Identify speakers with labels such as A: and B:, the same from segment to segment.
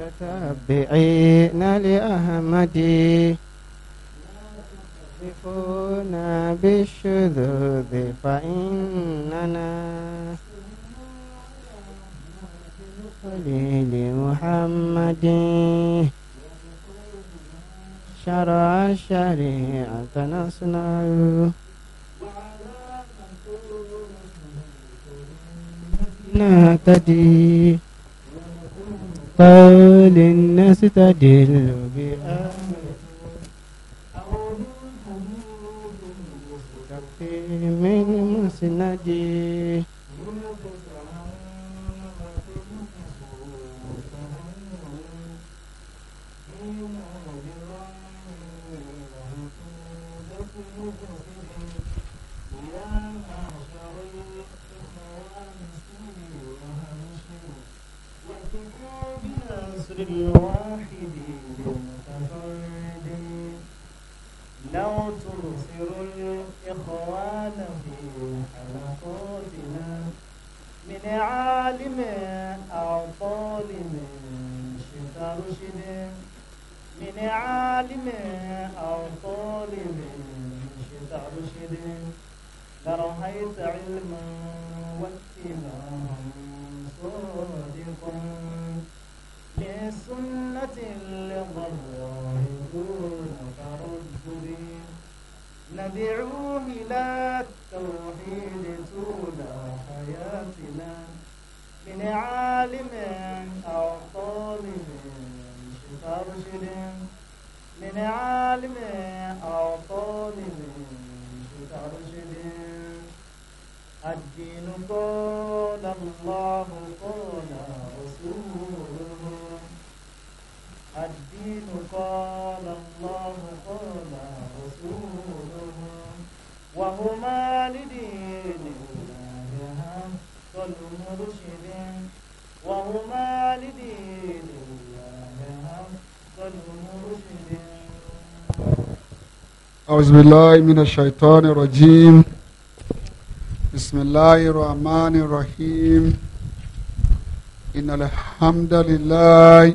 A: المتتبعين لأهمدي يصفون بالشذوذ فإننا خليل محمد شرع الشريعة نصنع نهتدي قول الناس تدل بأمره من مسنده كل واحد لو تبصر الإخوان في حلقاتنا من عالم أو طالب شتى رشد
B: من عالم
A: أو طالب شتى رشد لرأيت علما واتباعا صادقا سنة لضرار دون تردد ندعوه إلى التوحيد طول حياتنا من عالم أو طالب مرشد
B: من عالم
A: أو طالب مرشد الدين قال الله قال رسوله الدين قال الله قال رسوله وهما لدين الله مرشد وهما لدين الله مرشد
C: أعوذ بالله من الشيطان الرجيم بسم الله الرحمن الرحيم إن الحمد لله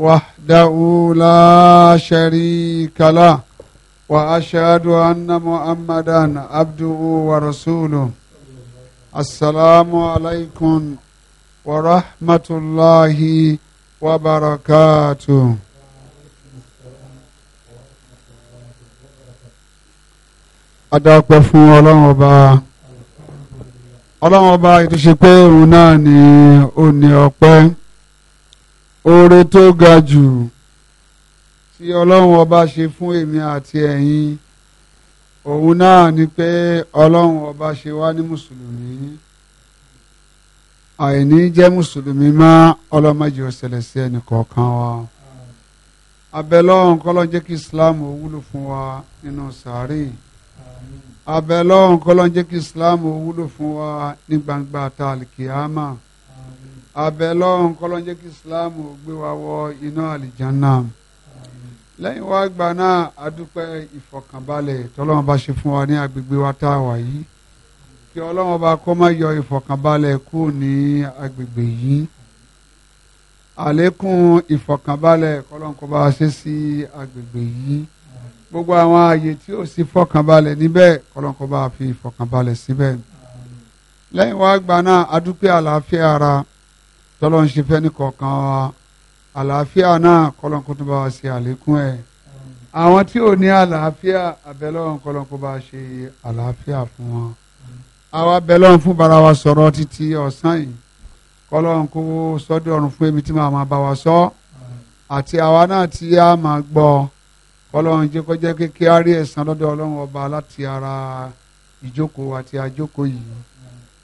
C: وحده لا شريك له وأشهد أن محمدا عبده ورسوله السلام عليكم ورحمة الله وبركاته adáàpẹ́ fún ọlọ́run ọba ọlọ́run ọba ìtúnṣe pé òun náà ni ó ọpẹ́ oore tó ga jù tí ọlọ́run ọba ṣe fún èmi àti ẹ̀yin òun náà ni pé ọlọ́run ọba ṣe wá ní mùsùlùmí àìní jẹ́ mùsùlùmí má ọlọ́mọdé ọ̀sẹ̀lẹ̀ sí ẹnìkọ̀ọ̀kan wa abẹ́lọ́run kọ́lọ́ jẹ́ kí islam ó wúlò fún wa nínú sàárè abẹ́lọ́run kọ́lọ́ kí islam wúlò fún wa ní gbangba tá a lè kíyàmá abẹ́lọ́hún kọ́lọ́njẹ́ kí islam gbé wa wọ iná àlìjáná lẹ́yìn wá gbà náà adúpẹ́ ìfọ̀kànbalẹ̀ tọ́lọ́wọ́n bá ṣe fún wa ní agbègbè wa tá a wà yìí kí ọlọ́wọ́n bá kọ́ má yọ ìfọ̀kànbalẹ̀ kú ní agbègbè yìí àlékún ìfọ̀kànbalẹ̀ kọ́lọ́nkọ́ bá ṣe sí agbègbè yìí gbogbo àwọn ààyè tí ò sí fọ̀kànbalẹ̀ níbẹ̀ kọ́lọ́nkọ́ bá fi ìfọ̀kànbalẹ̀ síbẹ̀ lẹ́yìn wá gbà náà adúpẹ́ àlàáfíà ara tọ́lọ́ ń ṣe fẹ́ ní kọ̀ọ̀kan wa àlàáfíà náà kọ́lọ́nkó tó bá wa ṣe àlékún ẹ̀ àwọn tí ò ní àlàáfíà abẹ́lọ́run kọ́lọ́nkó bá ṣe àlàáfíà fún wọn àwa abẹ́lọ́run fún bara wa sọ̀rọ̀ títí ọ̀sán yìí kọ́lọ́nkó sọ́dọ̀ ọ̀run fún èmi tí màá máa bá wa sọ àti àwa náà tí a máa gbọ́ kọ́lọ́run jẹ́ kó jẹ́ kékeré àárí ẹ̀san lọ́dọ̀ ọlọ́run ọba láti ara ìjókòó àti àjókòó yìí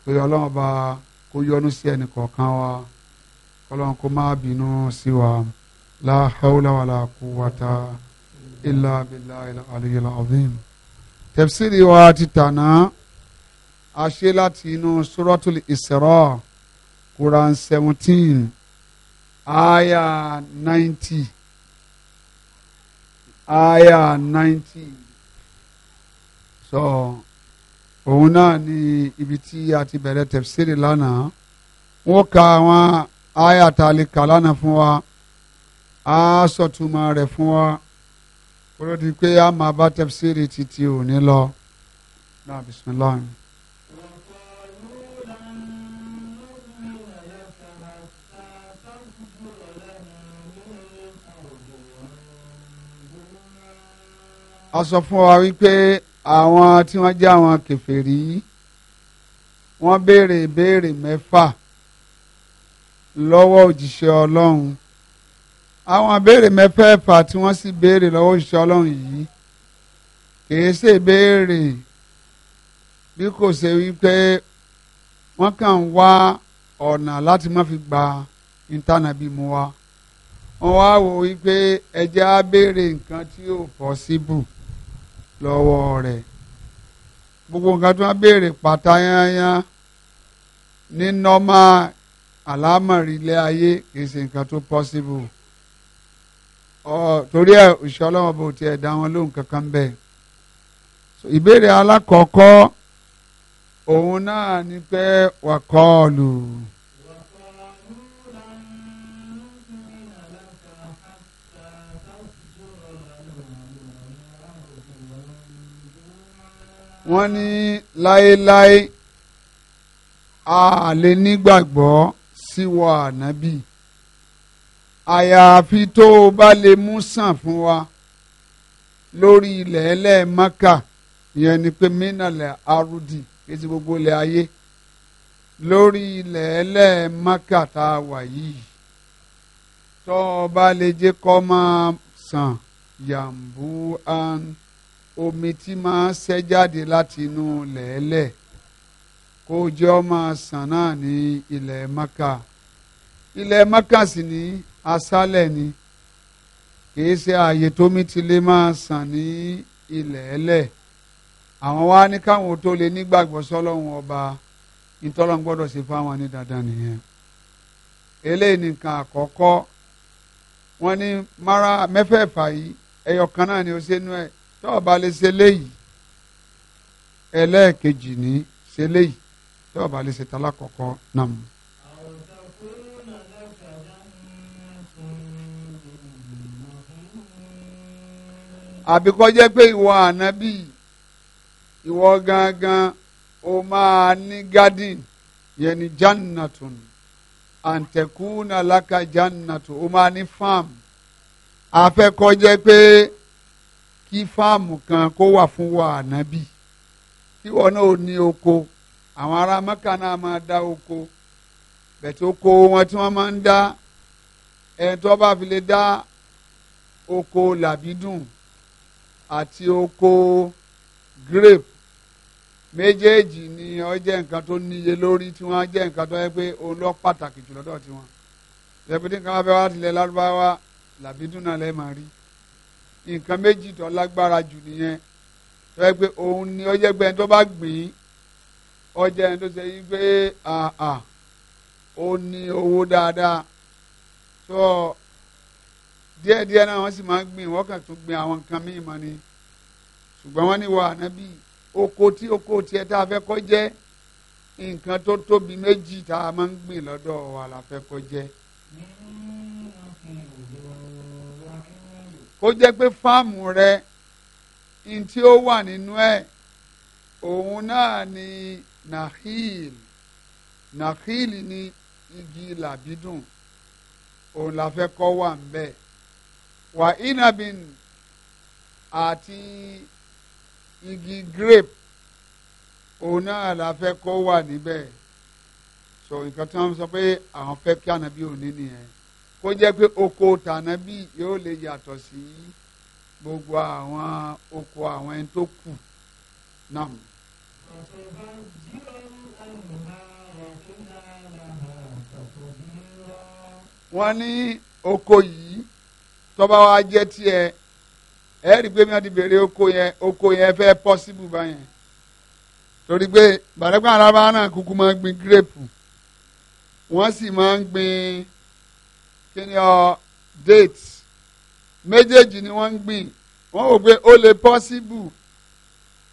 C: pé ọlọ́run ọba kó yọ́nú sí ẹnì kọ̀ọ̀kan wa ọlọ́run kó má bínú sí wa la hawla wala quwwata illa billahi al-aliyyil azim. tafsiri wa ti tànà a ṣe láti inú suratul Isra Quran seventeen aya ninety aya ninety so òun náà ni ibi tí a ti bẹ̀rẹ̀ tafsiri lánàá wọ́n ka àwọn aya ta lè kà lánàá fún wa á sọ̀túnmọ̀ rẹ̀ fún wa kúrò pé a máa bá tafsiri títí òní lọ. náà bisimilahi. a sọ fún wa wípé àwọn tí wọ́n jẹ́ àwọn kèfèrí wọ́n béèrè ìbéèrè mẹ́fà lọ́wọ́ òjíṣẹ́ ọlọ́run àwọn abéèrè mẹ́fẹ̀ẹ̀fà tí wọ́n sì béèrè lọ́wọ́ òjíṣẹ́ ọlọ́run yìí kìí ṣe béèrè bí kò ṣe wípé wọ́n kàn ń wá ọ̀nà láti má fi gba ìtànàbí mu wa wọ́n wá wò wípé ẹjẹ́ á béèrè nǹkan tí ò possible lọ́wọ́ rẹ̀ gbogbo nǹkan tí wọ́n béèrè pátá ní normal àlámọ̀rí ilé ayé kì í ṣe nǹkan tó possible torí ẹ̀ òṣìṣẹ́ ọlọ́wọ́n bò tiẹ̀ dá wọn lóhùn kankan bẹ́ẹ̀ ìbéèrè alákọ̀ọ́kọ́ òun náà ni pé wàkọ́ọ̀lù. wọ́n ní láéláé a lè nígbàgbọ́ síwọ ànábì àyàfi tó o bá lè mú sàn fún wa lórí ilẹ̀ ẹlẹ́ẹ̀mọ́kà ìyẹn ni pé mínàlẹ̀ arúdì kéde gbogbo ilẹ̀ ayé lórí ilẹ̀ ẹlẹ́ẹ̀mọ́kà tá a wà yìí tó o bá lè jẹ́ kọ́ máa sàn yàmbú an omi tí máa ń ṣẹ́ jáde láti inú lẹ̀ẹ́lẹ́ẹ̀ kó jẹ́ ọmọ sàn náà ní ilẹ̀ maka ilẹ̀ maka sì ní aṣálẹ̀ ni kìí ṣe ààyè tómi ti lè máa sàn ní ilẹ̀ ẹlẹ̀ àwọn wa ní káwọn tó lè nígbàgbọ́ sọ́lọ́run ọba ìtọ́lọ́n gbọ́dọ̀ ṣe fáwọn ní dandan nìyẹn eléyìí nìkan àkọ́kọ́ wọ́n ní mara mẹ́fẹ̀ẹ̀fà yìí ẹyọ kan náà ni ó ṣe nú ẹ̀ tọ́ọ̀ bá lè ṣe léyìí ẹlẹ́ẹ̀kejì ní ṣe léyìí tí ọba lè ṣe tala kọ̀ọ̀kan náà. àbíkọ́ jẹ́ pé ìwọ ànábì ìwọ gangan o máa ní garden yẹn ni jannatun àǹtẹ̀kùnà laka jannatun o máa ní farm àfẹ́kọ́ jẹ́ pé kí fáàmù kan kó wà fún wa ànábì kí wọn náà ní oko àwọn ará mẹ́ka náà máa dá oko bẹ̀tí oko wọn tí wọ́n máa ń dá ẹni tó bá fi lè dá oko làbídùn àti oko grape méjèèjì ni ó jẹ́ nǹkan tó níye lórí tí wọ́n á jẹ́ nǹkan tó yẹ pé òun lọ pàtàkì jùlọ dọ̀ tí wọ́n lẹ́pẹ̀tì nǹkan abẹ́ wa tilẹ̀ lárúbáwá làbídùn náà lẹ́ẹ̀ máa rí nǹkan méjì tó lágbára jù nìyẹn tó yẹ pé òun ni ó jẹ́ pé tó bá gbìn ín ọjà ẹni tó ṣe yí pé àà ó ní owó dáadáa tó díẹ̀díẹ̀ náà wọ́n sì máa ń gbìn wọ́n kàn tún gbìn àwọn nǹkan míì mọ́ ni ṣùgbọ́n wọ́n ní wà nábì oko tí oko tiẹ̀ tá a fẹ́ kọ́ jẹ́ nǹkan tó tóbi méjì tá a máa ń gbìn lọ́dọ̀ wa la fẹ́ kọ́ jẹ́. kó jẹ́ pé fáàmù rẹ ní tí ó wà nínú ẹ̀ òun náà ni nahil nahil ni igi làbídùn òun la fẹ́ kọ́ wà ń bẹ̀ wà inabin àti igi grape òun náà la fẹ́ kọ́ wà níbẹ̀ so nǹkan tí wọ́n sọ pé àwọn fẹ́ kí ànábì òní nìyẹn kó jẹ́ pé oko tànábì yóò lè yàtọ̀ sí gbogbo àwọn oko àwọn ẹni tó kù náà wọ́n ní oko yìí tọ́ba wa jẹ́ tiẹ̀ ẹ rí i pé mìíràn ti bèrè oko yẹn oko yẹn fẹ́ pọ́síbù báyẹn torí pé bàdẹ́gbọ́n arábá náà kúkú máa ń gbin gírèpù wọ́n sì máa ń gbin kíni ọ déètì méjèèjì ni wọ́n ń gbìn wọ́n wò pé ó lè pọ́síbù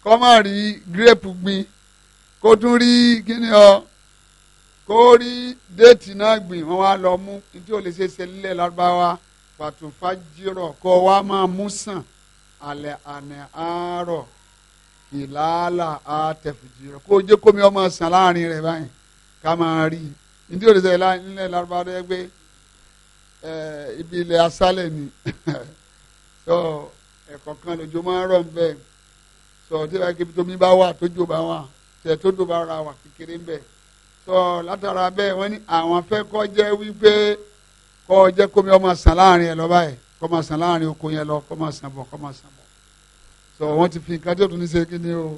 C: kọ́ má rí gírèpù gbìn kó tún rí kíni ọ kó rí déètì náà gbìn wọ́n wá lọ mú tí ò lè ṣe ṣe lílẹ̀ lárúbáwá pàtó fájírọ̀ kọ́ wá máa mú sàn alẹ́ àná àárọ̀ ìlàálà àtẹ̀fùjìrọ̀ kó jẹ́ kómi ọmọ sàn láàrin rẹ̀ báyìí ká máa rí i tí ò lè ṣe lílẹ̀ lárúbáwá rẹ̀ gbé ibi ilẹ̀ asálẹ̀ ni ẹ̀kọ̀kan lójó máa rọ̀ bẹ́ẹ̀ sọ tí wàá kébi tómi bá wà tójò bá wà tẹ̀ tó dò bá ra wà kékeré ń bẹ̀ sọ látara bẹ́ẹ̀ wọ́n ní àwọn fẹ́ kọ́ jẹ́ wípé kọ́ jẹ́ kómi ọmọ sàn láàrin ẹ̀ lọ báyìí kọ́ máa sàn láàrin oko yẹn lọ kọ́ máa sàn bọ̀ kọ́ máa sàn bọ̀ sọ wọ́n ti fi nǹkan tí ó tún ní ṣe kí ni o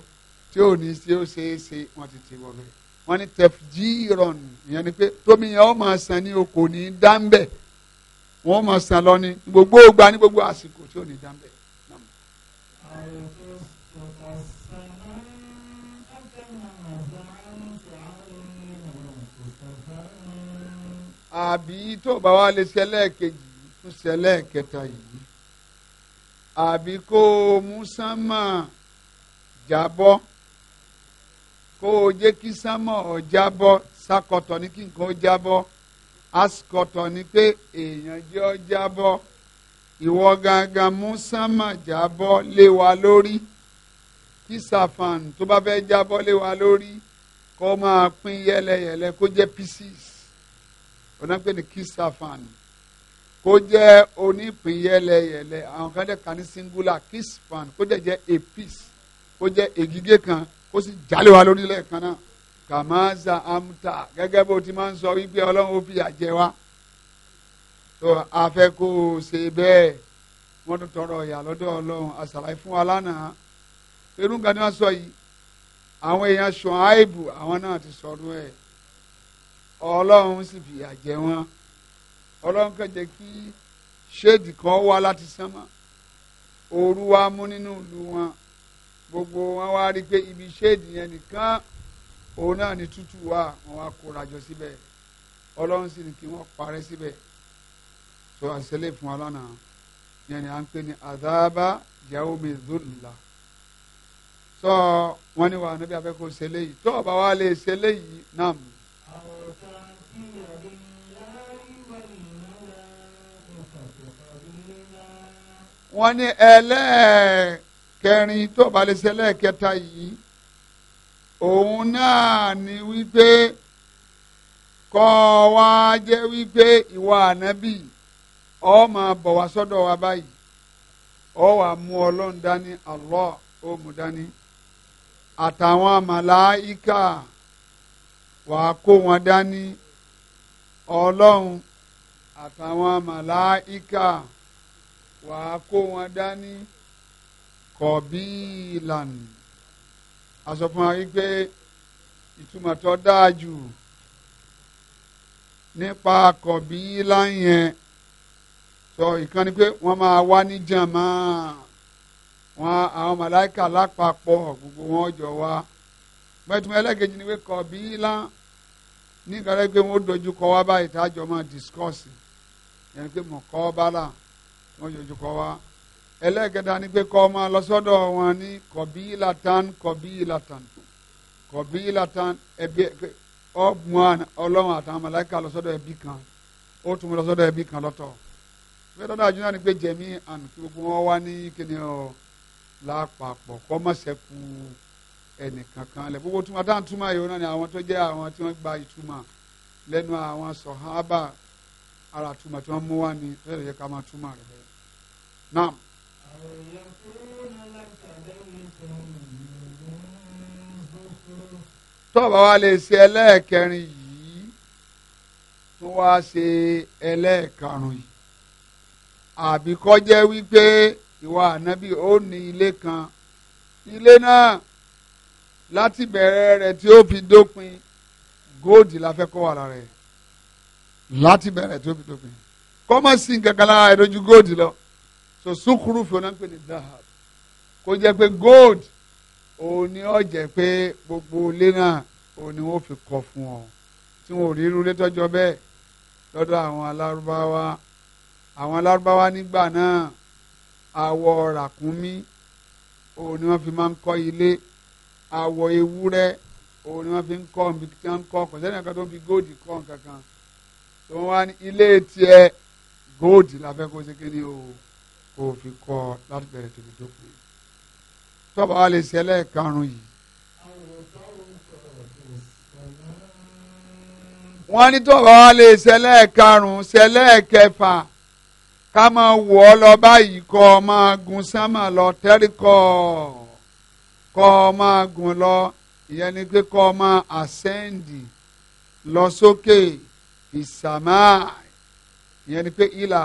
C: tí ò ní ṣe ó ṣe é ṣe wọ́n ti ti wọ̀ bẹ́ẹ̀ wọ́n ní tefjiron ìyẹn ni pé tómi yẹn ó máa sàn ní oko ní dáńbẹ̀ wọ́n máa sàn lọ ní gbogbo ògbà ní gbogbo àsìkò tí ò ní dáńbẹ̀. àbí tó bá wá lè ṣe lẹ́ẹ̀kejì tún ṣe lẹ́ẹ̀kẹta yìí àbí kó o mú sánmà jábọ́ kó o jẹ́ kí sánmà ọ̀ jábọ́ sákọ̀tọ̀ ní kí nǹkan ó jábọ́ asikọ̀tọ̀ ni pé èèyàn jẹ́ ọ jábọ́ ìwọ gangan mú sánmà jábọ́ lé wa lórí kí sàfàn tó bá fẹ́ jábọ́ lé wa lórí kó máa pín yẹ́lẹyẹ̀lẹ kó jẹ́ pieces onápẹ́ ni kisafan kó jẹ́ onípín yẹlẹyẹlẹ àwọn kan dẹ̀ kan ní singular kisfan kó jẹ́ jẹ́ a piece kó jẹ́ kan kó sì jálè wa lórí lẹ́ẹ̀kan náà kàmáza amta gẹ́gẹ́ bó ti máa ń sọ wípé ọlọ́run ó fìyà jẹ wá tó a fẹ́ kó o ṣe bẹ́ẹ̀ wọ́n tún tọrọ ìyà lọ́dọ̀ ọlọ́run àṣàlàyé wa lánàá irú àwọn èèyàn ṣùn àìbù àwọn náà ti sọ̀rọ̀ ẹ̀ ọlọ́run sì fìyà jẹ wọn ọlọ́run kàn jẹ́ kí ṣéèdì kan wá láti sánmà ooru wá mú nínú ìlú wọn gbogbo wọn wá rí pé ibi ṣéèdì yẹn nìkan òun náà ni tútù wà wọn wá kóra jọ síbẹ̀ ọlọ́run sì ní kí wọ́n parẹ́ síbẹ̀ tó àṣẹlẹ̀ fún wa yẹn ni à ń pè ní àdáàbá yàwó mi zòlùlà sọ wọn ni wà níbi abẹ́kọ̀ọ́ ṣẹlẹ̀ yìí tó ọba wa lè ṣẹlẹ̀ yìí náà mú. wọ́n ní ẹlẹ́ẹ̀kẹrin tó bá lè ṣe ẹlẹ́ẹ̀kẹta yìí òun náà ni wípé kọ́ wa jẹ́ wípé ìwà ànábì ọ máa bọ̀ wá sọ́dọ̀ wa báyìí ọ wà mú ọlọ́run dání Allah ó dání àtàwọn màláìka wà á kó wọn dání ọlọ́run àtàwọn màláìka. wàá kó wọn dání kọ̀bí ìlànà aṣọ wa wípé ìtumọ̀ tó dáa jù nípa kọ̀bí láyẹn sọ ìkan ni pé wọ́n máa wá ní jàmá wọn àwọn màláìkà lápapọ̀ gbogbo wọn jọ wá gbẹ̀tùmọ̀ ẹlẹ́gẹ̀jì ni pé kọ̀bí lá ní ìkàlẹ́ pé wọ́n dojú kọ wá báyìí tá a jọ máa discuss yẹn pé mọ̀kọ́ bá là wọ́n yọjú kọ́ wa ẹlẹ́gẹ̀dá ni pé kọ́ máa lọ sọ́dọ̀ wọn ní kọ̀bí latan kọ̀bí latan kọ̀bí latan ẹbí ọ̀gbun ọlọ́run àtàwọn màláíkà lọ sọ́dọ̀ ẹbí kan ó tún lọ sọ́dọ̀ ẹbí kan lọ́tọ̀ pé lọ́dọ̀ àjùmọ̀ ni pé jẹ̀mí àná kí gbogbo wọn wá ní kíni ọ̀ lápapọ̀ kọ́mọ̀sẹ̀kù ẹnìkankan lẹ gbogbo túmọ̀ táwọn túmọ̀ yìí náà ni àwọn tó jẹ́ àwọn tí wọ́n gba ìtumọ̀ lẹ́nu àwọn sọ̀hábà ara túmọ̀ tí wọ́n mú wá ni tó yẹ ká máa túmọ̀ rẹ̀ نعم tọ́ọ̀bà wa lè ṣe ẹlẹ́ẹ̀kẹrin yìí tó wá ṣe ẹlẹ́ẹ̀karùn yìí àbí kó jẹ́ wípé ìwà ànábì ó ní ilé kan ilé náà láti bẹ̀rẹ̀ rẹ̀ tí ó fi dópin góòdì la fẹ́ kó wà lára rẹ̀ láti bẹ̀rẹ̀ tí ó fi dópin kọ́mọ̀sí nǹkan kan lára ẹ̀ lójú góòdì lọ so sukuru fi ọ̀nà pé ní dahab kó jẹ́ pé gold òun ni ó jẹ́ pé gbogbo ilé náà òun ni wọ́n fi kọ́ fún ọ tí wọn ò rí irú létọ́jọ́ bẹ́ẹ̀ lọ́dọ̀ àwọn alárúbáwá àwọn alárúbáwá nígbà náà awọ ràkúnmí òun ni wọ́n fi máa ń kọ́ ilé awọ ewúrẹ́ òun ni wọ́n fi ń kọ́ nbí tí wọ́n ń kọ́ kò sẹ́ni kan tó ń fi góòdì kọ́ nǹkan kan tó wọ́n wá ní ilé tiẹ̀ góòdì la fẹ́ kó ṣe kéde o kó o fi kọ́ ọ láti bẹ̀rẹ̀ tèmi dópin tọ́ba wa lè ṣe ẹlẹ́ẹ̀karùn-ún yìí. wọ́n ní tọ́ba wa lè ṣe ẹlẹ́ẹ̀karùn-ún ṣe ẹlẹ́ẹ̀kẹfà ká máa wọ̀ ọ́ lọ báyìí kọ́ ọ máa gun sánmà lọ tẹ́rí kọ́ ọ kọ́ ọ máa gun lọ ìyẹn ni pé kọ́ ọ máa àsẹ́ǹdì lọ sókè ìsàmà ìyẹn ni pé ìlà.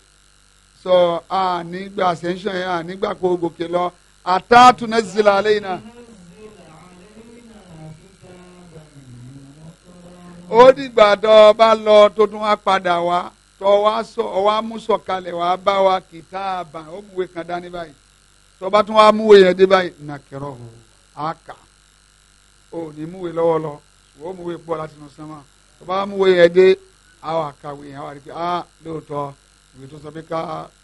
C: sọ a nígbà ascension yẹn a nígbà kó gòkè lọ àtàtù náà zìlà alẹ́ náà. ó dìgbà tó bá lọ tó tún sọ ọ wá mú wá bá wa kìtà àbà ó mú kan dání báyìí tó bá tún wá mú ìwé yẹn dé báyìí nàkẹrọ o á kà ó ní mú ìwé lọ́wọ́ lọ mú ìwé pọ̀ láti nù sánmà tó bá mú yẹn dé ìwé tó sọ pé ká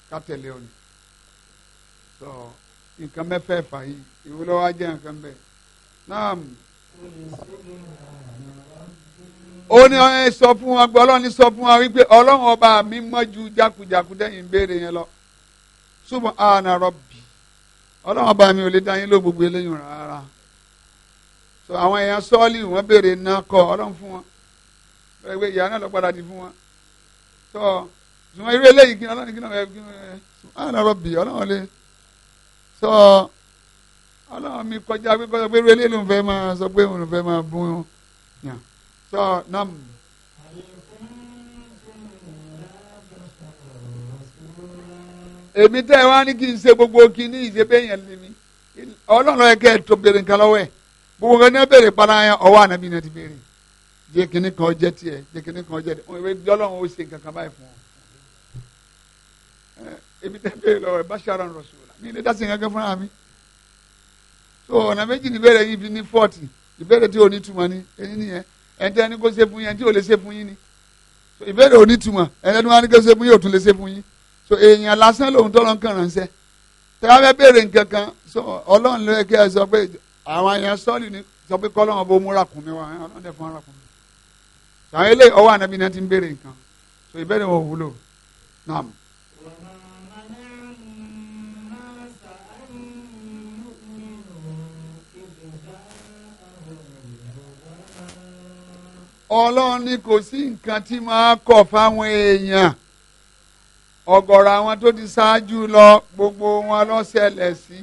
C: ká tẹ̀lé ọ ni sọ nǹkan mẹ́fẹ̀ẹ̀fà yìí ìwé lọ́wọ́ á jẹ́ nǹkan bẹ́ẹ̀ náà. ó ní ẹ sọ fún wa gbọ́ ọlọ́run ní sọ fún wa wípé ọlọ́run ọba mi mọ́ jákujàku dẹ́yìn béèrè yẹn lọ ṣùgbọ́n àánà rọ́bì ọlọ́run ọba mi ò lè dá ló gbogbo eléyìí rárá so àwọn èèyàn sọ́ọ́lì wọ́n béèrè náà kọ́ ọlọ́run fún wọn ìyá náà lọ padà di fún wọn. So, ṣùgbọ́n irú eléyìí gíná ọlọ́run gíná ẹ gíná ẹ ṣùgbọ́n ọ̀rọ̀ bì ọlọ́run lè sọ ọlọ́run mi kọjá pé kọjá pé irú eléyìí ló ń fẹ́ máa sọ pé òun fẹ́ máa bú yàn sọ nam. èmi tẹ́ ẹ wá ní kí n ṣe gbogbo kí ní ìṣe yẹn lé mi ọlọ́run ẹ tó béèrè nǹkan lọ́wọ́ ẹ̀ gbogbo nǹkan ní béèrè padà yẹn ọwọ́ ànábì náà ti béèrè jẹ́ kínní kan jẹ́ tiẹ̀ jẹ́ kínní kan jẹ́ tiẹ̀ ọlọ́run ó ṣe nǹkan kan báyìí fún ọ ebi tẹ́ bẹ́ẹ̀ lọ ẹ̀ basharan rasula mi lè dásìn kankan fúnra mi so ọ̀nà méjì níbẹ̀rẹ̀ yìí fi ní fọ́ọ̀tì ìbéèrè tí ò ní túmọ̀ ni èyí nìyẹn ẹni tẹ́ ẹni kó ṣe fún yẹn tí ò lè ṣe fún yín ni so ìbéèrè ò ní túmọ̀ ẹni tí wọ́n á ní kó ṣe fún yín ò tún lè ṣe fún yín so èèyàn lásán lòun tọ́lọ́ ń kàn ránṣẹ́ tẹ́ wọ́n fẹ́ béèrè nǹkan so ọlọ́run ló yẹ kí ẹ sọ pé àwọn èèyàn sọ́ọ̀lì ni sọ pé kọ́lọ́run bó múra kùn mi wá ọlọ́run dẹ̀ fún ara kùn mi sàwọn eléyìí ọlọ́run ni kò sí nǹkan tí máa kọ̀ fáwọn èèyàn ọ̀gọ̀rọ̀ àwọn tó ti ṣáájú lọ gbogbo wọn ló ṣẹlẹ̀ sí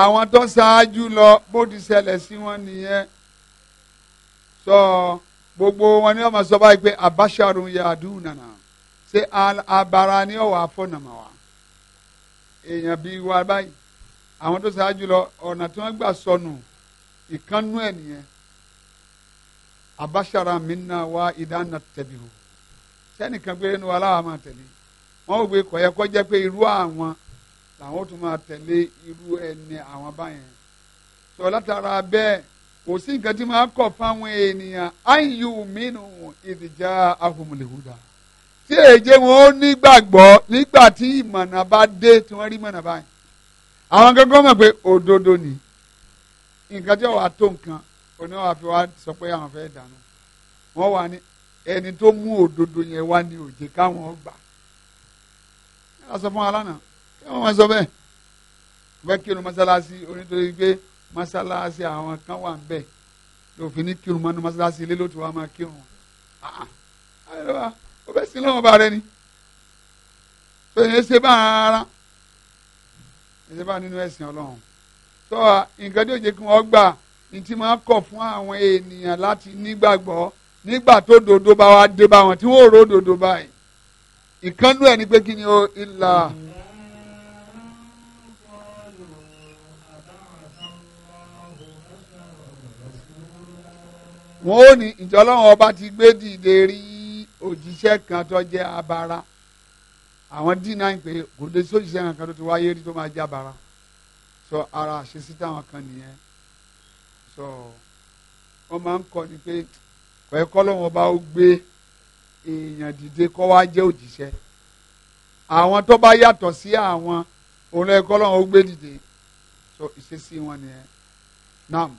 C: àwọn tó ṣáájú lọ bó ti ṣẹlẹ̀ sí wọn sọ gbogbo wọn ni wọn máa sọ báyìí pé abasharun yadu nana ṣé abara ni ọwọ wa èèyàn wa báyìí àwọn tó ṣáájú lọ ọ̀nà tí wọ́n gbà sọnù ìkànnú ẹ̀ abashara minna wa idana tẹbihu sẹ́nìkan péré nu aláwa máa tẹ̀lé wọ́n ò gbé kọ̀yẹ́ kọ́jẹ́ pé irú àwọn làwọn ó tún máa tẹ̀lé irú ẹni àwọn báyẹn sọ látara bẹ́ẹ̀ kò sí nǹkan tí máa kọ̀ fáwọn ènìyàn ayu minu ìdìjà ahumulehuda tí èjé wọn ó nígbàgbọ́ nígbà tí ìmọ̀nà bá dé tí wọ́n rí mọ̀nà báyìí àwọn gángan mọ̀ pé òdodo ni nǹkan tí wọ́n wà tó nǹkan oní wàá fi wá sọ pé àwọn fẹ́ dànù wọ́n wà ní ẹni tó mú òdodo yẹn wá ní òjè káwọn gbà ẹ lọ sọ fún wa lánàá kí wọ́n máa sọ bẹ́ẹ̀ bẹ́ẹ̀ kírun mọ́sálásí onítorí pé mọ́sálásí àwọn kan wà ń bẹ̀ lòfin ní kírun mọ́nú mọ́sálásí ilé ló ti wá máa kírun wọn ah, ah, ó bẹ́ẹ̀ sí lọ́wọ́ bá rẹ ni pé ẹ ṣe bá ara ẹ ṣe bá nínú ẹ̀sìn ọlọ́run tó nǹkan tí ó jẹ́ kí wọ́n gbà ntí máa kọ̀ fún àwọn ènìyàn láti nígbàgbọ́ nígbà tó dòdò bá wa dé bá wọn tí wọ́n rò dòdò báyìí ìkánú ẹ̀ ni pé kí ni o ìlà. wọn ò ní ìjọlọ́wọ́n ọba ti gbé dìde rí òjíṣẹ́ kan tó jẹ́ abara àwọn dínà ń pè kò lè sójíṣẹ́ kan tó ti wáyé rí tó máa jẹ́ abara sọ ara àṣesí táwọn kan nìyẹn so wọ́n máa ń kọ́ ni pé ẹ̀kọ́ lọ́wọ́ bá ó gbé èèyàn dìde kọ́ wá jẹ́ òjíṣẹ́ àwọn tó bá yàtọ̀ sí àwọn òun ẹ̀kọ́ lọ́wọ́ ó gbé dìde so ìṣesí wọn nìyẹn nam.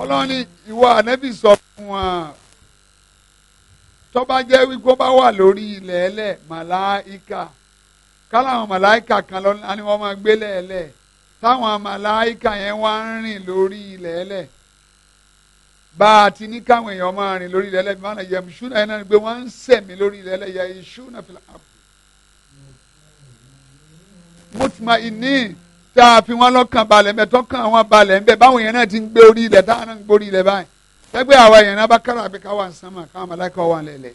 C: ọlọ́run ni ìwọ ànẹ́bì sọ fún wọn tó bá jẹ́ wípé ó bá wà lórí ilẹ̀ ẹlẹ̀ màláìka káláwọn màláìka kan lọ́nà ni wọ́n máa gbé lẹ́ẹ̀lẹ̀ táwọn màláìka yẹn wá ń rìn lórí ilẹ̀ ẹlẹ̀ bá a ti ní káwọn èèyàn máa rìn lórí ilẹ̀ ẹlẹ̀ bí wọ́n náà yẹ ìṣúná yẹn náà ni wọ́n ń sẹ̀mí lórí ilẹ̀ ẹlẹ̀ yẹ ìṣúná fìlà àpò. mutma ìní tá a fi wọn lọ́kàn balẹ̀ mẹ́tọ́kàn wọn balẹ̀ ń bẹ báwọn yẹn náà ti ń gbé orí ilẹ̀ táwọn náà ń gbórí ilẹ̀ báyìí tẹ́gbẹ́ àwa èèyàn náà bá kára pé káwa ń sánmà káwa màláìka wà lẹ̀lẹ̀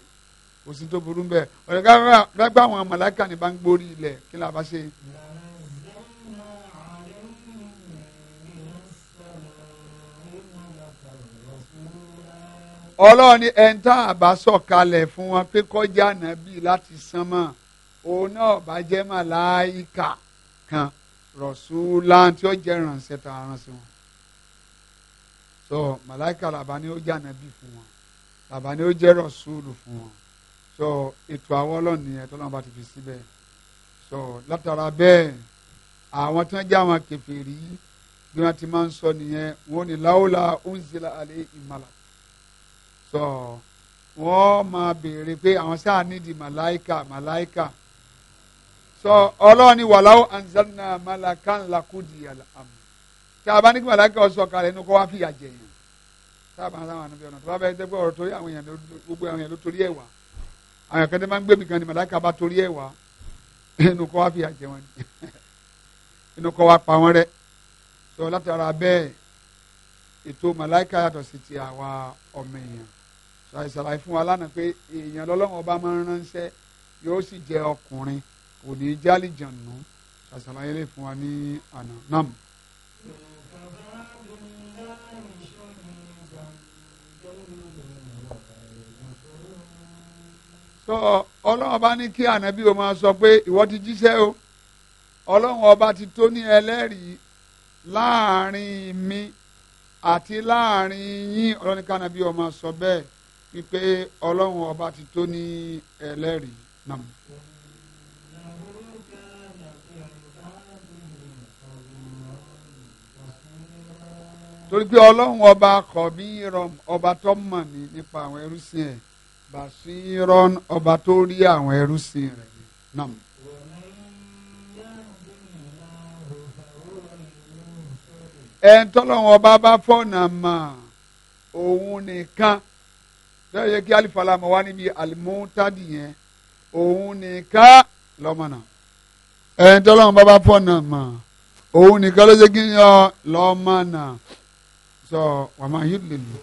C: kò tó burú bẹ́ẹ̀ ọ̀rẹ́ gbàgbà àwọn màláìka ni bá ń gbórí ilẹ̀ kí la bá ṣe. ọlọ́run ni ẹni tá a bá sọ̀kalẹ̀ fún wọn pé kọjá nàbí láti sánmà òun náà bá jẹ́ màláìka kan rọ̀ṣúlá tí ó jẹ́ ránṣẹ́ ránṣẹ́ wọn so màláìka làbá ni ó jẹ́ ànábì fún wọn làbá ni ó jẹ́ rọ̀ṣúlù fún wọn so ètò àwọn ọlọ́ọ̀ni yẹn tó lọ́wọ́ bá ti fi síbẹ̀ so látara bẹ́ẹ̀ àwọn tí wọ́n jẹ́ àwọn kèfèrí bí wọ́n ti máa ń sọ nìyẹn wọ́n ní láwùlà ounzila alẹ́ ìmàlà so wọ́n máa béèrè pé àwọn sáà nídi màláìka màláìka so ọlọ́ọ̀ni wàláwù Anzana malakan lakudi alam tá a bá ní kí màláìka ọ̀sọ̀ kalẹ̀ inú kó wá fìyà jẹ yẹn tá a bá ń sáwọn ànúbí ọ̀nà tó bá bẹ ẹgbẹ́ ọ̀rọ̀ torí àwọn èèyàn gbogbo àwọn èèyàn ló torí ẹ̀ wá àwọn èèyàn kẹ́tẹ́ máa ń gbé mi kan ní màláìka bá torí ẹ̀ wá inú kó wá fìyà jẹ wọn ni inú kó wá pa wọn rẹ tó látara bẹ́ẹ̀ ètò màláìka yàtọ̀ sí ti àwa ọmọ èèyàn ṣàìsàlàyé fún wa lánàá pé èèyàn lọ́lọ́run ọba máa ń ránṣẹ́ yóò sì jẹ́ ọkùnrin kò ní í jálìjànú ṣàìsàlàyé lè fún wa ní àná náà. sọ ọlọ́run ọba ní kí ànábì o máa sọ pé ìwọ ti jíṣẹ́ o ọlọ́run ọba ti tó ní ẹlẹ́rìí láàrin mi àti láàrin yín ọlọ́run ní kí ànábì o máa sọ bẹ́ẹ̀ wípé ọlọ́run ọba ti tó ní ẹlẹ́rìí náà. torí pé ọlọ́run ọba kọ̀ mí rọm ọba tó mọ̀ mí nípa àwọn ẹrú sí ẹ̀ basiron ọba tó rí àwọn ẹrú sí rẹ̀ nam. ẹn tọ́lọ́wọ́n ọba bá fọ́nà mà òun nìkan lọ́yọ̀ yẹ kí alifalama wá níbi alimutadi yẹn òun nìkan lọ́mọ̀nà ẹn tọ́lọ́wọ́n ọba bá fọ́nà mà òun nìkan ló ṣe kí n yọ lọ́mọ̀nà sọ wàmà yìí lè lò.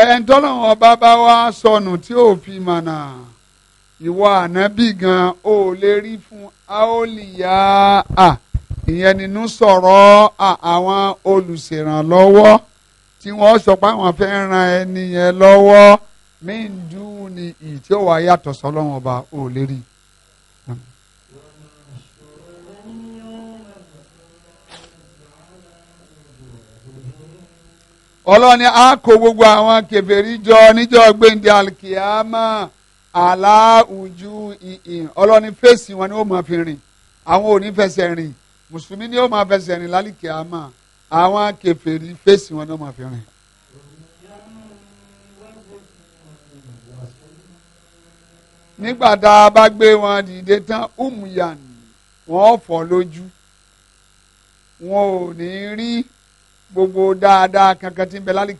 C: ẹ̀ńtọ́lọ́wọ́n ọba wa wá sọnù tí ò fi mànà ìwọ ànábì gan ò lè rí fún aoliya a ìyẹn nínú sọ̀rọ̀ àwọn olùṣèrànlọ́wọ́ tí wọ́n sọ pé àwọn fẹ́ ran ẹni yẹn lọ́wọ́ mí ń dùn ní ìtí ò wá yàtọ̀ sọ́lọ́wọ́n ọba ò lè rí i. ọlọ́run ni a kó gbogbo àwọn kèfèrí jọ níjọ́ gbẹ̀ǹdẹ̀ alikiyama aláwùjú ìhìn ọlọ́run ni fèsì wọn ni ó máa fi rìn àwọn ò ní fẹsẹ̀ rìn mùsùlùmí ni ó máa fẹsẹ̀ rìn lálikiyama àwọn kèfèrí fèsì wọn ni ó máa fi rìn. nígbà tá a bá gbé wọn dìde tán umuyan wọn fọ́ lójú wọn ò ní rí gbogbo dáadáa kankan tí ń bẹ lálẹ́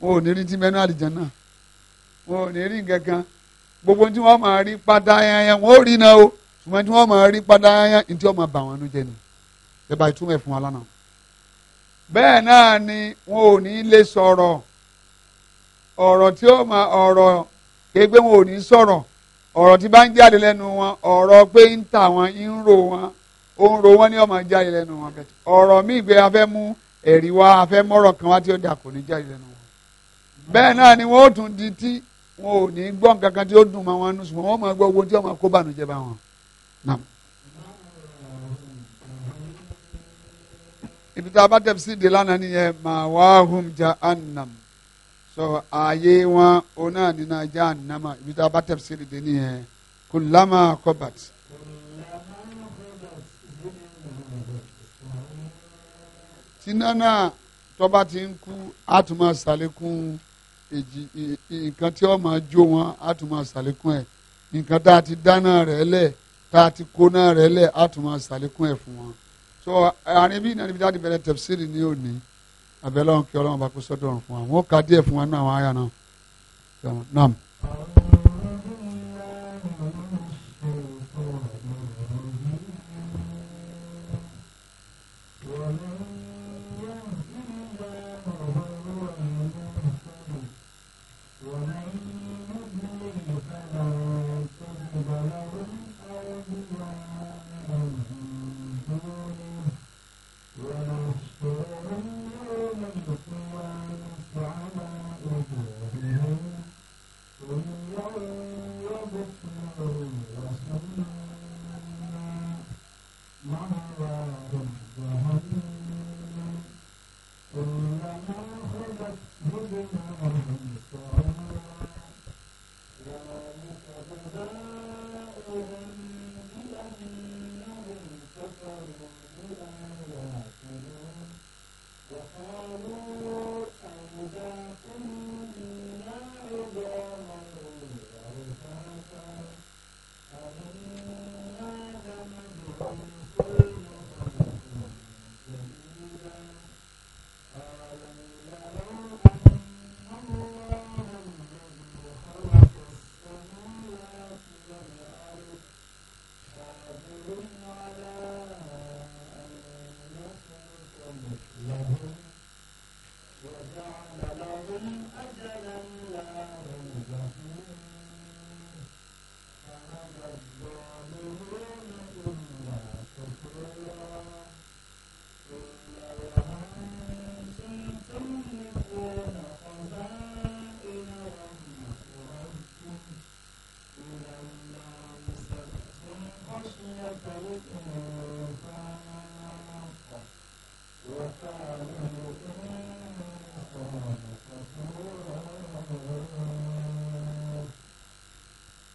C: wọn ò ní rí tí ń bẹ wọn ò ní rí kankan gbogbo tí wọ́n máa rí padà yanyan wọn ò rí náà o ṣùgbọ́n tí wọ́n máa rí padà yanyan ní tí wọ́n máa bà wọn ni bẹ́ẹ̀ náà ni wọn ò ní lè sọ̀rọ̀ ọ̀rọ̀ tí ó máa ọ̀rọ̀ wọn ò ní sọ̀rọ̀ ọ̀rọ̀ tí bá ń jáde lẹ́nu wọn ọ̀rọ̀ pé ń wọn ń ẹ̀rí wa afẹ́ mọ́rọ̀ kan wá tí ó dà kò ní jáde lẹ́nu wọn. bẹ́ẹ̀ náà ni wọ́n ó tún di tí wọn ò ní gbọ́ nǹkan kan tí ó dùn mọ́ wọn nù ṣùgbọ́n wọ́n máa gbọ́ owó tí wọ́n máa kó bànújẹ́ bá wọn. ibi tá a bá tẹ̀sí ìdè lánàá nìyẹn màá wá hum jahannam sọ ààyè wọn onáà nínú ajá ànámà ibi tá a bá tẹ̀sí ìdè nìyẹn kullama kọ́bàtì. iná náà tọ́ba ti ń kú á tún máa ṣàlékún èjì nǹkan tí wọ́n máa jó wọn á tún máa ṣàlékún ẹ̀ nǹkan tá a ti dáná rẹ̀ lẹ̀ tá a ti kóná rẹ̀ lẹ̀ á tún máa ṣàlékún ẹ̀ fún wọn. so àárín bí ìnáni bí dáàdi bẹ̀rẹ̀ tẹ̀síìrì ní òní abẹ́lẹ́ ọ̀hún kí ọlọ́run bá kó sọ́dọ̀ ọ̀run fún wa wọn ó ka díẹ̀ fún wa nínú àwọn àyà náà.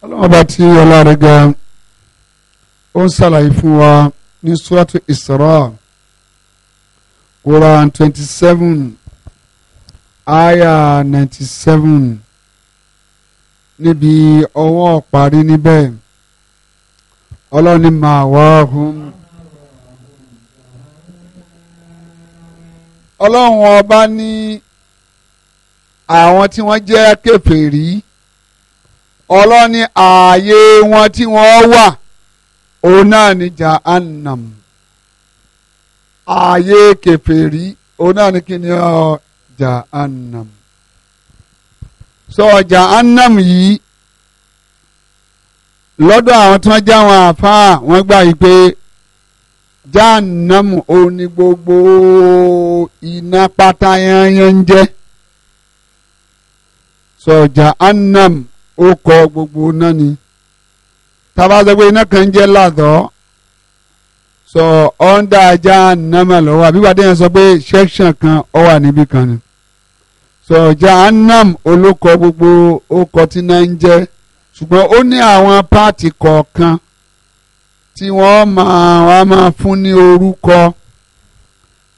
C: ọlọ́run ọba tí ọlọ́run ga ó ń ṣàlàyé fún wa ní suratu Isra Quran twenty seven aya ninety seven níbi ọwọ́ parí níbẹ̀ ọlọ́run ni màá wá hùm. ọlọ́run ọba ní àwọn tí wọ́n jẹ́ kèfèrí ọlọ́ni ààyè wọn tí wọ́n wà òun náà ni jahannam ààyè kèfèrí òun náà ni kí ni ọ jahannam sọ so, jahannam yìí lọ́dọ̀ àwọn tí wọ́n já wọn àfáà wọ́n gbà yìí pé jahannam òun ni gbogbo iná pátá yanyan ń jẹ́ sọ so, jahannam ó kọ gbogbo náà ni tábà sọ pé iná kan jẹ́ làdọ́ sọ ọ́ndà ajá nàmà lọ́wọ́ àbí wàdí yẹn sọ pé section kan ọ wà níbí kan ni sọ jahannam olókọ gbogbo ó kọ tí náà ń jẹ́ ṣùgbọ́n ó ní àwọn páàtì kọ̀ọ̀kan tí wọ́n máa wá máa fún ní orúkọ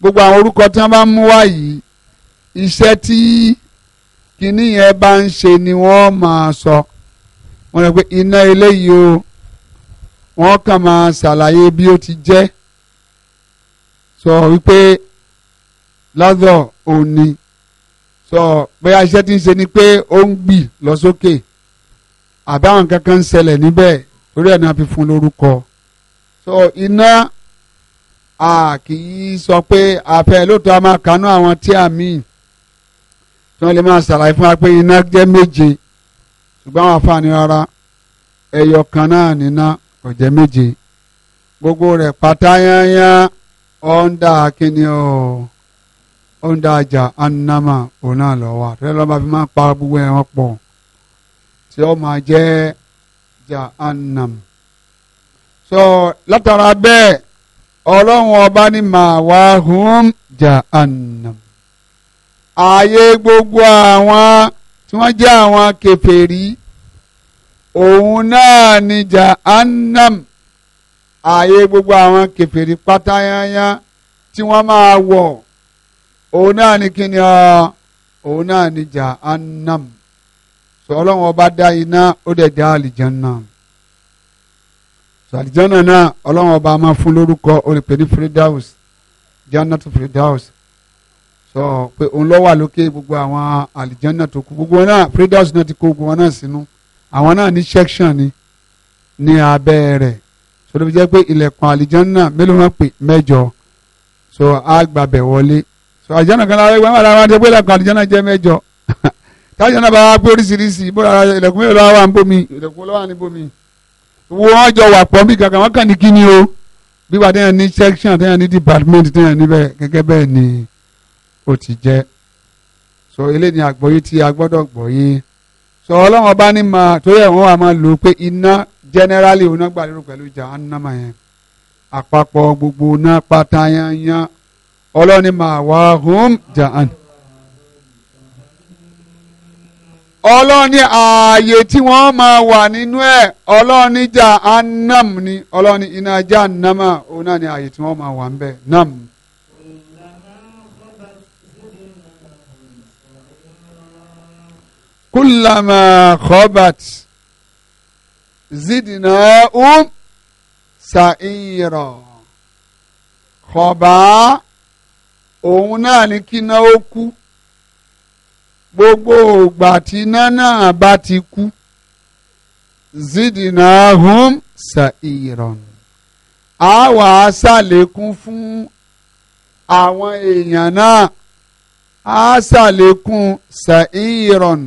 C: gbogbo àwọn orúkọ tí wọ́n bá mú wá yìí iṣẹ́ tí. Tí kíní yẹn bá ń ṣe ni wọ́n máa sọ wọ́n rẹ̀ pé iná eléyìí o wọ́n kàn máa ṣàlàyé bí ó ti jẹ́ sọ wípé lọ́dọ̀ òní sọ bóyá iṣẹ́ tí ń ṣe ni pé ó ń gbì lọ sókè àbáwọn kankan ń ṣẹlẹ̀ níbẹ̀ orí ẹ̀ náà fi fún lórúkọ sọ iná a kì í sọ pé àfẹ́ lóòótọ́ a máa kánú àwọn tí a míì wọ́n lè máa ṣàlàyé fún wa pé iná jẹ́ méje ṣùgbọ́n àwọn àfààní rárá ẹyọ kan náà níná kò jẹ́ méje gbogbo rẹ̀ pátá yányán ọ̀ǹda kíni o ọ̀ǹda àjà anamá òun náà lọ wà tẹ́lẹ̀ lọ́ba fi máa pa gbogbo ẹran pọ̀ tí ó máa jẹ́ jà anam. sọ látara bẹ́ẹ̀ ọlọ́run ọba ní màá wá hùm jà anam ààyè gbogbo àwọn tí wọ́n jẹ́ àwọn kèfèrí òun náà ni jahannam ààyè gbogbo àwọn kèfèrí pátáyányá tí wọ́n máa wọ̀ òun náà ni kíni ọ òun náà ni jahannam sọ ọlọ́run ọba dá iná ó dẹ̀ dá àlìjánná sọ àlìjánná náà ọlọ́run ọba máa fún lórúkọ olùpẹ̀ ní jannatu firdaus sọ pé òun lọ wà lókè gbogbo àwọn àlìjánná tó kù gbogbo wọn náà fredos náà ti kó gbogbo wọn náà sínú àwọn náà ní section ni ní abẹ́ rẹ̀ so ló fi jẹ́ pé ilẹ̀kùn àlìjánná mélòó náà pè mẹ́jọ so á gbàbẹ̀ wọlé so àlìjánná kan lára ẹgbẹ́ wọn lára wọn ti pé ilẹ̀kùn àlìjánná jẹ́ mẹ́jọ táyà náà bá wá pé oríṣiríṣi bó ara ilẹ̀kùn mélòó lọ́wọ́ à ń bomi ilẹ̀kùn lọ́wọ́ à ń bomi o bí wà tẹ́yàn ní section tẹ́yàn ni. ó ti jẹ́ sọ eléyìí ni àgbọ́yé tí a gbọ́dọ̀ gbọ́yé sọ ọlọ́run ọba ní ma torí ẹ̀ wọ́n wà máa lò ó pé iná generally oná gbà lérò pẹ̀lú jahannama yẹn àpapọ̀ gbogbo iná pátá yanyan ọlọ́run ma wà hum jahan. ọlọ́run ní ààyè tí wọ́n máa wà nínú ẹ̀ ọlọ́run jà jahannam ni ọlọ́run ní iná jahannama òun náà ní ààyè tí wọ́n máa wà ń bẹ̀ nam. كلما خبت زدناهم um خبا khoba òun náà ní kí iná ó kú gbogbo ògbà tí iná náà bá ti kú zidina hum sa'iran a wà á ṣàlékún fún àwọn èèyàn náà a ṣàlékún sa'iran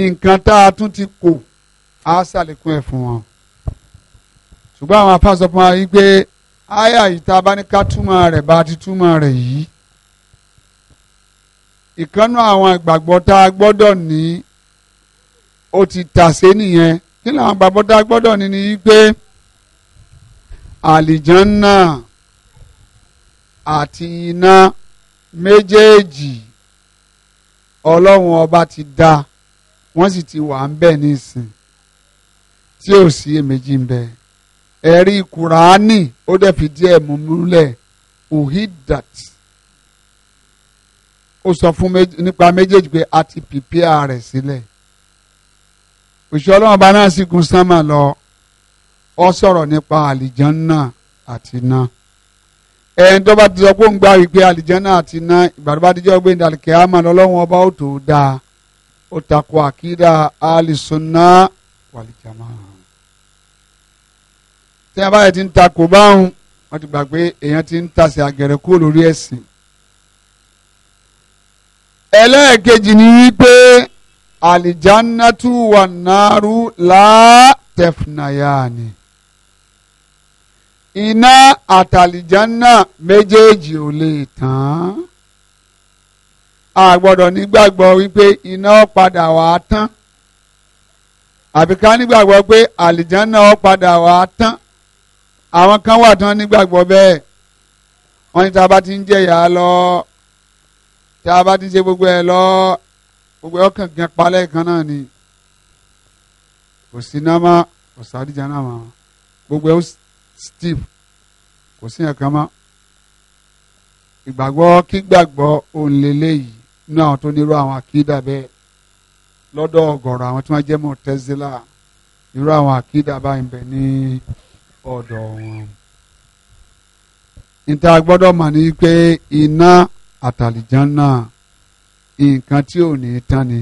C: nǹkan tá a tún ti kò á ṣàlékún ẹ̀ fún wọn. ṣùgbọ́n àwọn afáàsọ fún wa yìí pé àyà yìí tá a bá ní ká túmọ̀ rẹ̀ bá a ti túmọ̀ rẹ̀ yìí. ìkànnù àwọn ìgbàgbọ́ tá a gbọ́dọ̀ ní ó ti tàsé nìyẹn kí làwọn ìgbàgbọ́ tá a gbọ́dọ̀ ní ni yìí pé àlìjánná àti iná méjèèjì ọlọ́run ọba ti dá wọ́n sì ti wà ń bẹ̀ nísìn tí ò sí èméjì ń bẹ̀ ẹ̀rí kùránì ó dẹ̀ fi díẹ̀ mú múlẹ̀ uhidat ó sọ fún nípa méjèèjì pé a ti pìpìà rẹ̀ sílẹ̀ òṣìṣẹ́ ọlọ́run bá náà sì gun sánmà lọ ọ sọ̀rọ̀ nípa àlìjánná àti iná ẹ̀ẹ́n tó bá ti sọ pé ó gbá wípé àlìjánná àti iná ìgbàdúrà tíjọ́ gbé ní àlìkẹ́ ọba ó tó dáa ó takò àkídà alìsùnà wàlìjàmá tí a bá yẹ ti ń takò báwọn wọ́n ti gbà pé èèyàn ti ń tasè àgẹ̀rẹ̀ kó lórí ẹ̀sìn ẹlẹ́ẹ̀kejì ni wípé alìjánátù wà nàárù látẹ̀fúnayáni iná àtàlìjánà méjèèjì ò lè tán a gbọ́dọ̀ nígbàgbọ́ wípé iná padà wà á tán àfi ká nígbàgbọ́ pé àlìjánná padà wà á tán àwọn kan wà tán nígbàgbọ́ bẹ́ẹ̀ wọ́n ní tá a bá ti ń jẹ̀yà lọ tá a bá ti ń ṣe gbogbo ẹ̀ lọ gbogbo ẹ̀ ọkàn gan palẹ̀ kan náà ni kò sí námá kò sàdíjà náà mọ́ gbogbo ẹ̀ ó kò sí ẹ̀kan mọ́ ìgbàgbọ́ kígbàgbọ́ òun lélẹ́yìí nínú àwọn tó nírú àwọn àkídà bẹ́ẹ̀ lọ́dọ̀ ọ̀gọ̀rọ̀ àwọn tí wọ́n jẹ́ mọ̀tẹ́sílà irú àwọn àkídà báyìí bẹ̀ ní ọ̀dọ̀ wọn. níta gbọ́dọ̀ mọ̀ ní pé iná àtàlìján náà nǹkan tí ò ní tán ni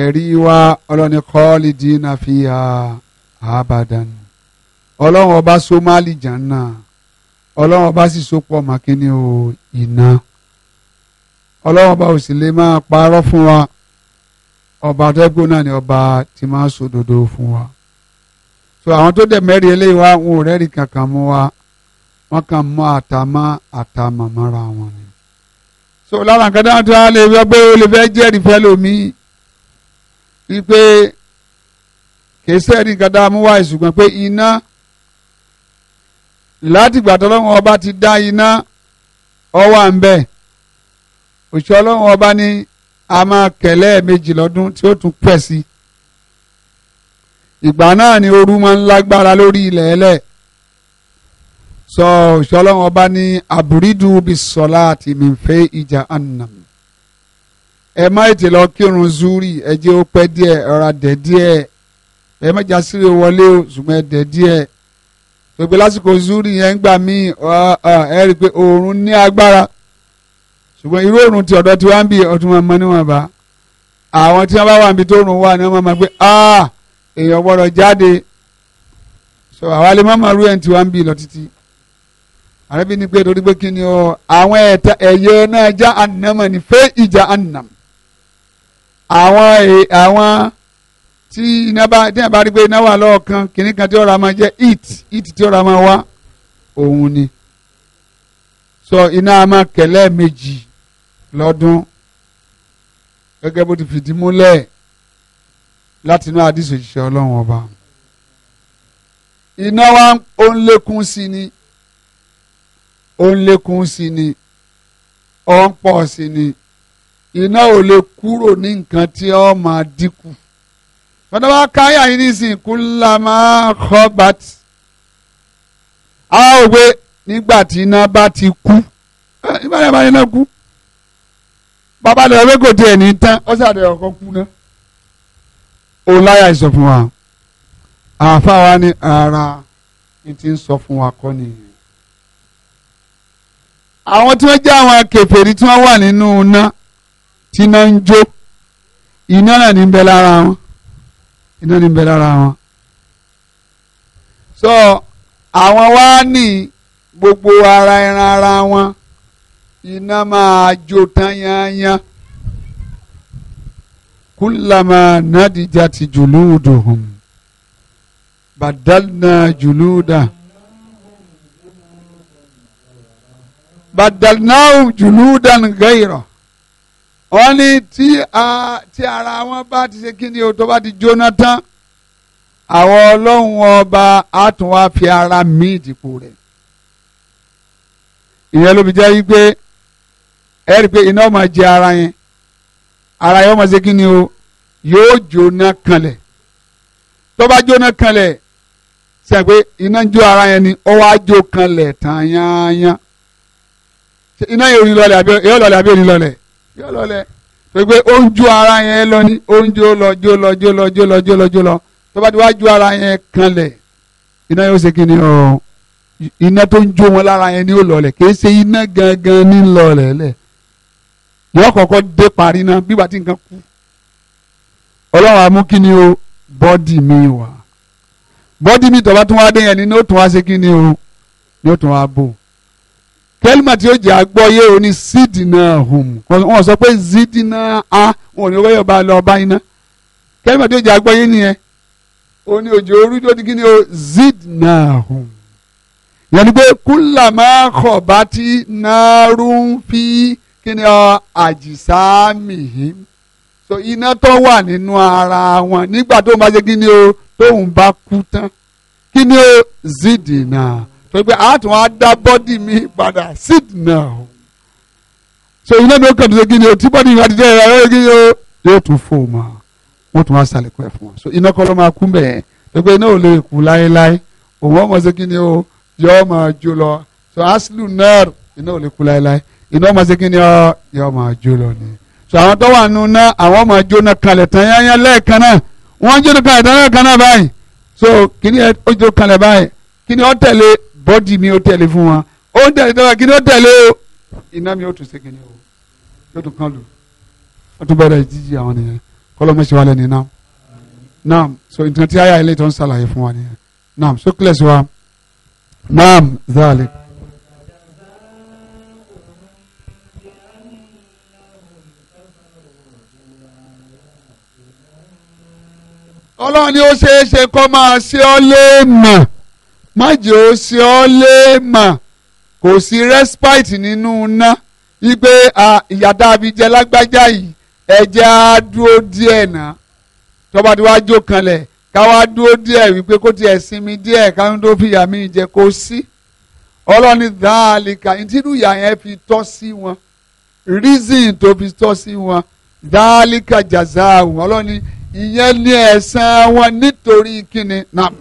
C: ẹ̀rí wa ọlọ́ni kọ́ọ́lì dínà fi hà àbàdàn ọlọ́run ọba sọ́mọ́ àlìján náà ọlọ́run ọba sì sopọ̀ màkínní o iná ọlọ́run ọba ò sì lè máa parọ́ fún wa ọba àtẹ́gbó náà ni ọba ti máa ń sòdodo fún wa so àwọn tó dẹ̀ mẹ́rin eléyìí wá wọn ò rẹ́rìí kankan mú wa wọ́n kàn mú àtàmọ́ àtàmọ́ mọ́ra wọn ni so lára nǹkan dáhùn tí wọ́n lè fẹ́ gbé o lè fẹ́ jẹ́rìí fẹ́ lómi wípé kìí sẹ́ẹ̀rì nǹkan dáhùn mú wáyé ṣùgbọ́n pé iná látìgbà tọ́lọ́wọ́n ọba ti dá iná ọwọ́ à ń bẹ́ẹ̀ òṣìṣẹ́ ọlọ́run ọba ní a máa kẹ̀lẹ́ méjì lọ́dún tí ó tún pẹ̀ sí ìgbà náà ni ooru máa ń lágbára lórí ilẹ̀ ẹlẹ́ sọ òṣìṣẹ́ ọlọ́run ọba ní àbúrídù bí sọlá àti mìfẹ́ ìjà ànàm ẹ má ètè lọ kírun zuri ẹ jẹ́ ó pẹ́ díẹ̀ ọ̀rá dẹ̀ díẹ̀ ẹ má jásíre wọlé o ṣùgbọ́n ẹ dẹ̀ díẹ̀ gbogbo lásìkò zuri yẹn gbà míì ẹ rí i pé oòrùn ní agbára ṣùgbọ́n irú òrùn ti ọ̀dọ́ tí wọ́n ń bì ọtún máa mọ níwọ̀n bá àwọn tí wọ́n bá wà níbi tó òrùn wà ní wọ́n máa gbé ah èèyàn gbọ́dọ̀ jáde so àwa lè má máa rú ẹni tí wọ́n ń bì lọ títí àrẹ́bí ni pé torí pé kí ni ọ àwọn ẹ̀ta ẹ̀yẹ náà já ànàmọ̀ ní fẹ́ ìjà ànàm àwọn àwọn tí iná bá tí iná bá rí pé iná wà lọ́ọ̀kan kìnnì kan tí ọ̀rọ̀ máa jẹ́ it it tí ọ̀rọ̀ máa wá òun ni so iná máa kẹ̀lẹ́ méjì lọ́dún gẹ́gẹ́ bó ti fìdí múlẹ̀ láti inú àdìsí òṣìṣẹ́ ọlọ́run ọba iná wa ó ń lékún sí ni ó ń lékún sí ni ó ń pọ̀ sí ni iná ò lè kúrò ní nǹkan tí ó máa dínkù fọdọ́ bá káyà yín nísìnyí kullama khabat a ò gbé nígbà tí iná bá ti kú nígbà tí iná kú bàbá rẹ̀ wẹ́gò tiẹ̀ ní tán ó sàdé ọkọ̀ kú ná. òun láyà sọ fún wa àáfàá wa ní ara ní ti ń sọ fún wa kọ́ nìyẹn. àwọn tí wọ́n jẹ́ àwọn kèfèrí tí wọ́n wà nínú iná tí iná ń jó iná náà ní bẹ lára wọn iná ní bẹ lára wọn. sọ àwọn wa ní gbogbo ara ẹran ara wọn. So, iná máa jó tán yányán kullama nadijati juluduhum badalna juluda badalnahum juludan gaira wọ́n ní tí ara wọn bá ti ṣe kíni o tó bá ti jóná tán àwọn ọlọ́run ọba á tún wá fi ara míì dìpò rẹ̀ ìyẹn ló fi jẹ́ wípé ẹ rí i pé iná ọmọ jẹ ara yẹn ara yẹn ọmọ ṣe kí ni o yóò jóná kanlẹ̀ tó bá jóná kanlẹ̀ sẹ́yìn pé iná jó ara yẹn ni ó wá jó kanlẹ̀ tán yányán iná yóò ní lọlẹ̀ àbí yóò lọlẹ̀ àbí yóò ní lọlẹ̀ yóò lọlẹ̀ pé pé ó ń jó ara yẹn lọ ní ó ń jó lọ jó lọ jó lọ jó lọ jó lọ jó lọ tó bá ti wá jó ara yẹn kanlẹ̀ iná yóò ṣe kí ni o iná tó ń jó wọn lára yẹn ni ó lọlẹ̀ kì í ṣe iná gangan ní lọlẹ̀ lẹ̀ wọ́n kọ́kọ́ dé parí náà bí wàá ti nǹkan kú ọlọ́run amú kí ni o bọ́dì mi wà bọ́dì mi tọ́ba tún wá dé yẹn ni ní ó tún wá ṣe kí ni o ní ó tún wá bò kẹ́límà tí ó jẹ́ àgbọ́yé o ní sídìnnà hùm wọ́n sọ pé zidina a wọn ò ní owó yọba lọ ọba iná kẹ́límà tí ó jẹ́ àgbọ́yé nìyẹn o ní òjò orú tó di kí ni o zidna hùm yẹn pé kúlà máa kọ̀ bá ti náà rún fi kí ọ àjìsá mìhí so iná tó wà nínú ara wọn nígbà tó ń bá ṣe kí ni o tóun bá kú tán kí ni o zidina tó gbé àtún á dá bọ́dì mi padà zidina o so iná tó kàn tó kí ni o tí bọ́dì mi àti jẹ́ ìrẹ́ rẹ́ kí ni o yóò tún fò mọ́ wọ́n tún wá sàlẹ̀kọ́ ẹ̀ fún wọn so iná kọ́ ló máa kú mẹ́ẹ̀ tó gbé iná ò lè kú láéláé òun ọmọ ṣe kí ni o yọ ọmọ jù lọ so aslu náà iná ò lè kú láéláé iná ọmọ segin ni ọ yọ ọmọ lọ ni so àwọn tó wà nù ná àwọn ọmọ àjò náà kalẹ̀ tán yányá lẹ́ẹ̀kan náà wọ́n jóná kalẹ̀ tán lẹ́ẹ̀kan náà báyìí so kíni ó jó kalẹ̀ báyìí kíni ó tẹ̀lé bọ́dì mi ó tẹ̀lé fún wa ó ń tẹ̀lé tọ́ka kíni ó tẹ̀lé o iná mi ó tún segin ni o yóò tún kán lò ó tún bẹ̀rẹ̀ jíjí àwọn nìyẹn kọ́lọ́mọṣẹ́ wa lẹ́ni náà naam so nǹkan tí àyà ilé tó ń ṣàlàyé fún wa nìyẹn naam so kílẹ̀ sí wa naam zaalik. ọlọ́run ni ó ṣeé ṣe kó máa ṣe ọ́ léèmọ̀ má jẹ́ ó ṣe ọ́ léèmọ̀ kò sí respite nínú ná wípé ìyà dàbí jẹ lágbájá yìí ẹ̀jẹ̀ á dúró díẹ̀ náà tọ́ba tí wàá jó kanlẹ̀ káwá dúró díẹ̀ wípé kó tiẹ̀ sinmi díẹ̀ káwọn tó fìyà mí jẹ kó sí ọlọ́ni dáàlìkà ìtìrú ìyà yẹn fi tọ́ sí wọn reason tó fi tọ́ sí wọn dáàlìkà jàzá àwọn ọlọ́ni ìyẹn ni ẹ̀san wọn nítorí kíni náà.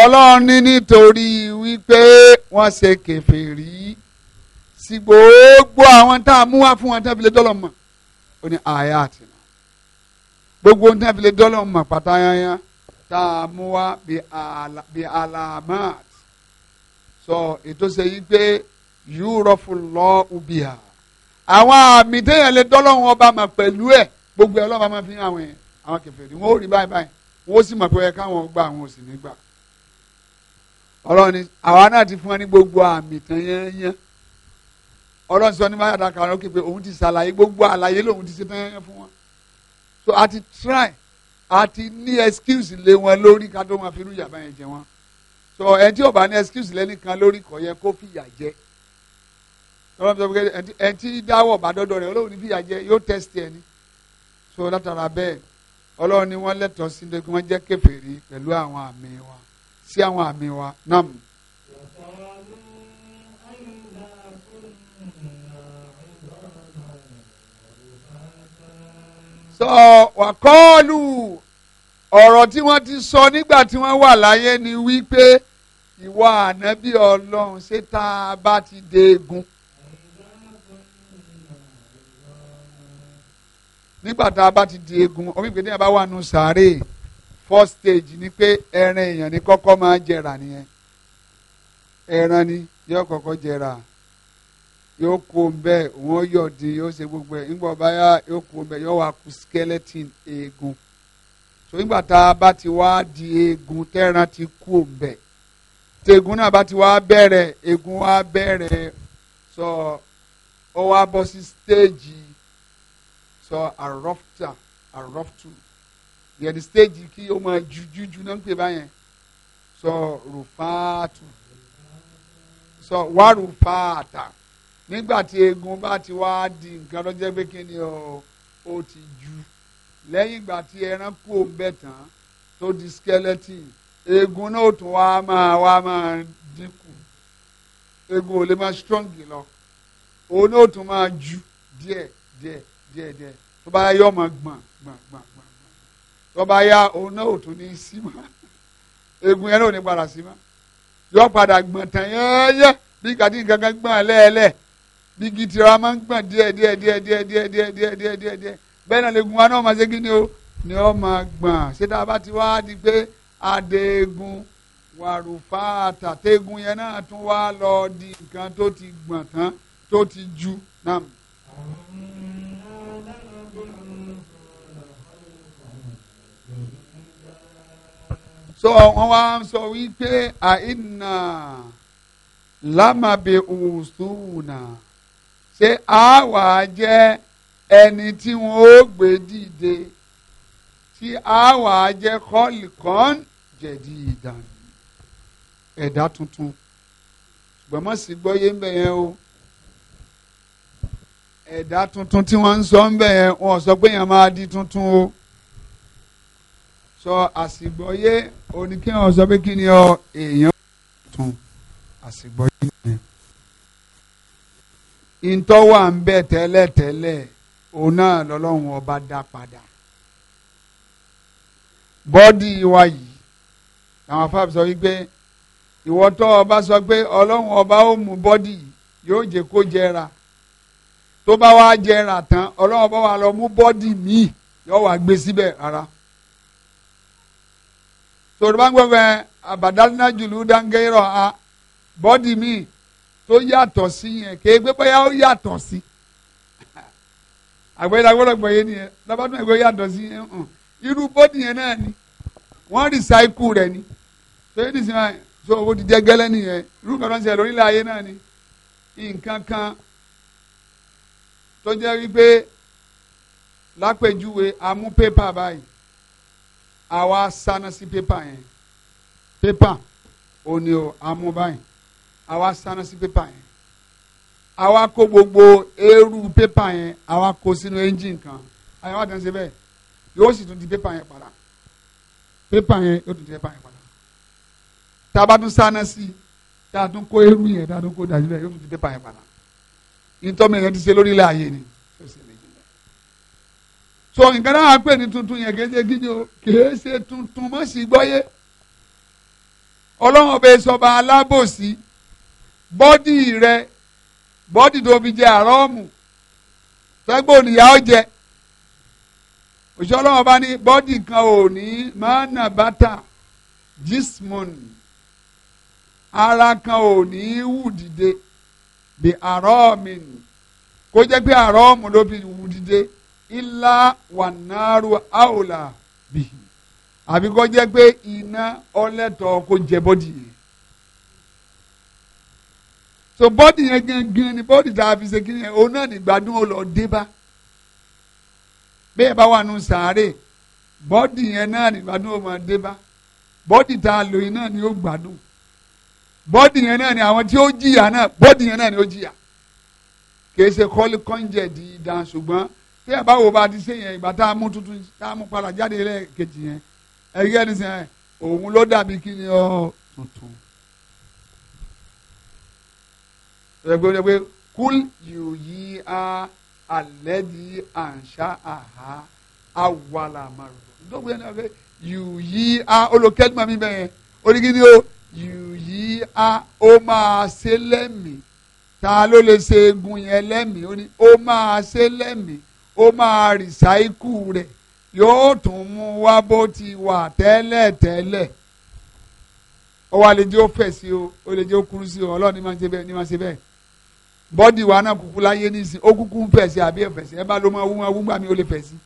C: ọlọ́run ní nítorí wípé wọ́n ṣe kèfèrí sí gbogbo àwọn tá a mú wá fún wọn tá a fi lè dọ́lọ̀ mọ̀ ó ní àyà àti nà gbogbo tá a fi lè dọ́lọ̀ mọ̀ pátáyáyá tá a mú wá bí alamat sọ ètò ṣe yí pé yúrọ̀fù lọ́ọ́ ubìyà àwọn àmì téèyàn lè dọ́lọ́run ọba mọ̀ pẹ̀lú ẹ̀ gbogbo ẹ̀ ọlọ́ba máa fi hàn àwọn yẹn àwọn kèfèrí wọn ò rí báyìí báyìí wọn ó sì mọ̀ pé ẹ káwọn gbà àwọn ò sì ní gbà. ọlọ́run ni àwa náà ti fún ẹ ní gbogbo àmì tán yẹn yẹn ọlọ́run sọ ní báyà dákàrà ó képe òun ti ṣàlàyé gbogbo àlàyé lòun ti ṣe tán yẹn fún wọn. so a ti try a ti ní excuse lé wọn lórí ká tó máa fi irú ìyàbá yẹn jẹ wọn. so ẹ tí ò bá ní excuse lẹ́nìkan lọ́wọ́ sọ pé ẹ̀ dáwọ̀ bá dọ́dọ̀ rẹ̀ olóhùn níbí àjẹ yóò tẹ́sítì ẹni so látara bẹ́ẹ̀ ọlọ́run ni wọ́n lẹ́tọ̀ọ́ sí pé kí wọ́n jẹ́ kèfèrí pẹ̀lú àwọn àmì wa sí àwọn àmì wa náà. sọ wàkọ́ọ̀lù ọ̀rọ̀ tí wọ́n ti sọ nígbà tí wọ́n wà láyé ni wípé ìwà ànábì ọlọ́run ṣé tá a bá ti dé egun. nígbà tá a bá ti di eegun omi ìpè téèyàn bá wà nù sàárè first stage ni pé ẹran èèyàn ní kọ́kọ́ máa jẹrà nìyẹn ẹran ni yóò kọ́kọ́ jẹrà yóò kó bẹ́ẹ̀ wọ́n yọ̀ dín yóò ṣe gbogbo ẹ̀ nígbà báyà yóò kó bẹ́ẹ̀ yóò wá kú skeleton eegun so nígbà tá a bá ti wá di eegun tẹ́ran ti kú bẹ́ẹ̀ tẹ̀gùn náà bá ti wá bẹ̀rẹ̀ eegun wá bẹ̀rẹ̀ sọ ọ wá bọ́ sí stage sọ arọfta arọftu yẹ di stage kí o máa ju juju náà ń pè báyẹn sọ rufaatu sọ wa rufaata nígbà tí egun bá ti wá di nǹkan tó jẹ́ pé kí ni o ó ti ju lẹ́yìn ìgbà tí ẹran kú òǹbẹ̀ tán tó di skeleton egun náà tún wá máa wá máa dínkù egun ò lè máa strong lọ òun náà tún máa ju díẹ̀ díẹ̀ díẹ̀díẹ̀ tó bá yá yọ ọmọ gbọ̀n gbọ̀n gbọ̀n gbọ̀n tó bá yá òun náà ò tún ní í sí mọ́ egun yẹn náà ò ní padà sí mọ́ yọ padà gbọ̀n tán yẹ́yẹ́ bí gàdí gangan gbọ̀n lẹ́ẹ̀lẹ́ bí gitira máa ń gbọ̀n díẹ̀díẹ̀díẹ̀díẹ̀díẹ̀díẹ̀díẹ̀díẹ̀ bẹ́ẹ̀ náà legun wa náà máa ṣe kí ni o ni ọ máa gbọ̀n ṣé tá a bá ti wá di pé adéegun wàrúfà àtàtẹ́gun yẹn náà tún wá lọ di nǹkan tó ti gbọ̀n tán tó ti ju náà. so wọ́n wá ń sọ wípé àìnà lámàbẹ òṣùwùnà ṣé àwa jẹ́ ẹni tí wọ́n ó gbé dìde tí àwa jẹ́ kọ́lìkan jẹ̀dí ìdánù ẹ̀dá tuntun ṣùgbọ́n mọ̀ sí gbọ́yé ń bẹ̀ yẹn o ẹ̀dá tuntun tí wọ́n ń sọ ń bẹ̀ yẹn wọ́n sọ pé yẹn máa di tuntun o. sọ àsìgbọ́yé òní sọ pé kí ni ọ èèyàn tún àsìgbọ́yé nìyẹn. wà ń bẹ tẹ́lẹ̀tẹ́lẹ̀ òun náà lọ́lọ́run ọba dá padà. bọ́dì wa yìí làwọn afáàbí ọba sọ pé ọba ó mú bọ́dì yóò kó jẹra tó bá wá jẹra ọba wa lọ mú bọ́dì míì yóò wá sọ̀rọ̀ bá ń gbọ́ a bọ́dì mi tó yàtọ̀ sí yẹn kéé pé bóyá ó yàtọ̀ sí àgbẹ̀dá gbọ́dọ̀ gbọ́ yé nìyẹn lọ́bàdàn ẹ̀gbẹ́ yàtọ̀ sí yẹn hàn irú bọ́dì yẹn náà ni wọ́n rìsáìkù rẹ̀ ni tó yé nìsín wọn so owó ti jẹ́ gẹ́lẹ́ nìyẹn irú kan tó ń ṣẹlẹ̀ orílẹ̀ ayé náà ni nǹkan kan tó jẹ́ wípé lápèjúwe amú pépà báyìí àwa sáná sí pépà yẹn pépà òní o amú báyìí àwa sáná sí pépà yẹn àwa kó gbogbo eérú pépà yẹn àwa kó sínú ẹ́ńjìn kan àyẹ̀wò àdánsẹ́ bẹ́ẹ̀ yóò sì tún di pépà yẹn padà pépà yẹn yóò tún di pépà yẹn padà tá a bá tún sáná sí tá a tún kó eérú yẹn tá a tún kó dájú bẹ́ẹ̀ yóò tún di pépà yẹn padà nítorí ẹ̀yẹ́ ti ṣe lórílẹ̀ ayé ni. so nǹkan náà pè ní tuntun yẹn kéde gidi o kìí ṣe tuntun mọ́ sí gbọ́yé ọlọ́run ọba ìsọba alábòsí bọ́dì rẹ bọ́dì tó fi jẹ àrọ́ọ̀mù tẹ́gbẹ́ òníyà ọ̀jẹ̀ òṣìṣẹ́ ọlọ́run ọba ní bọ́dì kan ò ní máa nà bàtà ara kan ò ní wù dìde àrọ́ọ̀mù kó jẹ́ pé àrọ́ọ̀mù ilá wànáró àwòlà bìhì àbí kọ́ jẹ́ pé iná ọlẹ́tọ̀ kò jẹ bọ́dì yẹn so bọ́dì yẹn gangan ni bọ́dì tá a fi ṣe kíni yẹn òun náà nígbàdún ó lọ dé bá bẹ́ẹ̀ bá wà nù sàárè bọ́dì yẹn náà nígbàdún ó máa dé bá bọ́dì tá a lò yìí náà ni ó gbádùn bọ́dì yẹn náà ni àwọn tí ó jìyà náà bọ́dì yẹn náà ni ó jìyà kì í ṣe kọ́lí kọ́ńjẹ̀ di dán ṣùgbọ́n tí ẹ bá wo bá ti ṣe yẹn ìgbà tá a mú tuntun tá a mú padà jáde lẹ́ẹ̀kejì yẹn ẹ̀yẹ́ ni sẹ́yìn òun ló dàbí kí ni ọ tuntun. ẹgbẹ́ kúl yóò yí a alẹ́ di àǹṣá àhá awàlà màrú. dọ́gba yẹn náà fẹ́ yóò yí a olùkẹ́dùmọ̀ mi bẹ́ẹ̀ oríkì o yóò yí a ó máa ṣe lẹ́mìí ta ló lè ṣe egun yẹn lẹ́mìí ó máa ṣe lẹ́mìí ó máa rìsáíkù rẹ̀ yóò tún mú wá bó ti wà tẹ́lẹ̀ tẹ́lẹ̀ ó wá lè jẹ́ ó fẹ̀ sí o ó lè jẹ́ ó kúrú sí o ọlọ́run ní máa ń ṣe bẹ́ẹ̀ ní máa ń ṣe bẹ́ẹ̀ bọ́dì wa náà kúkú láyé nísìn ó kúkú ń fẹ̀ sí àbí ẹ̀fẹ̀ sí ẹ bá ló máa wú máa wú gbà mí ó lè fẹ̀ sí.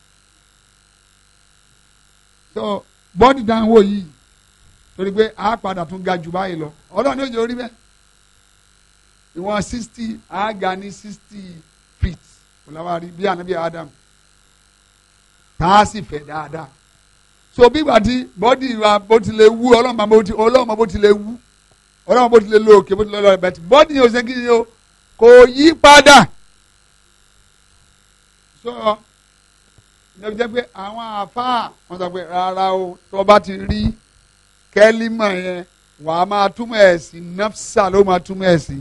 C: tó bọ́dì dáhùn wò yìí torí pé a padà tún ga jù báyìí lọ ọlọ́run ní òjò orí bẹ́ẹ̀ ìwọ̀n sixty a ga ní sixty feet ọ̀làwárí bí ànábì Adam tá a sì so bí ìgbà bọ́dì wa bó ti lè wú ọlọ́mọ bó ti ọlọ́mọ bó ti lè wú ọlọ́mọ bó ti lè lo òkè bó ti lè lọ bẹ̀tì bọ́dì yóò ṣe kí o kò yí padà so ìjọba jẹ́ pé àwọn àáfàá wọ́n sọ pé rárá o tó bá ti rí kẹ́límọ̀ yẹn wà á máa túmọ̀ ẹ̀ sí nafsa ló máa túmọ̀ ẹ̀ sí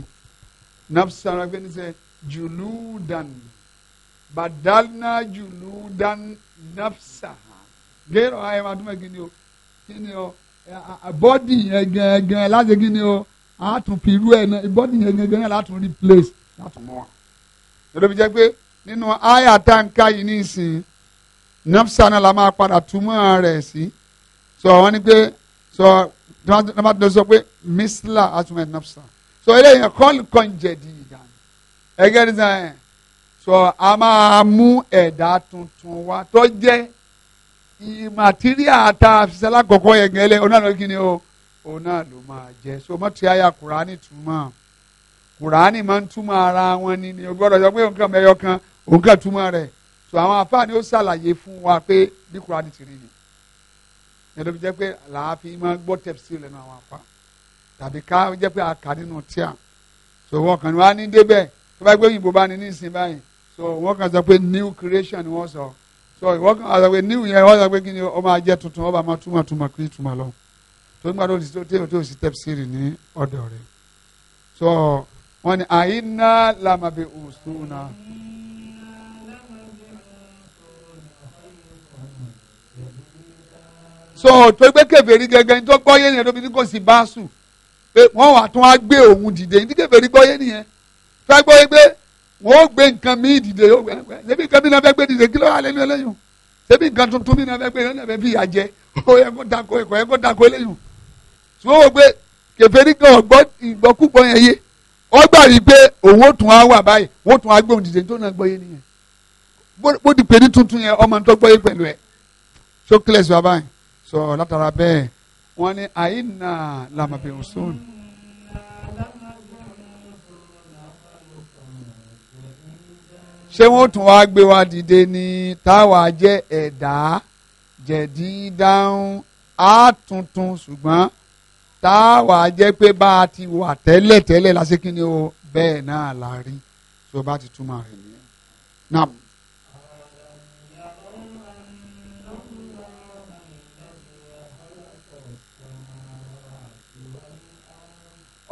C: nafsa ló máa gbé ní sẹ́ jùlúùdàn badalina julu dan nafsa gẹ́rọ ayé wa dúnmọ̀ gíní o gíní o bọ́dì yẹn gẹ́gẹ́ láti gíní o àtún pìrú ẹ̀ náà bọ́dì yẹn gẹ́gẹ́ látún replace látún mọ́ wa. jẹ́ pé nínú àyà tá n ká yìí nísìn nafsa náà la máa padà túmọ̀ rẹ̀ sí sọ wọ́n ní pé sọ tọ́mátì lọ pé misla àtúmọ̀ nafsa sọ eléyìí kọ́ọ̀lù kọ́ńjẹ̀dì ìdáná ẹgẹ́ ní sọ a máa mú ẹ̀dá tuntun wá tó jẹ́ ìmàtíríà tá a fi sẹ́lá kọ̀ọ̀kan yẹn gẹ́lẹ́ ọ̀nà kí ni o ọ̀nà ló máa jẹ́ so mọ́ ti àyà kùránì túmọ̀ kùránì máa ń túmọ̀ ara wọn ni ni o gbọ́dọ̀ sọ pé nǹkan mẹ́yọ kan òun túmọ̀ rẹ̀ so àwọn afáàní ó ṣàlàyé fún wa pé bí kùránì ti rí ni ẹ ló fi jẹ́ pé làáfi máa gbọ́ tẹ̀sí lẹ́nu àwọn afá tàbí ká jẹ́ pé a nínú tíà so wọ́n kàn ní wá ní débẹ̀ tó bá gbé òyìnbó bá ní ní ìsìn báyìí so wọ́n kàn sọ pé new creation ni wọ́n sọ so wọ́n kàn sọ pé new yẹn wọ́n sọ pé kí ni ó máa jẹ́ tuntun ó bá máa túmọ̀ túmọ̀ kí túmọ̀ lọ tó ń gbàdúrà tó tí o sì tẹ̀síìrì ní ọ̀dọ̀ rẹ̀ so wọ́n ní àyínná làmàbẹ̀ òṣùnà. so tó gbé kèfèrí gẹ́gẹ́ ní tó gbọ́ yé nìyẹn tóbi ní kò sí báṣù pé wọ́n wà tún á gbé òun dìde ní kèfèrí gbọ́ yé nìyẹn tó gbọ́ yé pé wọ́n gbé nǹkan míì dìde yóò gbẹ gbẹ ṣebí nǹkan míì náà fẹ́ gbé dìde kí ló wà lẹ́nu ẹlẹ́yìn ṣebí nǹkan tuntun míì náà fẹ́ gbé náà fẹ́ fi ìyà jẹ ó yẹ kó dako ẹ̀kọ́ yẹ kó dako ẹlẹ́yìn tí wọ́n gbé kèfèrí kan ọ̀gbọ́ ìgbọ́kúgbọ́ yẹn yé wọ́n gbà rí pé òun ó tún á wà báyìí wọ́n tún á gbé òun dìde tó náà gbọ́ yé nìyẹn bó ti pè ní tuntun yẹn ọmọ tó gbọ́ yé pẹ̀lú ẹ̀ ṣó kílẹ̀ sí ṣé wọ́n tún wá gbé wa dìde ni táwa jẹ́ ẹ̀dá jẹ̀dí dáhùn á tuntun ṣùgbọ́n táwa jẹ́ pé bá a ti wà tẹ́lẹ̀ tẹ́lẹ̀ o bẹ́ẹ̀ náà la rí tó bá ti túmọ̀ rẹ̀ nìyẹn. Naam.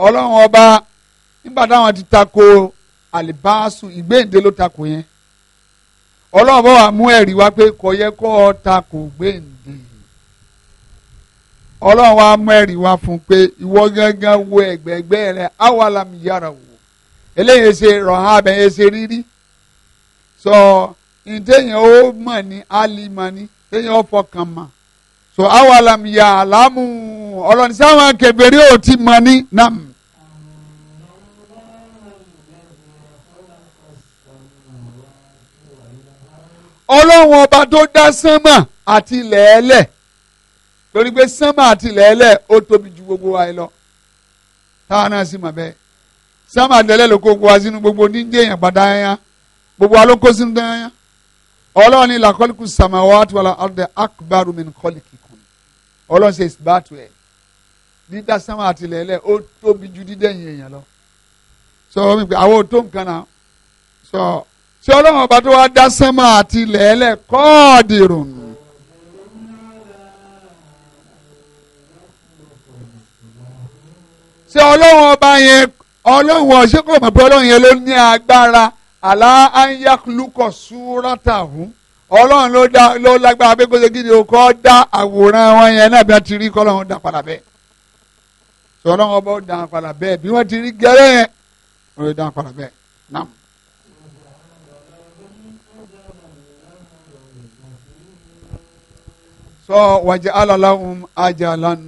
C: ọlọ́run ọba nígbà táwọn ti tako àlìbáàsù ìgbéǹde ló takò yẹn ọlọ́run bá wa mú ẹ̀rí wá pé kò yẹ kó ọ takò gbéǹde ọlọ́run mú ẹ̀rí wá fún pé ìwọ gángan wo ẹ̀gbẹ́gbẹ́ rẹ awalam yàrá wò eléyìí ṣe rọ̀hán ṣe rírí sọ ǹtẹ̀yìn ó mọ̀ ní ó fọkàn mọ̀ ọlọ́run sáwọn ò ti mọ̀ ní ọlọ́run ọba tó dá sánmà àti lẹ́ẹ̀lẹ̀ torí pé sánmà àti lẹ́ẹ̀lẹ̀ ó tóbi ju gbogbo wa lọ táwa náà sì mọ̀ bẹ́ẹ̀ sánmà àti lẹ́ẹ̀lẹ̀ ló kó gbogbo wa sínú gbogbo oníjẹ́ èèyàn padà gbogbo wa ló kó sínú dáná ọlọ́run ni làkọ́lìkù sàmáwá tí wọ́n lọ ọ̀dẹ akbaru mi kọ́lìkì kùn ọlọ́run ṣe ìsìbáàtù ẹ̀ dídá sánmà àti lẹ́ẹ̀lẹ̀ ó tóbi ju dídẹ̀yìn èèyàn lọ sọ wọ́n mi pé àwọn ò So, tí ọlọ́run ọba tó wá dá sánmà àti ilẹ̀ ẹlẹ̀ kọ́ọ̀dì rùn. ṣé ọlọ́run ọba yẹn ọlọ́run ọ̀ṣẹ́ kò mọ̀ pé ọlọ́run yẹn ló ní agbára àlá ayélujá súrátà hùn ọlọ́run ló dá ló lágbára pé kó ṣe kí ni o dá àwòrán wọn yẹn náà bí wọ́n ti rí kọ́ ọlọ́run dá padà bẹ́ẹ̀ ṣé ọlọ́run ọba ó dá padà bẹ́ẹ̀ bí wọ́n ti rí gẹ́rẹ́ yẹn ó dá padà bẹ́ẹ̀ náà. sọ wàjẹ alalahun ajalan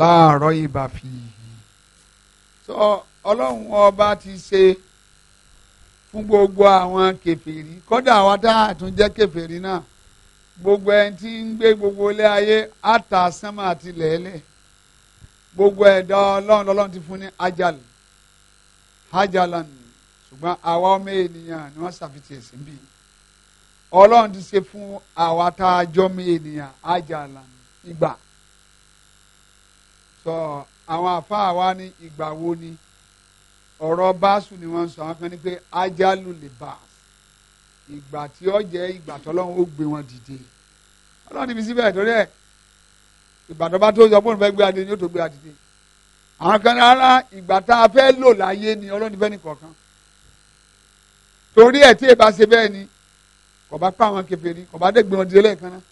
C: láàárọ̀ ìbàfì sọ ọlọ́run ọba ti ṣe fún gbogbo àwọn kẹfìrí kódà àwa tá a tún jẹ́ kèfèrí náà gbogbo ẹni tí ń gbé gbogbo ilé ayé àtàsánmà àti lẹ́lẹ̀ gbogbo ẹ̀dá ọlọ́run lọ́lọ́run ti fún ní ajal ajalan ṣùgbọ́n àwa ọmọ ènìyàn ni wọ́n ṣàfihàn sí bíi. ọlọ́run ti ṣe fún àwa tá a jọ mi ènìyàn àjàlá ìgbà sọ àwọn àfáà wa ní ìgbà wo ni ọ̀rọ̀ báàsù ni wọ́n ń sọ àwọn kan ní pé ájálù lè bá ìgbà tí ó jẹ́ ìgbà tọ́lọ́run ó gbé wọn dìde ọlọ́run níbi síbẹ̀ torí ẹ̀ ìbàdàn bá tó yọ bóun fẹ́ gbé adé ni ó tó gbé adìde àwọn kan rárá ìgbà tá a fẹ́ lò láyé ni ọlọ́run fẹ́ nìkọ̀ọ̀kan torí ẹ̀ tí ẹ ṣe bẹ́ẹ̀ ni kò bá pa àwọn kèfèrí kò bá dé gbìyànjú dé lẹ́ẹ̀kan náà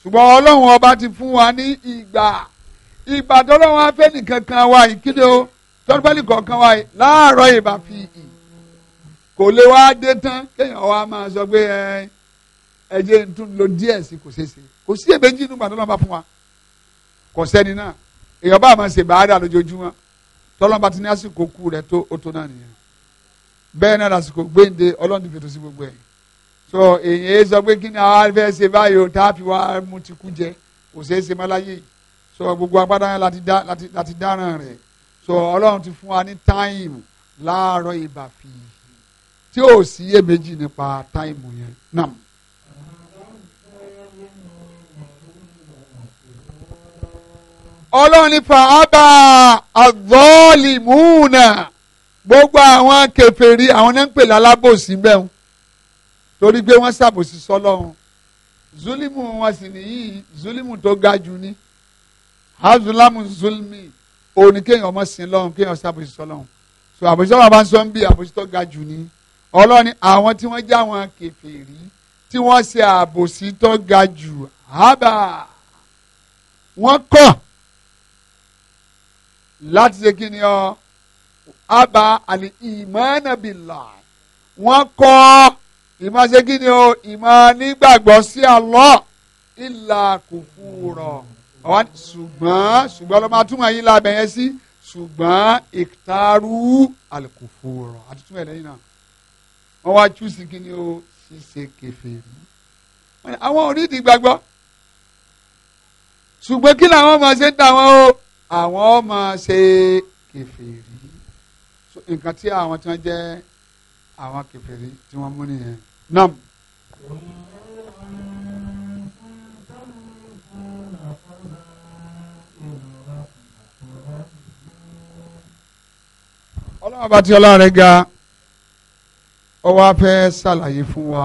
C: ṣùgbọ́n ọlọ́run ọba ti fún wa ní ìgbà ìgbà tọ́lọ́run afẹ́ nìkan kan wa ìkéde o tọ́lùbẹ́lì kọ̀ọ̀kan wa láàárọ̀ ìbá fi ì kò lè wá dé tán kéèyàn wa máa sọ pé ẹ ẹ jẹ́ tún lo díẹ̀ sí kò ṣeé ṣe kò sí èméjì nígbà tọ́lọ́run bá fún wa kò sẹ́ni náà èèyàn bá máa ṣe bàádà lójoojúmọ́ tọ́lọ́run bá ti ní àsìkò kú rẹ̀ tó ó tó náà nìyẹn bẹ́ẹ̀ náà lásìkò gbéǹde ọlọ́run ti fètò sí gbogbo ẹ̀yìn so èyàn sọ pé kí ni àwa fẹ́ ṣe báyìí o tá a fi wá mú ti kú jẹ kò ṣeé ṣe mọ́láyé so gbogbo agbádá yẹn láti dá láti láti dáràn rẹ̀ so ọlọ́run ti fún wa ní táìmù láàárọ̀ ibà fi tí ò sí iyèméjì nípa táìmù yẹn náà. ọlọ́run ní fàábà àgọ́ọ̀lì múùnà gbogbo àwọn kèfèrí àwọn náà ń pè lálábòsí bẹ́ẹ̀ torí pé wọ́n ṣàbòsí sọ́lọ́run zulimu wọn sì nìyí zulimu tó ga jù ní azulamu zulmi òní kéèyàn ọmọ sin lọ́run kéèyàn ṣàbòsí sọ́lọ́run so àbòsí sọ́lọ́run bá ń sọ ń bí àbòsí tó ga jù ní ọlọ́ni àwọn tí wọ́n já wọn kèfèrí tí wọ́n ṣe àbòsí tó ga jù hábà wọ́n kọ̀ láti ṣe kí ni ọ hábà àlè ìmánàbìlà wọ́n kọ̀ ọ́ ìmọ̀ ṣe kí ni o ìmọ̀ nígbàgbọ́ sí Allah ìlà kufura ọ̀wá ṣùgbọ́n ṣùgbọ́n ló máa túmọ̀ yín lábẹ́ yẹn sí ṣùgbọ́n ìtaru al-kufura àtúntò ẹ̀ lẹ́yìn náà wọ́n wá chúùsì kí ni o ṣíṣe kèfèrí àwọn onídìí gbàgbọ́ ṣùgbọ́n kí làwọn máa ṣe ń ta wọn o àwọn máa ṣe kèfèrí nǹkan tí àwọn tí wọ́n jẹ́ àwọn kèfèrí tí wọ́n mú nìyẹn. نعم ọlọ́run bá ti ọlọ́run rẹ̀ ga ó wá fẹ́ ṣàlàyé fún wa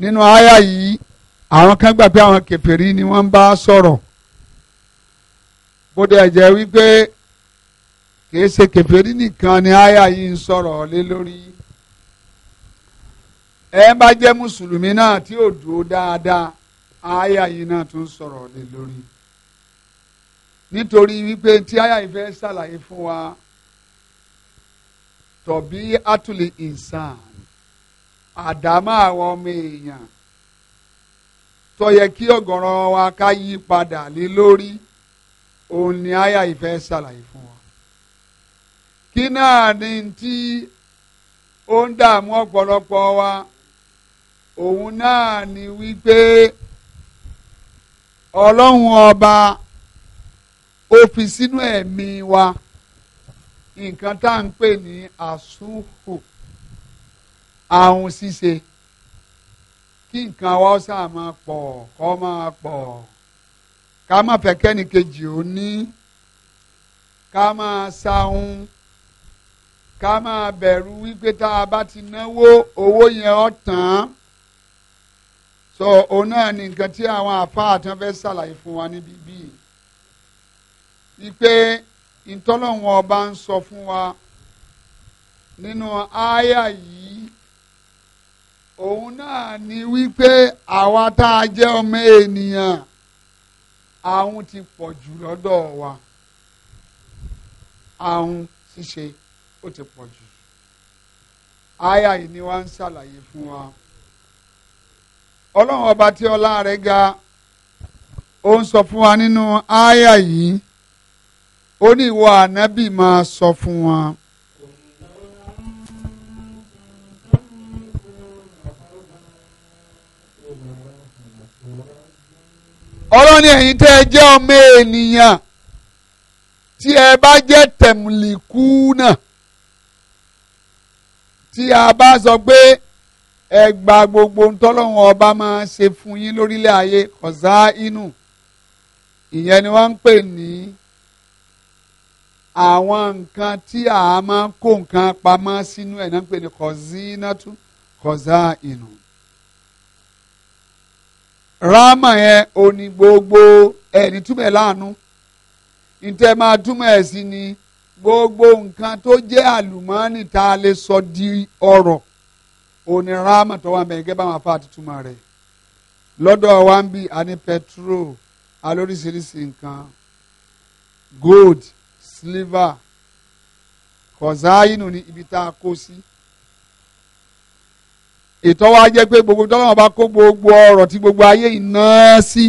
C: nínú àyà yìí àwọn kan gbà pé àwọn kèfèrí ni wọ́n ń bá sọ̀rọ̀ bó dẹ̀ jẹ́ wípé kìí ṣe kèfèrí nìkan ni àyà yìí ń sọ̀rọ̀ lé lórí ẹ bá jẹ́ mùsùlùmí náà tí ò dúró dáadáa àyà yìí náà tún sọ̀rọ̀ lé lórí nítorí wípé tí àyà yìí fẹ́ ṣàlàyé fún wa tọ̀bí àtúlì ìsàn àdámọ́ àwọn ọmọ èèyàn tó yẹ kí ọ̀gọ̀rọ̀ wa ká yí padà lé lórí òun ni àyà yìí fẹ́ ṣàlàyé fún wa kí náà ni tí ó ń dààmú ọ̀pọ̀lọpọ̀ wa òun náà ni wípé ọlọ́run ọba ó fi sínú ẹ̀mí wa nǹkan tá à ń pè ní àsúhù àrùn ṣíṣe kí nǹkan wa ó sáà máa pọ̀ kọ́ máa pọ̀ ká má fẹ́ kẹ́nìkejì ó ní ká máa ṣahun ká máa bẹ̀rù wípé tá a bá ti náwó owó yẹn ó tán so òun náà ni nǹkan tí àwọn àfáà tí wọ́n fẹ́ ṣàlàyé fún wa níbí bíi wípé ìtọ́lọ́wọ́n ọba ń sọ fún wa nínú àyà yìí òun náà ni wípé àwa tá a jẹ́ ọmọ ènìyàn àwọn ti pọ̀ jù lọ́dọ̀ wa àwọn ṣíṣe ó ti pọ̀ jù àyà yìí ni wọ́n ń ṣàlàyé fún wa. Mm -hmm ọlọ́run ọba tí ọlá rẹ̀ ga ó ń sọ fún wa nínú ááyà yìí ó ní ìwọ ànábì máa sọ fún wọn. ọlọ́run ẹ̀yin tẹ́ ẹ jẹ́ ọmọ ènìyàn tí ẹ bá jẹ́ tẹ̀mùlìkú náà tí a bá sọ pé ẹ gba gbogbo ntọ́lọ́hún ọba máa ṣe fún yín lórílẹ̀ ayé kọ̀zá inú ìyẹn ni wọ́n ń pè ní àwọn nǹkan tí a máa kó nǹkan pamọ́ sínú ẹ̀ náà ń pè ní kọ̀zínátú kọ̀zá inú. rámà yẹn ò ní gbogbo ẹni túmọ̀ ẹ̀ láàánú ntẹ́ máa túmọ̀ ẹ̀ sí ni gbogbo nǹkan tó jẹ́ àlùmọ́ọ́nì tá a lè sọ di ọrọ̀. òní ráàmà tó wà mẹ́rin gẹ́gẹ́ bá wọn fa àtìtúmọ̀ rẹ̀ lọ́dọ̀ wa ń bì àní pẹtrol alóríṣiríṣi nǹkan gold silver kọ̀záyínù ní ibi tá a kó sí ìtọ́wọ́ á jẹ́ pé gbogbo tọ́lọ́wọ́n bá kó gbogbo ọ̀rọ̀ tí gbogbo ayé iná sí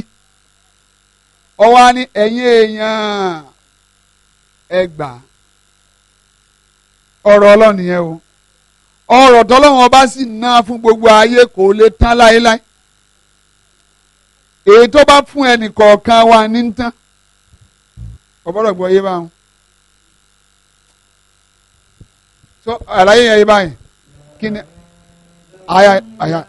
C: ọwọ́ wa ni ẹ̀yin èèyàn ẹgbàá ọ̀rọ̀ ọlọ́run yẹn o. ọ̀rọ̀ tọ́lọ́wọ́n bá sì ná fún gbogbo ayé kò lè tán láéláé èyí tó bá fún ẹnì kọ̀ọ̀kan wa ní tán ọ̀bọ̀dọ̀ gbọ́ yé báwọn. so àlàyé yẹn yé báyìí kí ni àyà àyà.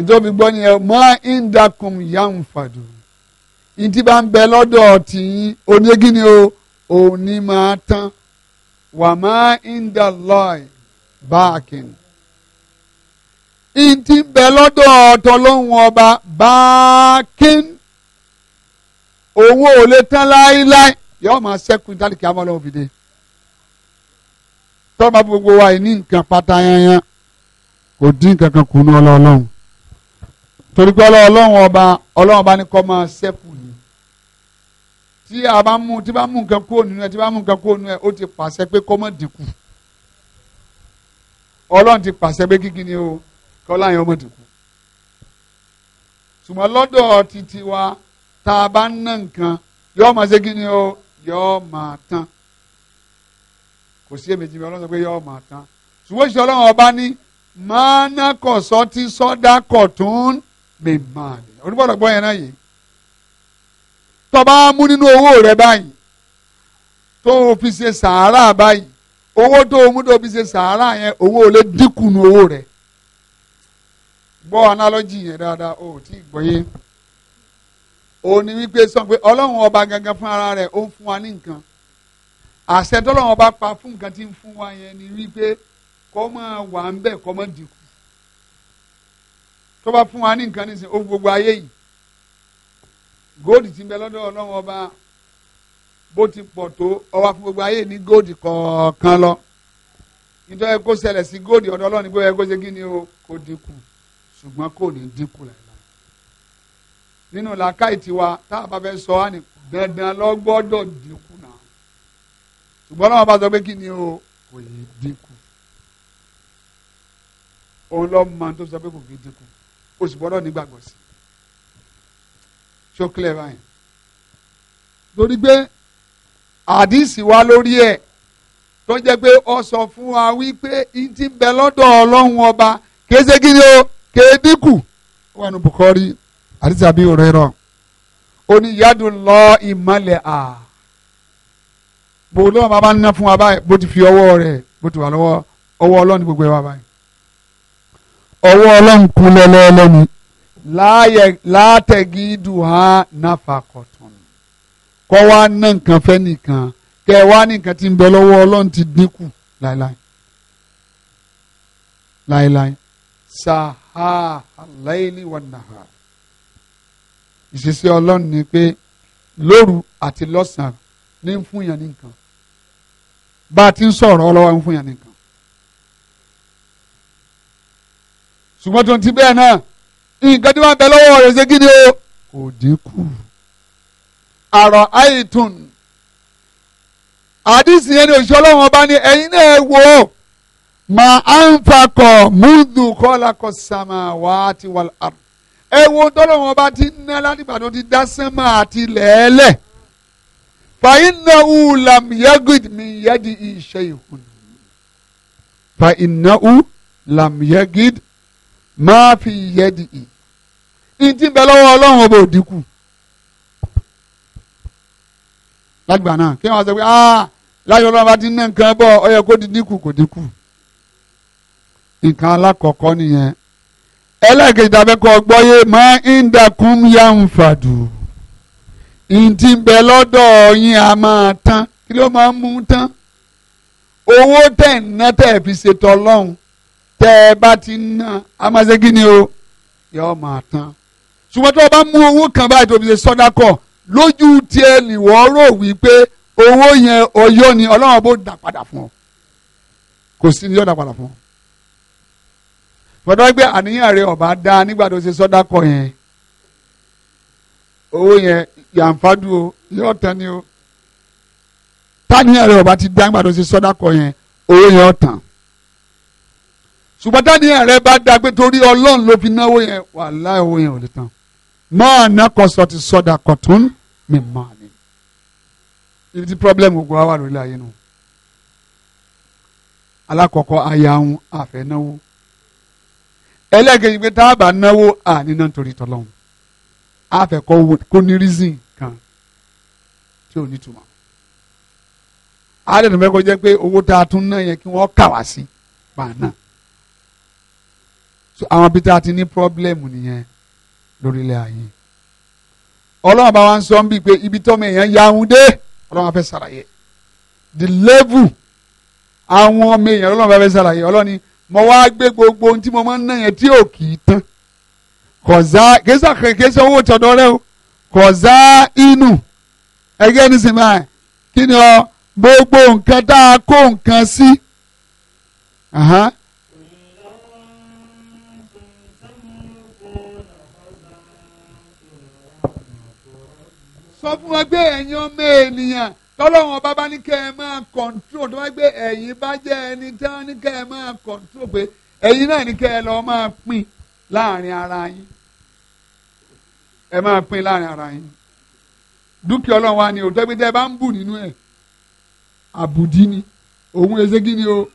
C: ìtòbi gbọ́ ni ẹ mọ́ ìndàkùn yàn fàdù ìtì bá ń bẹ lọ́dọ̀ tì í onígí ni o òun ni máa tán wà máa ń dà lọ́ọ̀ì báàkìn. ìyìn tí ń bẹ lọ́dọ̀ ọ̀tọ̀ lóhùn ọba báàkìn òun ò lè tán láéláé yóò máa ṣẹ́kù dálìkì amọ́lọ́wọ́ fìdí. tọ́ba gbogbo wa ní nǹkan pátá yanyan kò dín nǹkan kan kù ní ọlọ́ọ̀lọ́hùn torí pé ọlọ́ọ̀lọ́hùn ọba ọlọ́run ọba kọ́ máa ṣẹ́kù tí a bá mú tí bá mú nǹkan kúrò nínú ẹ tí bá mú nǹkan kúrò nínú ẹ ó ti pàṣẹ pé kó má dínkù ọlọ́run ti pàṣẹ pé kíkí ni o kọ́lá yẹn ó má dínkù ṣùgbọ́n lọ́dọ̀ títí wa tá a bá ń ná nǹkan yọ́ọ́ máa ṣe kí ni o yọ́ọ́ máa tán kò sí èméjì mi ọlọ́run sọ pé yọ́ọ́ máa tán ṣùgbọ́n ìṣẹ́ ọlọ́run ọba ní máa ná sọ́dá kọ̀ tó ń máa ní onígbọ́dọ̀ yẹn náà yìí tó bá mú nínú owó rẹ báyìí tó o fi ṣe sàárà báyìí owó tó o mú tó o fi ṣe sàárà yẹn owó ò lè dínkù nu owó rẹ gbọ́ analogy yẹn dáadáa o ò tí ì gbọ́ yé o ní wípé sọ pé ọlọ́run ọba gangan fún ara rẹ̀ ó ń fún wa ní nǹkan àṣẹ tọ́lọ́run ọba pa fún nǹkan tí ń fún wa yẹn ni wípé kọ́ máa wà ń bẹ̀ kọ́ máa dínkù tó bá fún wa ní nǹkan nísìnyí ó gbogbo ayé yìí góòdì ti bẹ lọ́dọ̀ ọlọ́run ọba bó ti pọ̀ tó ọwọ́ fún gbogbo ayé ní góòdì kọ̀ọ̀kan lọ nítorí ẹ kó ṣẹlẹ̀ sí góòdì ọ̀dọ̀ ọlọ́run nígbà ẹ kó ṣe kí ni o kò dínkù ṣùgbọ́n kò ní dínkù láìláì nínú làákàyè tiwa tá a bá fẹ́ sọ wá ní dandan lọ gbọ́dọ̀ dínkù náà ṣùgbọ́n ọlọ́run bá sọ pé kí ni o kò ní dínkù òun lọ́ọ́ máa tó sọ pé kò ní dínkù o sì gbọ́dọ̀ nígbàgbọ́ sí i so clear báyìí torí pé àdìsí wa lórí ẹ̀ tó jẹ́ pé ọ sọ fún wa wípé n ti bẹ lọ́dọ̀ ọlọ́run ọba kése kí ni o kédínkù wà ní Bukhari àdìsí àbí òré rọ oníyàdùn lọ ìmọ̀lẹ̀ à bò lọ́wọ́ bàbá ń ná fún wa báyìí bó ti fi ọwọ́ rẹ̀ bó ti wà lọ́wọ́ ọwọ́ ọlọ́run gbogbo ẹ̀ wá báyìí ọwọ́ ọlọ́run kún lọ́lọ́ọ́lọ́ ni látẹ̀gí dùhán nàfàkọ̀tàn kọ́ wa ná nǹkan fẹ́ nìkan kẹ́ ẹ wá ní nǹkan tí ń bẹ lọ́wọ́ ọlọ́run ti dínkù láéláé láéláé sàhà aláìlí wà nàhà ìṣesí ọlọ́run ni pé lóru àti lọ́sàn ní ń fún yàn ní bá a ti ń sọ̀rọ̀ ọlọ́wọ́ ń fún yàn ní ṣùgbọ́n tó ń ti bẹ́ẹ̀ náà nǹkan tí wọ́n ń bẹ lọ́wọ́ rẹ̀ ṣe kí ni o kò dínkù. àrọ̀ àìtùn àdìsí yẹn ni òṣìṣẹ́ ọlọ́run ọba ní ẹ̀yin náà wò ó mà á ń fakọ̀ múdù kọ́lákọ̀ sàmà wà á ti wà á. ẹ wo tọ́lọ́run ọba ti ń ná látìgbà tó ti dá sẹ́mà àti lẹ́ẹ̀lẹ̀ fàyínnáwó lam yagid mi yadi iṣẹ́ ìhùn. fàyínnáwó lam yagid máa fi yẹ di ì ìtì bẹ lọ́wọ́ ọlọ́run ọba òdìkù lágbà náà kí wọ́n sọ pé ah láyé ọlọ́run bá ti ní nǹkan bọ̀ ọ yẹ kó di dínkù kò dínkù nǹkan alákọ̀ọ́kọ́ nìyẹn ẹlẹ́ẹ̀kejì tàbẹ́kọ̀ gbọ́yé máa ń dàkún yá ń fàdù ìtì bẹ lọ́dọ̀ yín a máa tán kí ló máa ń mú tán owó tẹ̀ ń ná tẹ̀ fi ṣètò ọlọ́run tẹ́ ẹ bá ti ná amásẹ́gí ni o yọ máa tán ṣùgbọ́n tí wọ́n bá mú owó kan báyìí tó fi ṣe sọ́dá kọ̀ lójú tiẹ̀ nìwọ́ rò wípé owó yẹn ọyọ́ ni ọlọ́run bó dà padà fún ọ kò sí ni yóò dà padà fún ọ. fọdọ́ gbé àníyàn rẹ ọ̀bá dá nígbà tó ṣe sọ́dá kọ̀ yẹn owó yẹn yàǹfàdù o yóò tán ni o táníyàn rẹ ọ̀bá ti dá nígbà tó ṣe sọ́dá kọ̀ yẹn owó yẹn ọ̀ ṣùgbọ́n táni rẹ bá dá pé torí ọlọ́run ló fi náwó yẹn wàhálà owó yẹn ò lè tán máa ná kọsọ ti sọdà kọtún mi máa ní. ibi tí pírọ́blẹ́mù gbogbo wa wà lórí ayé nu alákọ̀ọ́kọ́ aya ń àfẹ́ náwó ẹlẹ́gẹ̀ẹ́jì tá a bá náwó àníná nítorí tọ́lọ́hún àfẹ́kọ́ kó ní rízìn kan tí ò ní túmọ̀ àádẹ́nu mẹ́kọ̀ọ́ jẹ́ pé owó tá a tún ná yẹn kí wọ́n kà wá sí bàánà àwọn bíi tá a ti ní pọ́blẹ́mù nìyẹn lórílẹ̀ ayé ọlọ́run bá wa ń sọ ń bí pé ibi tọ́mọ èèyàn yahun dé ọlọ́run fẹ́ ṣàlàyé the level àwọn ọmọ èèyàn ọlọ́run fẹ́ ṣàlàyé ọlọ́run ni mo wá gbé gbogbo ohun tí mo máa ń ná yẹn tí ò kì í tán kọ̀zá kéésà kéésà owó tọ̀dọ̀ rẹ o kọ̀zá inú ẹgẹ́ nísìnyí kí ni ọ gbogbo nǹkan tá a kó nǹkan sí. sọ fún wa pé ẹ̀yin ọmọ ènìyàn tọ́lọ́wọ́n bá bá ní kẹ́ ẹ máa kọ̀ǹtró tó wá pé ẹ̀yin bá jẹ́ ẹni tí wọ́n ní kẹ́ ẹ máa kọ̀ǹtró pé ẹ̀yin náà ní kẹ́ ẹ lọ́ọ́ máa pín láàrin ara yín ẹ máa pín láàrin ara yín dúkìá ọlọ́run wa ni òótọ́ pé tẹ́ ẹ bá ń bù nínú ẹ̀ àbùdí ni òun ezegi ni o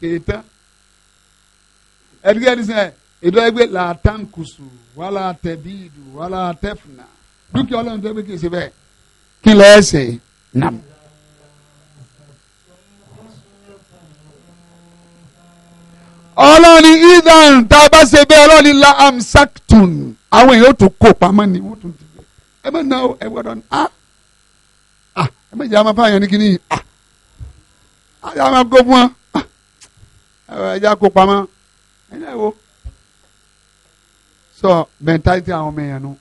C: kèétá ẹ̀dígẹ́dísẹ̀ ètò ẹgbẹ́ làtàǹkùsù wàlà tẹ̀bíìdù wàlà tẹ̀fùnà dúkìá ọlọ́run tó bí kì bẹ́ẹ̀ kí lọ́ọ́ ṣe nàm. ọlọ́ni idan tá a bá ṣe bẹ́ẹ̀ ọlọ́ni la amsaktun àwọn èèyàn ó tún kó pamọ́ ni wọ́n tún ti bẹ̀ ẹ bẹ́ẹ̀ náà ẹ gbọ́dọ̀ ní ah ah ẹ bẹ́ẹ̀ jẹ́ àwọn afáàyàn ní kíní ah ah yà á máa kó fún wọn ah ẹ jẹ́ àkó pamọ́ ẹ náà wo sọ mẹ́ntálítì àwọn ọmọ èèyàn nù. No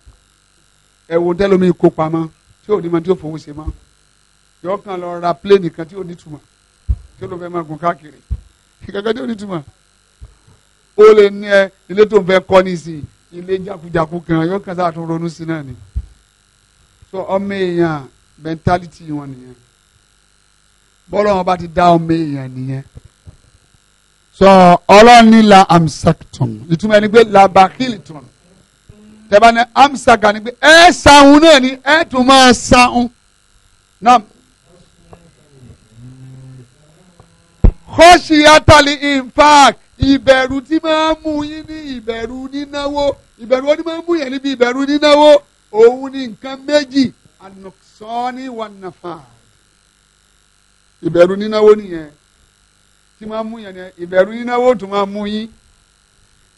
C: ẹ̀wọ̀n tẹ́lómi kó pamọ́ tí ò ní ma tí ò fowó ṣe mọ́ yọ kàn lọ ra pléènì kan tí ò ní tùmọ̀ tí ò ló fẹ́ máa gùn káàkiri kankan tí ò ní tùmọ̀ ó lè ní ẹ ilé tó ń fẹ́ kọ́ nísìnyí ilé jákujáku kan yóò kàn sáà tún ronú sí náà ni so ọmọ èèyàn mentality wọn nìyẹn bọ́lá wọn bá ti dá ọmọ èèyàn nìyẹn so ọlọ́run ní la amsakton ìtumọ̀ ẹni pé la bakilton tẹ́bá ní amsaka ni pé ẹ sahun náà ni ẹ tún máa sahun náà. kọ́ṣì atali infaq ìbẹ̀rù tí máa ń mú yín ní ìbẹ̀rù nínáwó ìbẹ̀rù ó ní máa ń mú yẹn níbi ìbẹ̀rù nínáwó òun ni nǹkan méjì ànàsọ́ni wà nàfà ìbẹ̀rù nínáwó nìyẹn tí máa ń mú yẹn ní ìbẹ̀rù nínáwó tún máa ń mú yín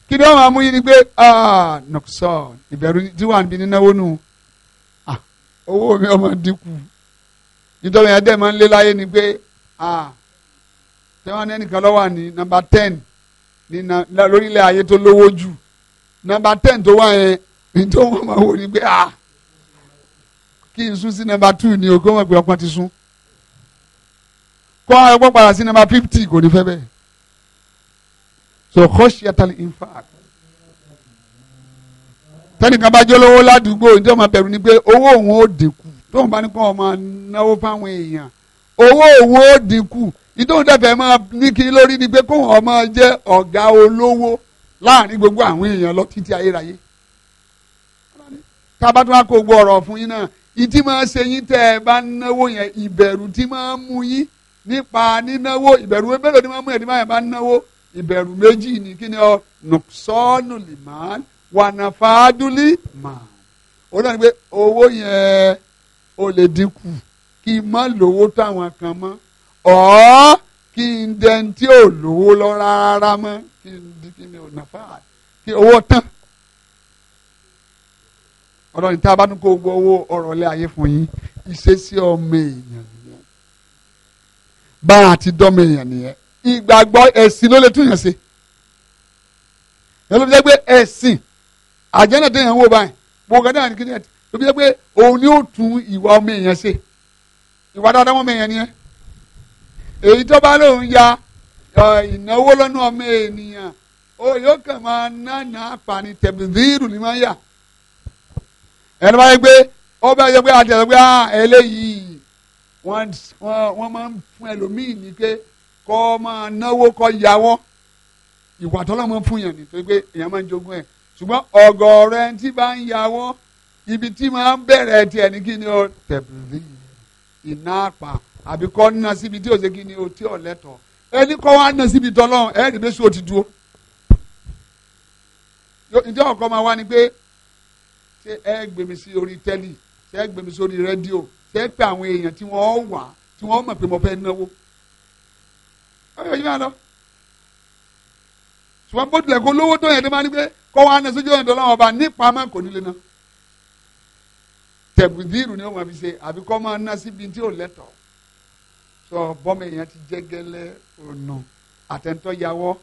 C: kí ni wọ́n máa mú yín ni pé ah, nọ̀kùsọ̀ ìbẹ̀rù tí wà níbi nínáwó nù ah, owó mi ọmọ dínkù nítorí yẹn dẹ́ máa ń lé láyé ni pé ah, tẹ́wọ́n ẹnìkan ló wà ní nọ́mbà ten ní lórílẹ̀ ayé tó lówó jù nọ́mbà ten tó wà yẹn nítorí wọ́n máa wò ni pé kí n sún sí nọ́mbà two ni o kó mọ̀ pé ọpọ́n ti sún kọ́ ẹgbọ́n padà sí nọ́mbà fifty kò ní fẹ́ bẹ́ẹ̀ so khoshyatali infaq tẹnika bá jẹ́ lówó ládùúgbò ní tí wọ́n ni pé owó òun ó dínkù tó wọ́n bá ní kó wọ́n máa náwó fáwọn èèyàn owó òun ó dínkù ìtòhùn dẹ̀fẹ̀ máa ní kí lórí ni pé kó wọ́n máa jẹ́ ọ̀gá olówó láàrin gbogbo àwọn èèyàn lọ títí ayérayé tá a bá tún wá kó gbọ́ ọ̀rọ̀ fún yín náà ìtí máa ṣe yín tẹ́ ẹ bá náwó yẹn ìbẹ̀rù tí máa mú yín nípa nínáwó ìbẹ̀rù mélòó ni máa mú yẹn tí máa yẹn bá náwó ìbẹ̀rù méjì ni kí ni ọ nùsọ́ọ̀nù lè máa wànàfàádúlì máa ó dàbí pé owó yẹn ó lè dínkù kí n má lówó táwọn kan mọ́ ọ́ kí n dẹni tí ò lówó lọ rárá mọ́ kí n di kí ni ò kí owó tán ọ̀rọ̀ ní tá a bá ní kó gbowó ọ̀rọ̀ lé ayé fún yín ìṣesí ọmọ èèyàn nìyẹn bá a ti dọ́mọ èèyàn nìyẹn ìgbàgbọ́ ẹ̀sìn ló lè tún yàn ṣe ẹ ló fi jẹ́ pé ẹ̀sìn àjẹ́nà tó yàn wò báyìí gbogbo náà ní kíni ẹ̀ ló fi jẹ́ pé òun ni ó tún ìwà ọmọ èèyàn ṣe ìwà dáadáa ọmọ èèyàn nìyẹn èyí tó bá lóun ya ìnáwó lọ́nà ọmọ ènìyàn ó yóò kàn máa nánà apani tẹ̀bìrìrù ni máa ń yà ẹni máa pé ó bá yẹ pé àtẹ̀sọ́ pé ah, eléyìí wọ́n máa ń fún ẹlòmíì ní pé kọ́ máa náwó kọ́ ya wọ́n ìwà tọ́lọ́mọ fún yàn ni torí pé èèyàn máa ń jogún ẹ̀ ṣùgbọ́n ọ̀gọ̀ọ̀rẹ́ tí bá ń ya wọ́n ibi tí máa ń bẹ̀rẹ̀ tiẹ̀ ní kí ni o tẹ̀bìlì iná àpà àbí kọ́ ń na síbi tí ò ṣe kí ni o tí ò lẹ́tọ̀ ẹni kọ́ wá na síbi tọ́lọ́run ẹ̀ẹ́dì bẹ́ẹ̀ sùn ó ti dúró ǹjẹ́ ọ̀kọ́ máa wá sí orí tẹ́lì ṣé ẹ gbèmí sí orí rédíò ṣé ẹ pé àwọn èèyàn tí wọ́n wà tí wọ́n mọ̀ pé mo fẹ́ náwó wọ́n fẹ́ fi máa lọ. ṣùgbọ́n bó tilẹ̀ kó lówó tó yẹn tó máa ní pé kọ́ wa ní sójú ọ̀dọ́ lọ́wọ́ ọba nípa máa kò nílé náà. tẹ̀bùdírù ni ó máa fi ṣe àbí kọ́ máa ná síbi tí ò lẹ́tọ̀ọ́. sọ bọ́mọ èèyàn ti jẹ́ gẹ́lẹ́ ọ̀nà àtẹ̀ntọ́ yawọ́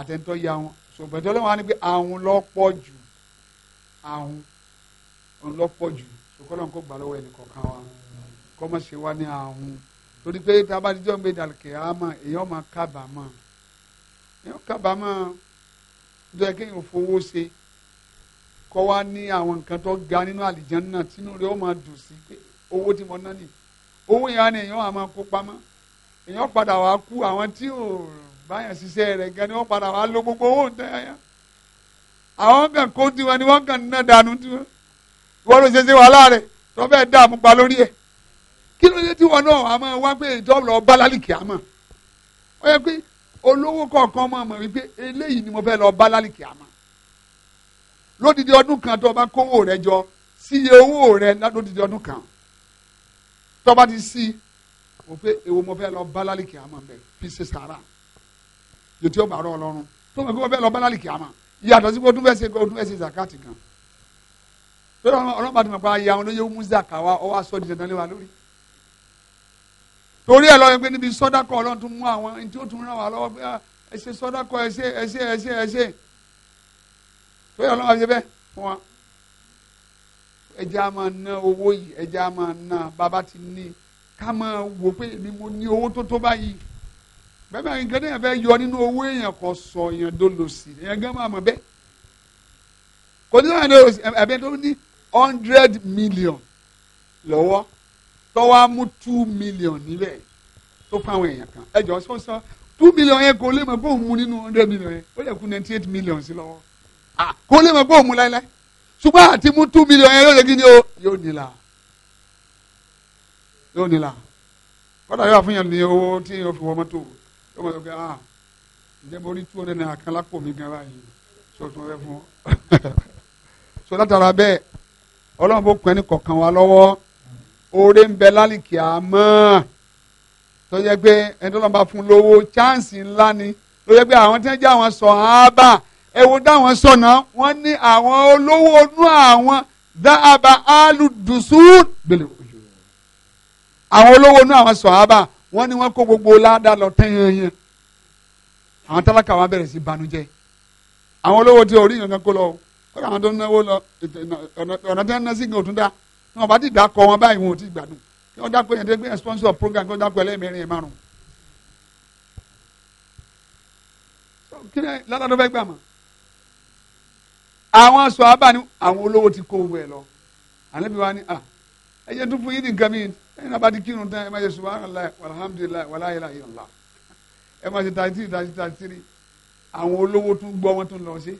C: àtẹ̀ntọ́ ya ṣùgbọ́n tó lọ́wọ́ wa ni pé àwọn lọ́ pọ̀ jù àwọn ọlọ́pọ̀ jù ṣùgbọ́n kọ́ gbà lọ́wọ́ ẹnì torí pé tabadijọ́ ń gbé dàlùkì àmọ́ èèyàn máa kábàámọ̀ èèyàn kábàámọ̀ tó yẹ kéèyàn fowó ṣe kọ́ wá ní àwọn nǹkan tó ga nínú àlìjáná náà tínú rẹ̀ ó máa dùn sí pé owó tí mo ná nì owó yẹn ni èèyàn á máa kó pamọ́ èèyàn padà wá kú àwọn tí ò báyàn ṣiṣẹ́ rẹ̀ gan ni wọ́n padà wá lo gbogbo owó ń tẹ́yà àwọn kan kó tiwọn ni wọ́n kàn ń ná dànù tiwọn wọ́n ló ṣe ṣe wàhálà rẹ̀ tó bẹ́ẹ̀ dààmú pa lórí ẹ̀ kí ló dé tí wọn náà wàá máa wá pé ìjọba bálálìkì àmọ́ ó yẹ pé olówó kọ̀ọ̀kan máa mọ̀ wípé eléyìí ni mo fẹ́ lọ bálálìkì àmọ́ lódìdí ọdún kan tó o bá kówó rẹ jọ síye owó rẹ lódìdí ọdún kan tó o bá ti sí o pé èwo mo fẹ́ lọ bálálìkì àmọ́ bẹ́ẹ̀ fi ṣe sàrà yòó tí ó bá rọ ọlọ́run tó o mọ̀ pé mo fẹ́ lọ bálálìkì àmọ́ yàtọ̀ sí pé o tún fẹ́ ṣe o tún fẹ́ ṣe zakati kan lórí ọlọ́run bá ti mọ̀ pé ayé àwọn olóyè ó mú zaka ó wá sọ́ọ́ di dandan lé wa lórí torí ẹ lọ́yìn pé níbi sọ́dákọ̀ ọlọ́run tún mú àwọn ẹni tí ó tún ràn wá lọ́wọ́ pé ah, ẹ ṣe sọ́dákọ̀ ẹ ṣe ẹ ṣe ẹ ṣe ẹ ṣe torí ọlọ́run àti bẹ́ẹ̀ fún wa ẹ jẹ́ a máa ná owó yìí ẹ jẹ́ á máa ná bàbá ti ní ká máa wò pé èmi mo ní owó tó tó báyìí bẹ́ẹ̀ bá nǹkan náà fẹ́ yọ nínú owó èèyàn kò sọ èèyàn dolo sí i èèyàn gán máa mọ̀ bẹ́ẹ̀ kò ní sọ̀rọ̀ ẹ̀bẹ̀ tó ní hundred million lọ́wọ́ tọ́wọ́ mú two million níbẹ̀ tó fún àwọn èèyàn kan ẹjọ́ sọ́sọ́ two million yẹn kò lè mọ̀ bóun mu nínú hundred million yẹn ó lè kú ninety eight million sí lọ́wọ́ kò lè mọ̀ bóun mu láíláí ṣùgbọ́n àti mú two million yẹn yóò lè kí ni o yóò nílà yóò nílà kọ́dà yóò àfihàn ní owó tí yóò fi wọ́n mọ́tò yóò mọ̀ lọ́kẹ́ ah ǹjẹ́ mo rí two hundred naira kan lápò mi gan báyìí sọ tí mo fẹ́ fún ọ. so látara bẹ́ẹ̀ ọlọ́run bó pẹ́ ní kọ̀ọ̀kan wa lọ́wọ́ oore ń bẹ lálìkì àmọ́ tó yẹ pé ẹni tó fún lówó chance ńlá ni ló yẹ pé àwọn tí wọ́n jẹ́ àwọn sọ̀hábà ẹ wo dáwọn sọ̀nà wọ́n ní àwọn olówó inú àwọn dáàbà alùdùsù gbèlè òjò àwọn olówó inú àwọn wọ́n ní wọ́n kó gbogbo lọ àwọn tálákà wọn bẹ̀rẹ̀ sí banújẹ́ àwọn olówó orí kó lọ àwọn tó náwó lọ ọ̀nà tí wọ́n ná sí ìgbà òtún tí wọ́n bá ti dà kọ́ wọn báyìí wọn ò ti gbádùn kí wọ́n dákọ̀ yẹn dẹ́gbẹ́ sponsor program kí wọ́n dákọ̀ ẹlẹ́mẹrin ẹ̀ márùn. kí ni ládàá tó fẹ́ gbà mọ́ àwọn sọ abá ni àwọn olówó ti kó owó ah, ẹ lọ ànábi wa ni à ẹ yẹ tó fún yín ní nǹkan mi ẹ̀yin náà bá ti kírun tán ẹ má ṣe subhanallah walhamdulillah wala ilaha illallah ẹ má ṣe tàìtìrì tàìtìrì àwọn olówó tún gbọ́ wọn tún lọ sí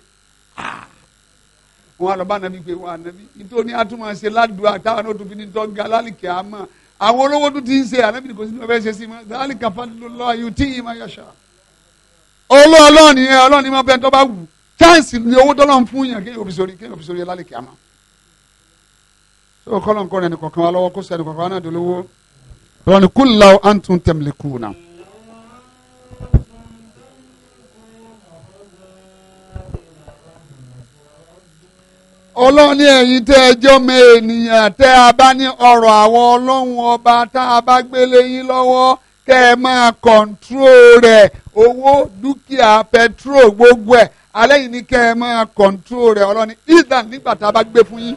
C: wọn lọ bá nàbí pé wọn ànàbí nítorí àtúmọ̀ ṣe ládùúgbò àtàwọn náà tó fi ní tọ́ga lálìkẹ́ àmọ́ àwọn olówó tó ti ń ṣe ànábì kò sí ní ọbẹ̀ ṣe sí ma lálìkà fàdúrà ayò tí yìí máa yọ̀ṣà. olú ọlọ́ọ̀ni yẹn ọlọ́ọ̀ni máa bẹ́ẹ̀ tó bá wù chance ni owó tọ́lọ́ ń fún yàn kéèyàn òbí sori kéèyàn òbí sori lálìkẹ́ àmọ́. sọ kọ́lọ̀ ń kọ́ni ẹnìkọ̀kan wa lọ́wọ́ kó sọ ẹnìkọ̀kan wa náà dolówó. rọ̀nìkúlà antum tẹ̀mílẹ̀kù náà. ọlọ́run ní ẹ̀yin tẹ́ ẹ jọ́mọ ènìyàn tẹ́ a bá ní ọ̀rọ̀ àwọn ọlọ́run ọba tá a bá gbélé yín lọ́wọ́ kẹ́ ẹ máa kọ̀ǹtró rẹ̀ owó dúkìá pẹtró gbogbo ẹ̀ alẹ́ yìí ní kẹ́ ẹ máa kọ̀ǹtró rẹ̀ ọlọ́run ní nígbà tá a bá gbé fún yín.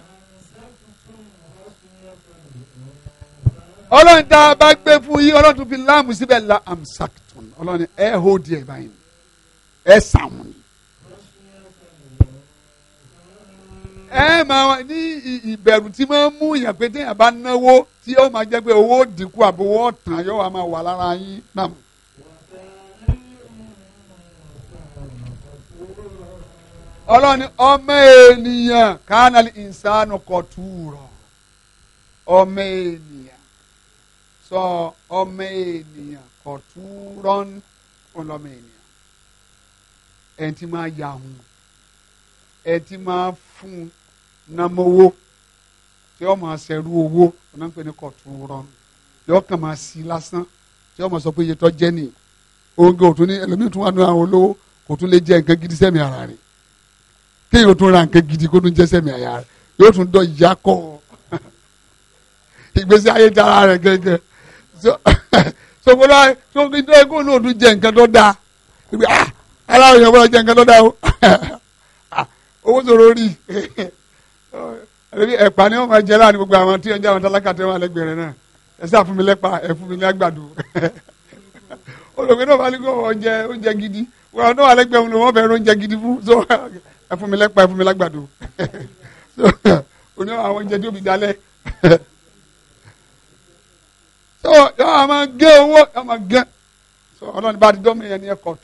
C: ọlọ́run tá a bá gbé fún yín ọlọ́run tún fi láàmù síbẹ̀ la am sakiton ọlọ́run ẹ hó díẹ̀ báyìí ẹ sàmùn ẹ máa ní ìbẹ̀rù tí máa ń mú yàn pé téèyàn bá náwó tí yóò máa jẹ́ pé owó dínkù àbí owó tàn yóò wá máa wà lára yín náà. ọlọ́ni ọmọ ènìyàn kánàlì ìsánù kọ̀tùrọ̀ ọmọ ènìyàn sọ ọmọ ènìyàn kọ̀tùrọ̀ ọlọ́mọ ènìyàn ẹ̀ ti máa yà hùn ẹ ti máa fún un námọ́wó tí ó máa ṣẹ̀rú owó ọ̀nà ń pè ní kọ̀tù rọrùn tí ó kàn máa sí lásán tí ó máa sọ pé iye tó jẹ́ nìyí oúnjẹ ò tún ní ẹlòmíì tún wà nínú àwọn olówó kò tún lè jẹ nǹkan gidi sẹ́mi ara rẹ̀ kéèyàn tún ra nǹkan gidi kó tún jẹ́ sẹ́mi ara rẹ̀ yóò tún dọ̀ ìyá kọ́ ìgbésí ayé dára rẹ̀ gẹ́gẹ́ sọgbọ́dọ̀ sọgbọ́dọ̀ ẹgbẹ́ olóòtú jẹ nǹkan tó dáa ara rẹ̀ yẹn jẹ nǹkan tó dáa o. owó sọ̀rọ̀ rí ẹ̀pà ni wọ́n máa jẹ láàrin gbogbo àwọn tí wọ́n jẹ́ àwọn tálákà tí wọ́n wà lẹ́gbẹ̀rẹ̀ náà ẹ sá fún mi lẹ́pà ẹ fún mi ní àgbàdo olùgbé náà wà nígbà oúnjẹ oúnjẹ gidi wọn náà wà lẹ́gbẹ̀rẹ̀ wọn fẹ́ẹ́ oúnjẹ gidi fún so ẹ fún mi lẹ́pà ẹ fún mi lágbàdo so oní àwọn oúnjẹ tó bi dalẹ̀ so yọ àwọn gé owó àwọn gé so ọlọ́ni bá ti dọ́ mi yẹn ni ẹ kọ̀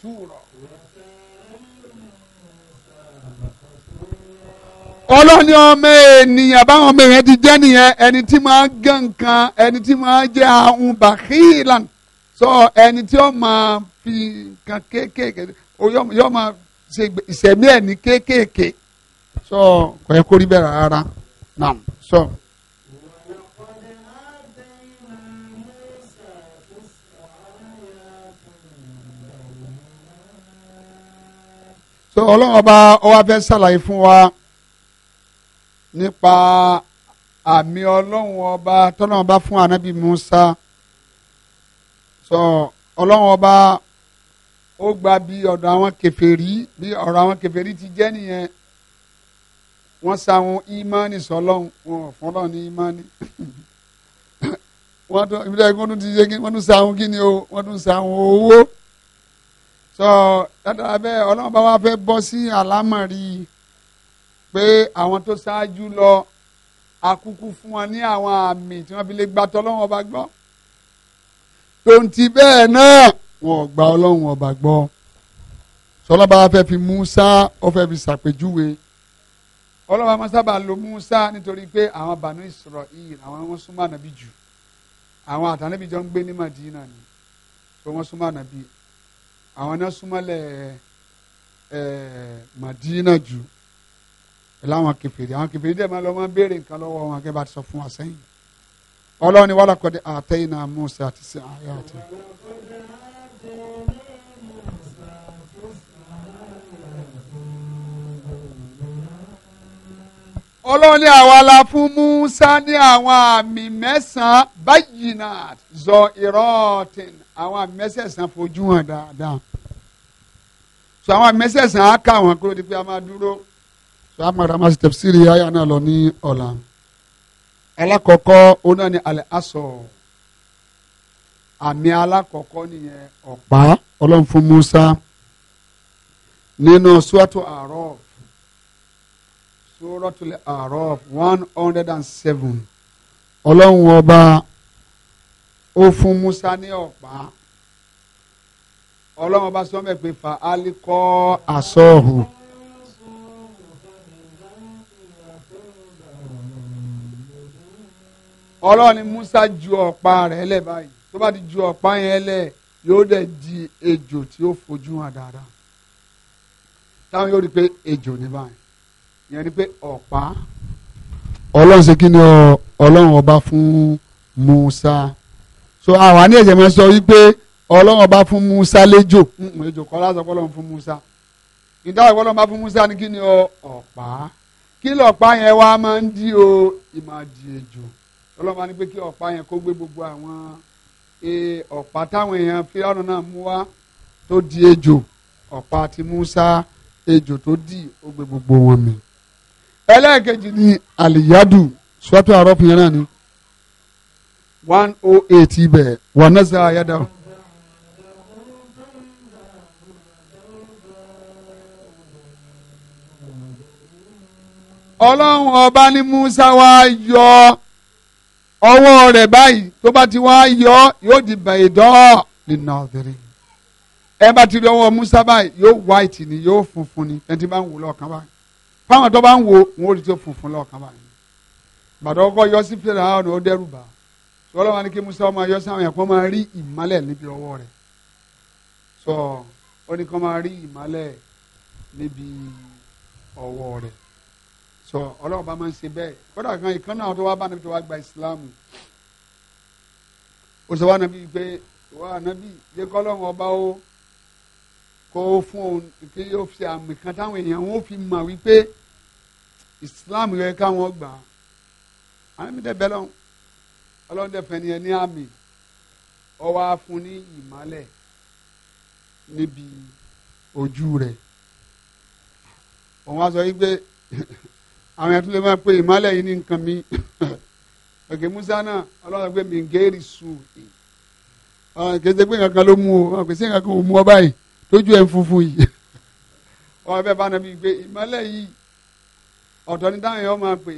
C: ọlọ́ni ọmọ ènìyàn báwọn ọmọ èèyàn ti jẹ́ nìyẹn ẹni tí máa ń gé nǹkan ẹni tí máa ń jẹ́ ahun bàkìlàn sọ ẹni tí ó máa fi nǹkan kéékèèké yóò máa ṣe ìṣẹ̀mí ẹ̀ ní kéékèèké sọ kò kó rí bẹ́ẹ̀ rárá nàm sọ. so ọlọ́run ọba ó wá fẹ́ ṣàlàyé fún wa. So, nípa àmì ọlọ́run ọba tọ́lọ́run ọba fún anabi musa sọ ọlọ́run ọba ó gba bí ọ̀dọ̀ àwọn kèfèrí bí ọ̀rọ̀ àwọn kèfèrí ti jẹ́ nìyẹn wọ́n sa àwọn ìmánì sọlọ́run wọn ò fún ọlọ́run ní ìmánì wọ́n tún ìbílẹ̀ ẹ̀gbọ́n tún ti yé wọ́n tún sa àwọn kí ni o wọ́n tún sa àwọn owó sọ dáadáa bẹ́ẹ̀ ọlọ́run bá wá fẹ́ bọ́ sí àlámọ̀rí. So, pé àwọn tó ṣáájú lọ akúkú fún wọn ní àwọn àmì tí wọ́n fi lè gbàtọ́ ọlọ́run ọba gbọ́ tonti bẹ́ẹ̀ náà wọn ò gba ọlọ́run ọba gbọ́ sọlọ́ba fẹ́ fi Musa ó fẹ́ fi ṣàpèjúwe ọlọ́ba máa sábà lo Musa nítorí pé àwọn bànú Israel àwọn wọn súnmọ́ ànábì jù àwọn àtànábì jọ ń gbé ní Madina ni tó wọn súnmọ́ ànábì àwọn náà súnmọ́ lẹ̀ ẹ̀ eh, Madina jù láwọn kẹfìrí àwọn kẹfìrí dẹ̀ máa lọ máa béèrè nǹkan lọ́wọ́ wọn akẹ́ bá ti sọ fún wa sẹ́yìn ọlọ́run ni wàhálà kọ́dé àtẹ́yìn náà Musa àti sí àyà àti. ọlọ́run ní àwa la fún Musa ní àwọn àmì mẹ́sàn-án bayyinat zọ ìrọ́ọ̀tìn àwọn àmì mẹ́sẹ̀sán fojú hàn dáadáa so àwọn àmì mẹ́sẹ̀sán á kà wọ́n kúrò dípẹ́ a máa dúró sàmàrà máa tafsiri àyà náà lọ ní ọ̀la alákọ̀ọ́kọ́ òun náà ni alẹ́ asọ̀ àmì alákọ̀ọ́kọ́ nìyẹn ọ̀pá ọlọ́run fún Musa nínú suwatu àárọ̀ suratul àárọ̀ one hundred and seven ọlọ́run ọba ó fún Musa ní ọ̀pá ọlọ́run ọba sọ́mẹ̀ pé fa alikọ́ asọ́hùn. ọlọ́run ni Musa ju ọ̀pá rẹ̀ lẹ̀ báyìí tó bá ti ju ọ̀pá yẹn lẹ̀ yóò dẹ̀ di ejò tí ó fojú hàn dáadáa táwọn yóò rí i pé ejò ní báyìí yẹn ni pé ọ̀pá ọlọ́run ṣe kí ni ọlọ́run ọba fún Musa so àwa ní ẹ̀jẹ̀ máa sọ wípé ọlọ́run ọba fún Musa léjò ejò kọ́ lásán kọ́ fún Musa ìdáhùn ọlọ́run bá fún Musa ní kí ni ọ̀pá kí lọ̀pá yẹn wá máa ń di o ìmàdí ejò ọlọ́run bá ní pé kí ọ̀pá yẹn kó gbé gbogbo àwọn e, ọ̀pá táwọn èèyàn fíráàrù náà mú wá tó di ejò ọ̀pá ti Musa ejò tó di ó gbé gbogbo wọn mì. ẹlẹ́ẹ̀kejì ni àlìyádù sọ́tò àrọ́pìn yẹn náà ni one oh eight ibẹ̀ wà náà sá yàdá. ọlọ́run ọba ní Musa wá yọ ọwọ́ rẹ̀ báyìí tó bá ti wá yọ yóò di bẹ̀ẹ̀dọ́ nínú ọ̀bẹ̀rẹ̀ ẹ bá ti rí ọwọ́ Musa báyìí yóò white ni yóò funfun ni ẹni tí bá ń wò lọ́ọ̀kan báyìí fáwọn tó bá ń wò wọn ò rí tó funfun lọ́ọ̀kan báyìí gbàdọ́ kọ́ yọ sí fèrè àwọn ọ̀nà ó dẹ́rù bá wọ́n wá ní kí Musa máa yọ sí àwọn ẹ̀kọ́ máa rí ìmálẹ̀ níbi ọwọ́ rẹ̀ sọ ó ní kọ́ máa rí ìmálẹ̀ níbi ọwọ́ rẹ̀ sọ ọlọ́run bá máa ń ṣe bẹ́ẹ̀ kódà kan ìkan náà tó wá bá nàbí tó wá gba ìsìláàmù ó sọ wá nàbí pé wá nàbí yẹ kọ́ ọlọ́run ọba ó kó o fún òun kí yóò fi àmì kan táwọn èèyàn wọn ó fi mọ̀ wípé ìsìláàmù yẹ káwọn gbà á àwọn tẹ bẹ́ẹ̀ lọ́hùn ọlọ́run tẹ fẹ́ ni ẹ ní àmì ọwọ́ á fún ní ìmọ̀lẹ̀ níbi ojú rẹ̀ òun á sọ yí pé àwọn yàtúndé máa pe ìmọ̀lẹ̀ yìí ní nǹkan mi ọ̀gẹ̀ musa náà ọlọ́run pé mi ń gẹ́rì su kẹsẹ̀ pé nǹkan ló mú o kẹsẹ̀ nǹkan kò mú ọ báyìí tójú ẹ̀ ń funfun yìí wọn fẹ́ bá anabi gbé ìmọ̀lẹ̀ yìí ọ̀tọ̀ ní táwọn yẹn máa pè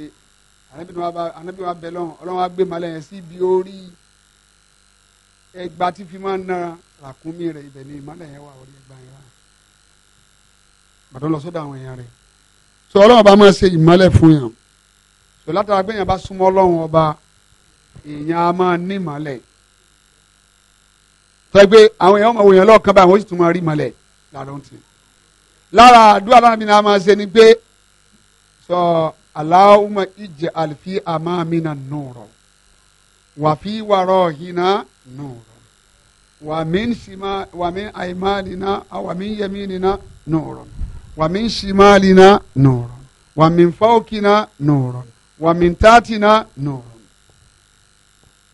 C: anabi wa bẹ̀ lọ́wọ́ ọlọ́run wa gbé ìmọ̀lẹ̀ yẹn sí ibi orí ẹgbàá tí fi máa ń làkúnmí rẹ̀ ibẹ̀ ni ìmọ̀lẹ̀ yẹn wà orí ẹgbàá yẹn so ọlọ́run ọba máa ṣe ìmọ́lẹ̀ fún yàn so látara pé yàn bá súnmọ́ ọlọ́run ọba èèyàn á máa ní ìmọ́lẹ̀ tẹ́gbẹ́ àwọn èèyàn ọmọ òyìnbó lọ́ọ̀kan báyìí wọ́n sì tún máa rí ìmọ́lẹ̀ lára ohun tí lára àdúrà lọ́nà mi ni a máa ṣe ni pé sọ aláwùmọ̀ ìjẹ́ àlùfí àmọ́ mi nà nù rọ̀ wàfí wàrọ̀ hìnà nù rọ̀ wàmí àìmáàlì náà wàmí yẹmí nìna nù rọ̀. ومن شمالنا نور ومن nuron. نور ومن تحتنا نور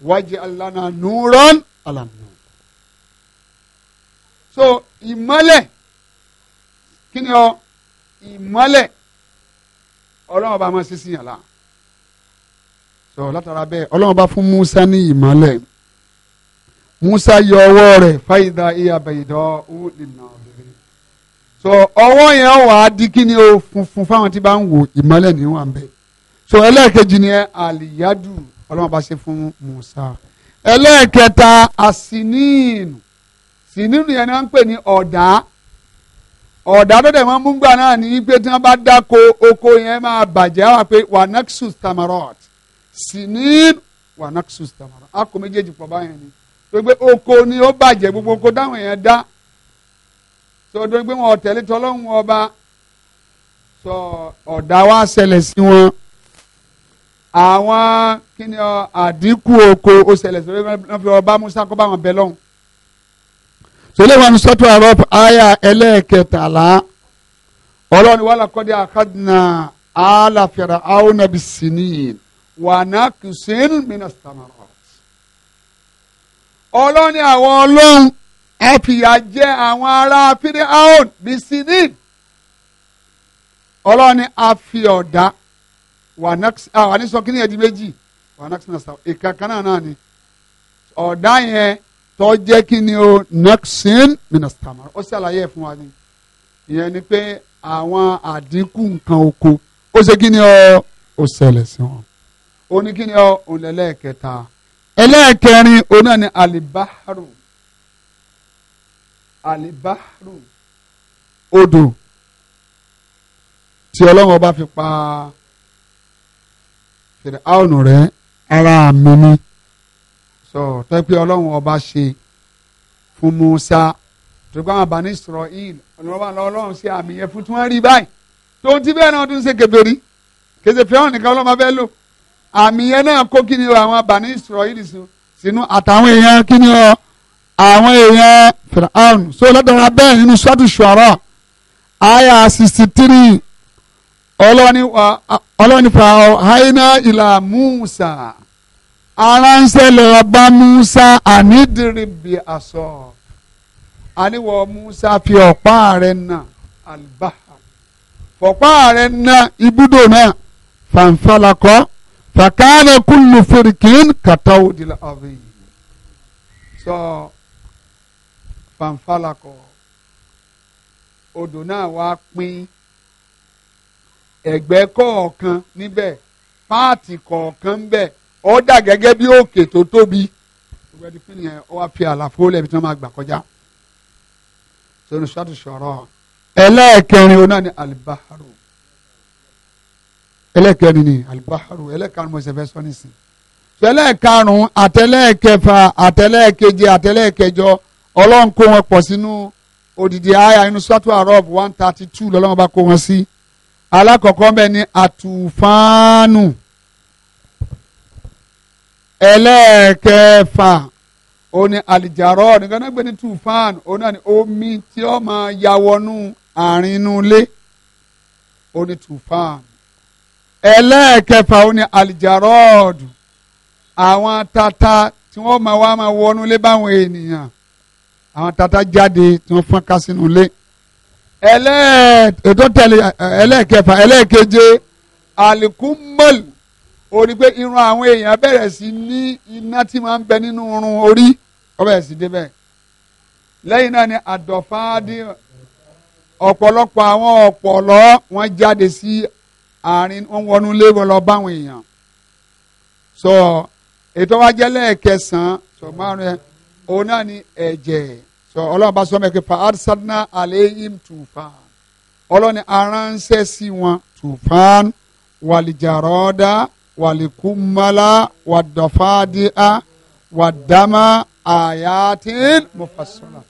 C: واجعل لنا نورا على النور so imale kí ni ọ ìmọ́lẹ̀ ọlọ́run ọba ṣe sí yàn so látara bẹ́ẹ̀ ọlọ́run ọba fún Musa ní ìmọ́lẹ̀ Musa yọ ọwọ́ rẹ̀ fáyidá ìyàbẹ̀ ó lè nà so ọwọ́ yẹn wà á di kí ni o funfun fáwọn tí bá ń wo ìmọ́lẹ̀ ní wà ń bẹ̀ so ẹlẹ́ẹ̀kejì ni ẹ àlìyádù ọlọ́run bá ṣe fún Musa ẹlẹ́ẹ̀kẹta àsìníìnù sìníìnù yẹn ni wọ́n ń pè ní ọ̀dà ọ̀dà tó dẹ̀ wọ́n mú gbà náà ní pé tí wọ́n bá dáko oko yẹn máa bàjẹ́ wà pé wanaxus tamarot sinin wanaxus tamarot a kò méjèèjì pọ̀ báyẹn ni pé oko ni ó bàjẹ́ gbogbo oko dáhùn yẹn dá sọ dórí pé wọn ọ̀tẹ̀lẹ̀ tọ́lọ́hún ọba sọ ọ̀dà wa ṣẹlẹ̀ sí wọn àwọn kí ni àdínkù oko ó ṣẹlẹ̀ sórí wọn fi ọba musa kọ́ bá wọn bẹ lọ́hùn sọlẹ́ wọn sọ́tò àrọ́p àyà ẹlẹ́ẹ̀kẹtàlá ọlọ́run wàhálà kọ́dí àkàdùnà àlà fẹ̀rẹ̀ àwọn nàbì sinin wàhánà kìsìn mìíràn sàmàrà ọlọ́run àwọn ọlọ́run ẹ fìyà jẹ àwọn ará firaun bisinin ọlọ́run ni a fi ọ̀dà wà ní sọkínì ẹ̀dí méjì wà náà sinà sáwọ́ ìkankan náà náà ni ọ̀dà yẹn tó jẹ́ kí ni o naxin minastamar ó ṣàlàyé ẹ̀ fún wa ni ìyẹn ni pé àwọn àdínkù nǹkan oko ó ṣe kí ni ọ ó ṣẹlẹ̀ sí wọn ó ní kí ni ọ òun lẹ́lẹ́kẹta ẹlẹ́ẹ̀kẹrin òun ni alibaharu àlìbáàrù odò tí ọlọ́run ọba fi pa fèrè áwòrán rẹ ara mi ni sọ tẹ́pẹ́ ọlọ́run ọba ṣe fún Musa tó bá wọn bá ní Israel ọ̀nà ọba ọlọ́run ṣe àmì yẹn fún tí wọ́n rí báyìí tó ti bẹ́ẹ̀ náà tó ṣe kèfèrí kèsè fẹ́ràn nìkan ọlọ́run fẹ́ lò àmì yẹn náà kó kí ni àwọn bá ní Israel sínú àtàwọn èèyàn kí ni ọ àwọn èèyàn fìràhàn so lọ́dọ̀ra bẹ́ẹ̀ nínú sọ́ọ̀tù ṣùọ́rọ̀ àyà sixty three ọlọ́ni fa haina ìlà Musa aránṣẹ́lẹ̀ ọba Musa ànídìrìbì àṣọ àníwọ̀ Musa fi ọ̀pá rẹ̀ nà àlùbáhà fọ̀pá rẹ̀ nà ibùdó náà fanfalakọ́ fàkàrẹ̀ kúlù fèrèkìn kàtàwó dìlà ọ̀rẹ́ so fanfalakọ odò náà wá pín ẹ̀gbẹ́ kọ̀ọ̀kan níbẹ̀ páàtì kọ̀ọ̀kan níbẹ̀ ó dà gẹ́gẹ́ bí òkè tó tóbi gbogbo ẹni pín yẹn ó wá fi àlàfo lẹ́bi tí wọ́n máa gbà kọjá sọ́nù sọ́tù sọ̀rọ̀ ẹlẹ́ẹ̀kẹrin ọ̀nà ni alibaharu ẹlẹ́ẹ̀kẹrin ni alibaharu ẹlẹ́ẹ̀karùn mọ̀ọ́sẹ̀ fẹ́ sọ́ni sí ẹlẹ́ẹ̀karùn àtẹlẹ́ẹ̀kẹfà àtẹlẹ́ẹ̀keje àtẹlẹ́ẹ̀kẹjọ ọlọ́run kó wọn pọ̀ sínú odidi aya inú sọ́tò arab one thirty two lọ́lọ́run bá kó wọn sí alákọ̀ọ́kọ́ bẹ́ẹ̀ ni àtúfáànù ẹlẹ́ẹ̀kẹfà òní àlìjàrọ́ nìkan náà gbé ní tùfáàn òun náà ni omi tí ó máa ya wọnú àárín inú ilé òní tùfáàn ẹlẹ́ẹ̀kẹfà òní àlìjàrọ́ àwọn tata tí wọ́n máa wá máa wọnú ilé báwọn ènìyàn àwọn tata jáde tí wọ́n fọ́n ká sínú ilé ẹlẹ́ẹ̀ ètò tẹ̀lé ẹlẹ́ẹ̀kẹfà ẹlẹ́ẹ̀keje alikumol orí pé irun àwọn èèyàn bẹ̀rẹ̀ sí ní iná tí máa bẹ nínú irun orí ó bẹ̀rẹ̀ sí débẹ̀ lẹ́yìn náà ni àdọ̀fáàdì ọ̀pọ̀lọpọ̀ àwọn ọ̀pọ̀lọ́ wọn jáde sí àárín wọn wọnú ilé wọn lọ báwọn èèyàn sọ ètò wájẹ́ lẹ́ẹ̀kẹsàn-án sọ márùn-ún òun náà ni ẹ̀jẹ̀ sọ ọlọ́run bá sọ mẹ́kẹ́ pa arsadna aleihim tufan ọlọ́run ni aránṣẹ́ sí wọn tufan wàlìjàrọ́dá wàlìkúmọ́lá wàdọ̀fádìá wàdámà àyàtìn mufassola.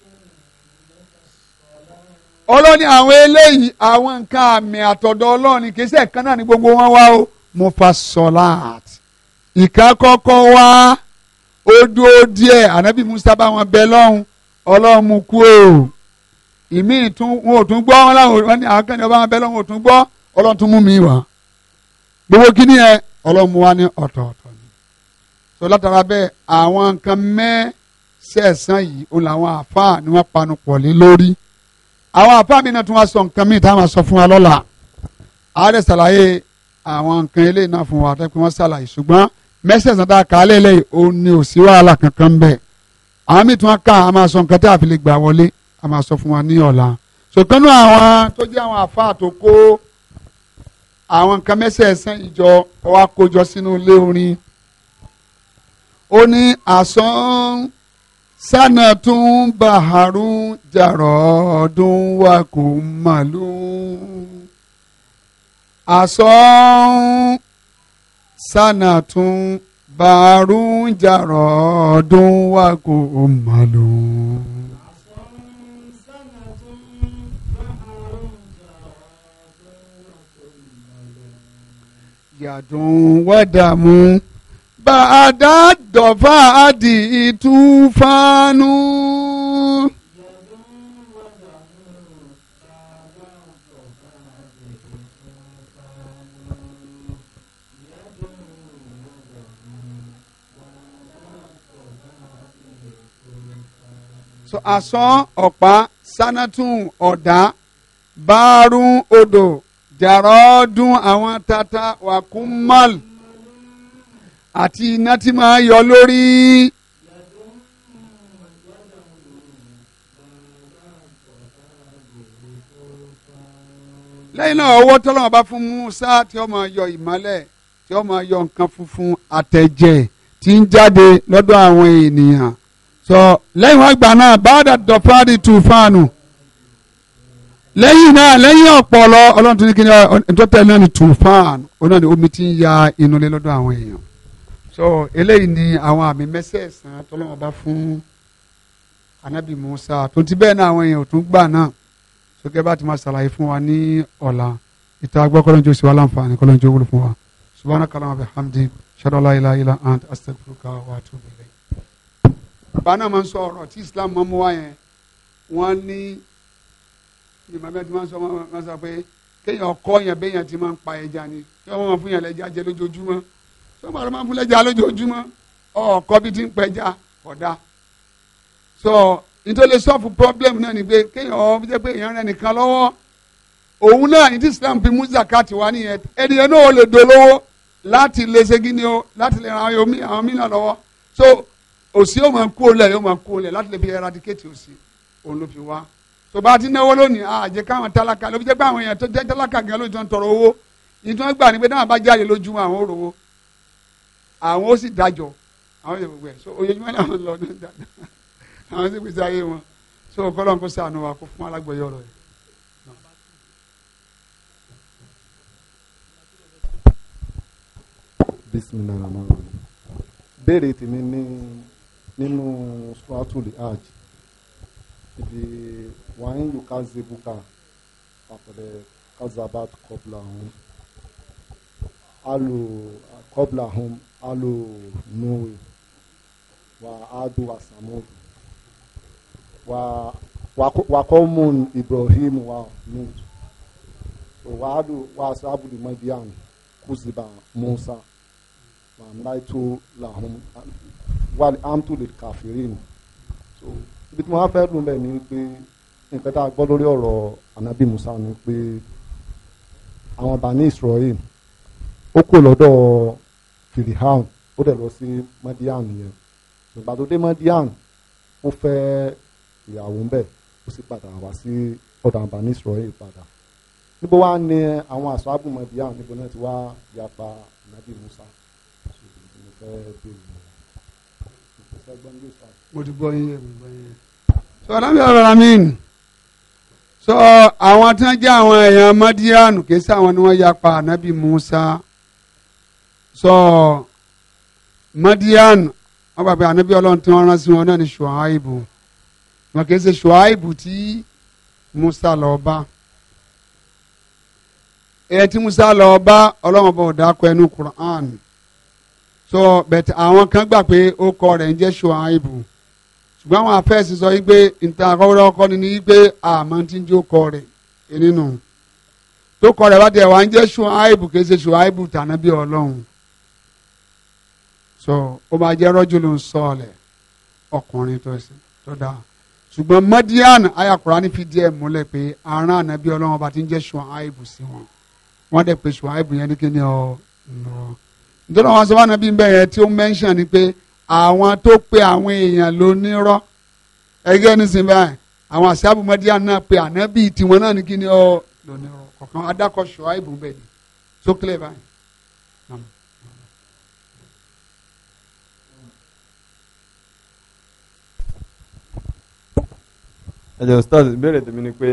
C: ọlọ́run ni àwọn eléyìí àwọn nǹkan àmì àtọ̀dọ̀ ọlọ́run kì í ṣe kan náà ni gbogbo wọn wá o mufassolat ìka kọ́kọ́ wá ó dúró díẹ̀ ànábì musa bá wọn bẹ lọ́hùn ọlọ́run mú kú o ìmí tún wọn ò tún gbọ́ wọn láwọn wọn ọba wọn bẹ lọ́hùn ò tún gbọ́ ọlọ́run tún mú mi wá gbogbo kíní yẹn ọlọ́run mú wa ní ọ̀tọ̀ọ̀tọ̀ ni sọ látara bẹ́ẹ̀ àwọn nǹkan mẹ́sẹ̀ẹ̀sán yìí ó làwọn àáfàá ni wọ́n panu pọ̀ lé lórí àwọn àáfàá mi náà tún wá sọ nǹkan míì táwọn sọ fún wa lọ́la àárẹ̀ ṣàlàyé àwọn nǹkan eléyìí náà fún wa àtẹ́kùn wọn ṣàlàyé ṣùgbọ́n mẹ́sẹ̀sán tá a kà á lẹ́lẹ́ yìí òun ni ò sí wàhálà kankan ń bẹ̀ àwọn míì tí wọ́n kà á máa sọ nǹkan tí a fi lè gbà wọlé a máa sọ fún wa ní ọ̀la sọ̀kanú àwọn tó jẹ́ àwọn àfáà tó kó àwọn nǹkan mẹ́sẹ̀sán ìjọ wa kójọ sínú ilé orin ó ní àsán sánà tún bàárù jàrọ̀ ọdún wa kò màlúù àsán. Sana sanatun barun jarodun wa ko malu. yàdùn wádàmú bàdà dọ̀fà àdìtú fánú. asán ọ̀pá sanatun ọ̀dá bárún odò jàrọ́ọ́dún àwọn tata wàkúmọ́lù àti iná tí máa yọ lórí. lẹ́yìn náà ọwọ́ tọ́lọ́mọ bá fún Musa tí ó máa yọ ìmọ́lẹ̀ tí ó máa yọ nǹkan funfun àtẹ̀jẹ̀ tí ń jáde lọ́dọ̀ àwọn ènìyàn tọ lẹ́yìn wá gbà náà báàdà dọ̀páàdì tù fáànù lẹ́yìn náà lẹ́yìn ọ̀pọ̀lọ ọlọ́run tó ní kí ni tó tẹ̀ náà ni tù fáànù ó náà ni omi ti ń ya inú lé lọ́dọ̀ àwọn èèyàn so eléyìí ni àwọn àmì mẹ́sẹ̀ẹ̀sán tọ́lọ́wọ́n bá fún anabi Musa tó ti bẹ́ẹ̀ náà àwọn èèyàn ò tún gbà náà sókè bá ti máa ṣàlàyé fún wa ní ọ̀la ìta gbọ́ kọ́lọ́njọ́ sí wa láǹfààní kọ́lọ́njọ́ wúlò fún wa subhanaka Allahumma bihamdik shadu la ilaha illa ant astaghfiruka wa atubu ilayk bàbá náà máa ń sọ ọ̀rọ̀ tí Islam máa mú wá yẹn wọ́n ní ìmọ̀mẹ́ tí wọ́n sọ wọ́n sọ pé kéèyàn ọkọ yẹn béèyàn ti máa ń pa ẹja ni kí wọ́n máa fún yẹn lẹ́ja jẹ lójoojúmọ́ sọ́mọ́ àlọ́ máa fún lẹ́ja lójoojúmọ́ ọkọ bí ti ń pẹja kódà so nítorí sọ́ọ̀fù problem náà ni pé kéèyàn ọ́ jẹ́ pé èèyàn rẹ nìkan lọ́wọ́ òun náà ní tí Islam fi mú zakati wá nìyẹn ẹnìyẹn náà so òsì yóò máa kú olè yóò máa kú olè láti lè fi eradicate òsì òun ló fi wá tó bá ti náwó lónìí àjẹ káwọn tálákà ló fi jẹ́ pé àwọn èèyàn tó jẹ́ tálákà gan ló ti ń tọrọ owó ní tí wọ́n gbà ní pé náà bá jáde lójú àwọn ó rówó àwọn ó sì dájọ́ àwọn yóò gbẹ so ojoojúmọ́ náà lọ ní ìdájọ́ àwọn sì gbèsè ayé wọn so kọ́lọ́n kó sànù wa kó fún alágbèyọ rẹ̀.
B: bisimilahi rahman rahim béèrè tèmi ní nínú suratul hajj ibi wàhín yuka zebuka àpẹẹrẹ kazabat kọbla hum alu kọbla hum alu nuwe wa adu wa samud wa wakọ́mùn ibrahim wa nuwe wa adu wa asabul madian kuziba musa wa mlaitu lahum wal amtu lil kafirin so ibi tí mo wá fẹ́ dùn bẹ́ẹ̀ ni pé nǹkan tá a gbọ́ lórí ọ̀rọ̀ anabi musa ni pé àwọn bani israel ó kò lọ́dọ̀ firihan ó dẹ̀ lọ sí madian yẹn ìgbà tó dé madian ó fẹ́ ìyàwó ń bẹ̀ ó sì padà wá sí ọ̀dọ̀ àwọn bani israel padà níbo wá ní àwọn àṣọ àbùmọ̀díyàn níbo náà ti wá yapa anabi musa àṣọ ìdílé fẹ́ bẹ̀rẹ̀
C: mo ti gbọ́ yín mo gbọ́ yín. sọ ọ̀dọ́ mi ọ̀rọ̀ so àwọn tí wọn jẹ àwọn èèyàn madian kì í ṣe àwọn ni wọn yapa anabi musa so madian wọn gbàgbé anabi Ọlọ́run tí wọn rán sí wọn náà ni shuaibu wọn kì í ṣe shuaibu tí musa lọ bá èyí tí musa lọ bá Ọlọ́run bá ọ̀dà kọ ẹnu quran so bet àwọn kan gbà pé ó kọ rẹ̀ ń jẹ́ ṣùháìbù ṣùgbọ́n àwọn afẹ́sì sọ wípé nǹkan àkọ́wọ́rọ́ ọkọ ni wípé àmọ́ ti ń jó kọ rẹ̀ nínú tó kọ rẹ̀ bá tiẹ̀ wá ń jẹ́ ṣùháìbù kì í ṣe ṣùháìbù tàná bí ọlọ́run so ó máa jẹ́ rọ́jò ló ń sọ ọ̀lẹ̀ ọkùnrin tó ṣe tó dáa ṣùgbọ́n madian aya Kùránì fi díẹ̀ múlẹ̀ pé aràn ànábì ọlọ́run ọba ti ń jẹ́ ṣùháìbù sí wọn wọ́n dẹ̀ pé ṣùháìbù yẹn ní kí ọ̀ nù ọ́ nítorí àwọn aṣọ fànàbí ń bẹ yẹn tí ó mẹ́ńṣàn ni pé àwọn tó pe àwọn èèyàn ló nírọ́ ẹgbẹ́ nísìnyí báyìí àwọn àṣàbù náà pe ànábì tiwọn náà ní kí ni ọ oh, ló nírọ́ kọ̀ọ̀kan adákọ̀ ṣọ́ àìbùn bẹ́ẹ̀ ni sókèlè báyìí.
B: ẹ̀jẹ̀ ustaz ìbéèrè tèmi ni pé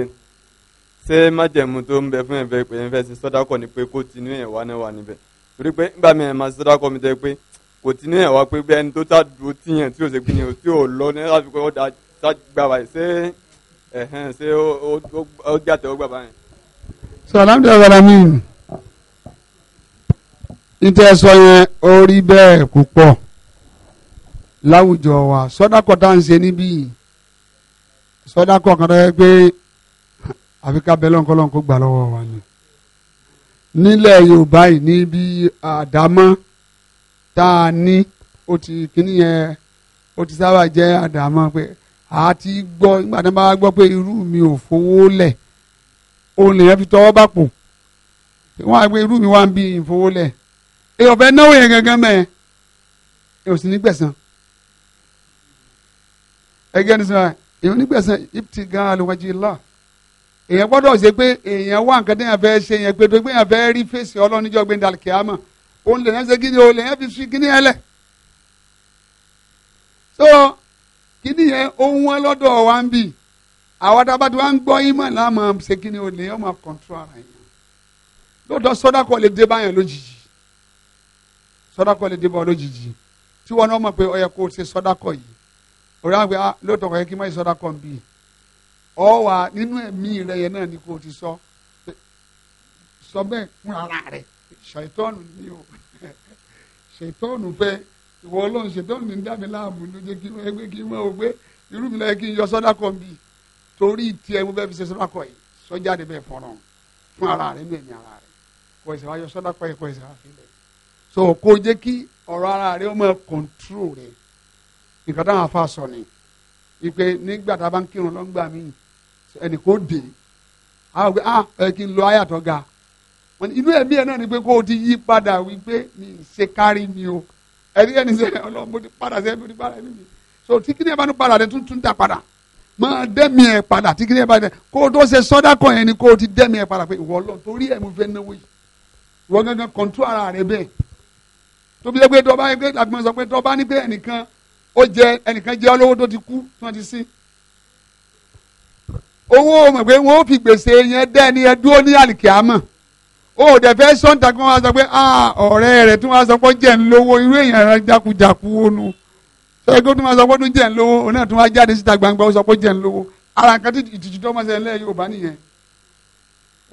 B: ṣé májẹ̀mú tó ń bẹ fún ẹ̀fẹ́ pé ẹ̀fẹ́ ti sọ́dákọ̀ ni pé kó tinú ẹ̀ wá náà wà níbẹ̀ torí pé nígbà mi ẹ̀ máa ṣe dákọ̀ mi tẹ́ pé kò tí ní ẹ̀ wá pé bí ẹni tó tá dúró tí yẹn tí ò ṣe pinnu tí ò lọ ní láti pé ó gbà wáyé ṣé ẹ̀hẹ́n ṣé
C: ó jàtẹ̀ ó gbà báyìí. sọ alámdé ọ̀rọ̀ mi yẹn ó rí bẹ́ẹ̀ púpọ̀ láwùjọ wa sọ́dákọ̀ tá à ń ṣe níbí sọ́dákọ̀ kan tó yẹ pé àfi ká bẹ́ẹ̀ lọ́nkọ́ gbà lọ́wọ́ wa ni nílẹ̀ yorùbá yìí ní bí àdámọ́ tá a ní ó ti kíní yẹn ó ti sábà jẹ́ àdámọ́ pé a ti gbọ́ nígbà tí wọ́n bá gbọ́ pé irú mi ò fowó lẹ̀ òun lèyàn fi tọwọ́ bá pò wọ́n á gbé irú mi wá ń bí ìfowó lẹ̀ èèyàn fẹ́ náwó yẹn gangan mẹ́ẹ̀ èèyàn sì ní ẹgẹ́ ní sọ́ra èèyàn ní gbẹ̀sán ìpìtì gan alùpàjì láà èèyàn gbọ́dọ̀ ṣe pé èèyàn wá nǹkan téèyàn fẹ́ ṣe yẹn pé tó gbéyàn fẹ́ rí fèsì ọlọ́run níjọ́ gbé dàlí kìámà òun lè yẹn ṣe kíni o lè yẹn fi fi kíni yẹn lẹ̀. so kíni yẹn ohun wọn lọ́dọ̀ wa ń bì àwọn tábà tí wọ́n ń gbọ́ ìmọ̀ láàmú ṣe kíni o lè yẹn máa kọ̀ǹtúrò ara yẹn. lóòótọ́ sọ́dákọ̀ lè dé báyàn lójijì sọ́dákọ̀ lè dé báyàn lójijì tí wọ́n náà mọ̀ pé ó yẹ kó ṣe sọ́dákọ̀ yìí òun náà pé ah, lóòótọ́ kọ̀ yẹ kí má ṣe sọ́dákọ̀ ń ọ wà nínú ẹ̀mí rẹ yẹn náà ni kò ti sọ sọ bẹ́ẹ̀ fún ara rẹ ṣètọ́nù ni o ṣètọ́nù fẹ́ ìwọ ọlọ́run ṣètọ́nù ní dàbí láàmú ló jẹ́ kí wọ́n gbé kí wọ́n ò gbé irú mi lọ́yẹ kí n yọ sọ́dá kan bì torí tiẹ̀ mo fẹ́ fi ṣe sọ́dá kọ yìí sọ́jáde bẹ́ẹ̀ fọ́nrán fún ara rẹ ní ẹ̀mí ara rẹ kò ìṣèwà yọ sọ́dá kọ yìí kò ìṣèwà sílẹ̀ so kò jẹ́ kí ọ̀rọ̀ ara rẹ ó máa kọ̀ǹtró rẹ nǹkan táwọn afa sọ ni ipe nígbà tá a bá ń kírun lọ́ngbà mí ẹnì kò dé àwọn pé ah ẹ kí n lo ayàtọ̀ ga inú ẹ̀mí ẹ̀ náà ni pé kó o ti yí padà wípé mi ì ṣe kárí mi o ẹni ẹni sẹ ọlọ́run mo ti padà sẹ mo ti padà ẹni mi so tí kíni ẹ bá ń padà rẹ tuntun dà padà máa dẹ́mi ẹ padà tí kíni ẹ bá dẹ kó o tó ṣe sọ́dá kan yẹn ni kó o ti dẹ́mi ẹ padà pé ìwọ ọlọ́run torí ẹ mo fẹ́ náwó yìí ìwọ gángan kọ̀ǹtú ara rẹ bẹ́ẹ̀ tóbi ẹgbẹ́ dọ́ba ẹgbẹ́ àgbọ̀n pé dọ́ba ní ẹnìkan ó jẹ ẹnìkan jẹ olówó tó ti kú tí wọ́n ti sin owó mọ̀ pé wọ́n ó fi gbèsè yẹn dẹ́ ni ẹ dúró ní àlìkíámọ̀ ó dẹ̀ fẹ́ sọ́ńtà kí wọ́n wá sọ pé ọ̀rẹ́ rẹ̀ tí wọ́n sọ pé jẹ́ ń lówó irú èèyàn rẹ̀ jákujàku onu sọ́yìn kó tún wá sọ pé tún jẹ́ ń lówó òun náà tún wá jáde síta gbangba ó sọ pé jẹ́ ń lówó ara nǹkan tí ìtìjú tó mọ̀ sẹ́yìn lẹ́yìn Yorùbá nìyẹn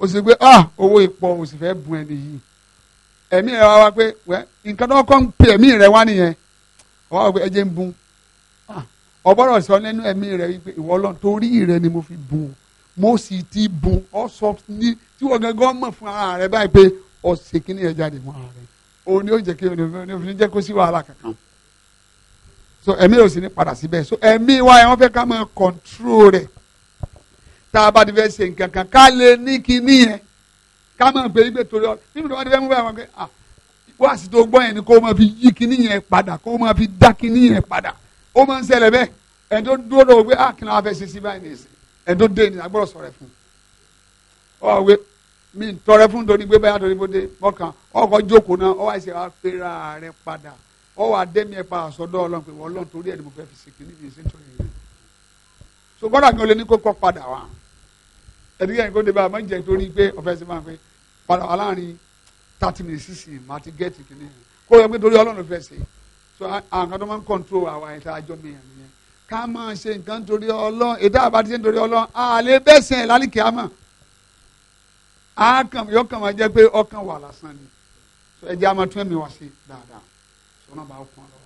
C: ó sì pé owó ipò ó sì fẹ́ bu ẹni yìí ẹ̀mí rẹ̀ wá wá pé nǹkan tó kọ́ ń pè ẹ̀mí rẹ̀ wá nìyẹn wọ́n wá pé ẹ jẹ́ ń bun ah, ọ̀bọ̀rọ̀ sọ nínú ẹ̀mí rẹ̀ wípé ìwọ Ọlọ́run torí rẹ̀ ni mo fi bun mo sì ti bun ọ sọ ní tí wọ́n gangan mọ̀ fún ara rẹ̀ báyìí pé ọ̀sẹ̀ kìíní ẹ̀ jáde fún ara rẹ̀ òun ni ó jẹ́ kí òun jẹ́ kó sí wàhálà kankan so ẹ̀mí ò sì ní padà síbẹ̀ so ẹ̀mí wa ẹ̀ wọ́n fẹ́ ká máa control rẹ̀ tá a bá ti fẹ́ ṣe nǹkan kan ká lè ní kinní yẹn ká máa pè é gbé torí ọ nínú tó bá ti fẹ́ mú báyìí wọ́n pé ah wá sí tó gbọ́ yẹn ni kó o máa fi yí kíní yẹn padà kó o máa fi dá kíní yẹn padà ó máa ń ṣẹlẹ̀ bẹ́ẹ̀ ẹni tó dúró lọ́wọ́ pé ah kí ni wọ́n fẹ́ ṣe sí báyìí ní ìsìn ẹni tó dé ní agbọ́dọ̀ sọ̀rọ̀ fún ọ wé mi tọrẹ fún torí gbé báyà torí bóde mọ́kàn ọkọ̀ jókòó náà ọ wá ṣe wá péra rẹ padà ọ wá dẹ́mi ẹ padà sọ́dọ̀ ọlọ́run pé ọlọ́run torí ni mo fẹ́ fi so gbọ́dọ̀ mi ò lè ní kó kọ́ padà wá ẹ̀dígẹ́ yẹn kó dé bá a má jẹ́ torí thirty minutes sísìn máa ti gẹ́ẹ̀tì kìíní yẹn kó o yẹ pé torí ọlọ́run fẹ́ ṣe so àwọn kan tó máa ń control àwa ẹ̀ta àjọ mi yẹn nìyẹn ká máa ṣe nǹkan torí ọlọ́run ètò àbá ti ṣe nítorí ọlọ́run àlè bẹ́sẹ̀ lálìkí àmọ́ àákàn yóò kàn máa jẹ́ pé ọkàn wà lásán ni ẹjẹ́ àmọ́ tún ẹ̀mí wá sí dáadáa
B: sọ́nà bá fún ọ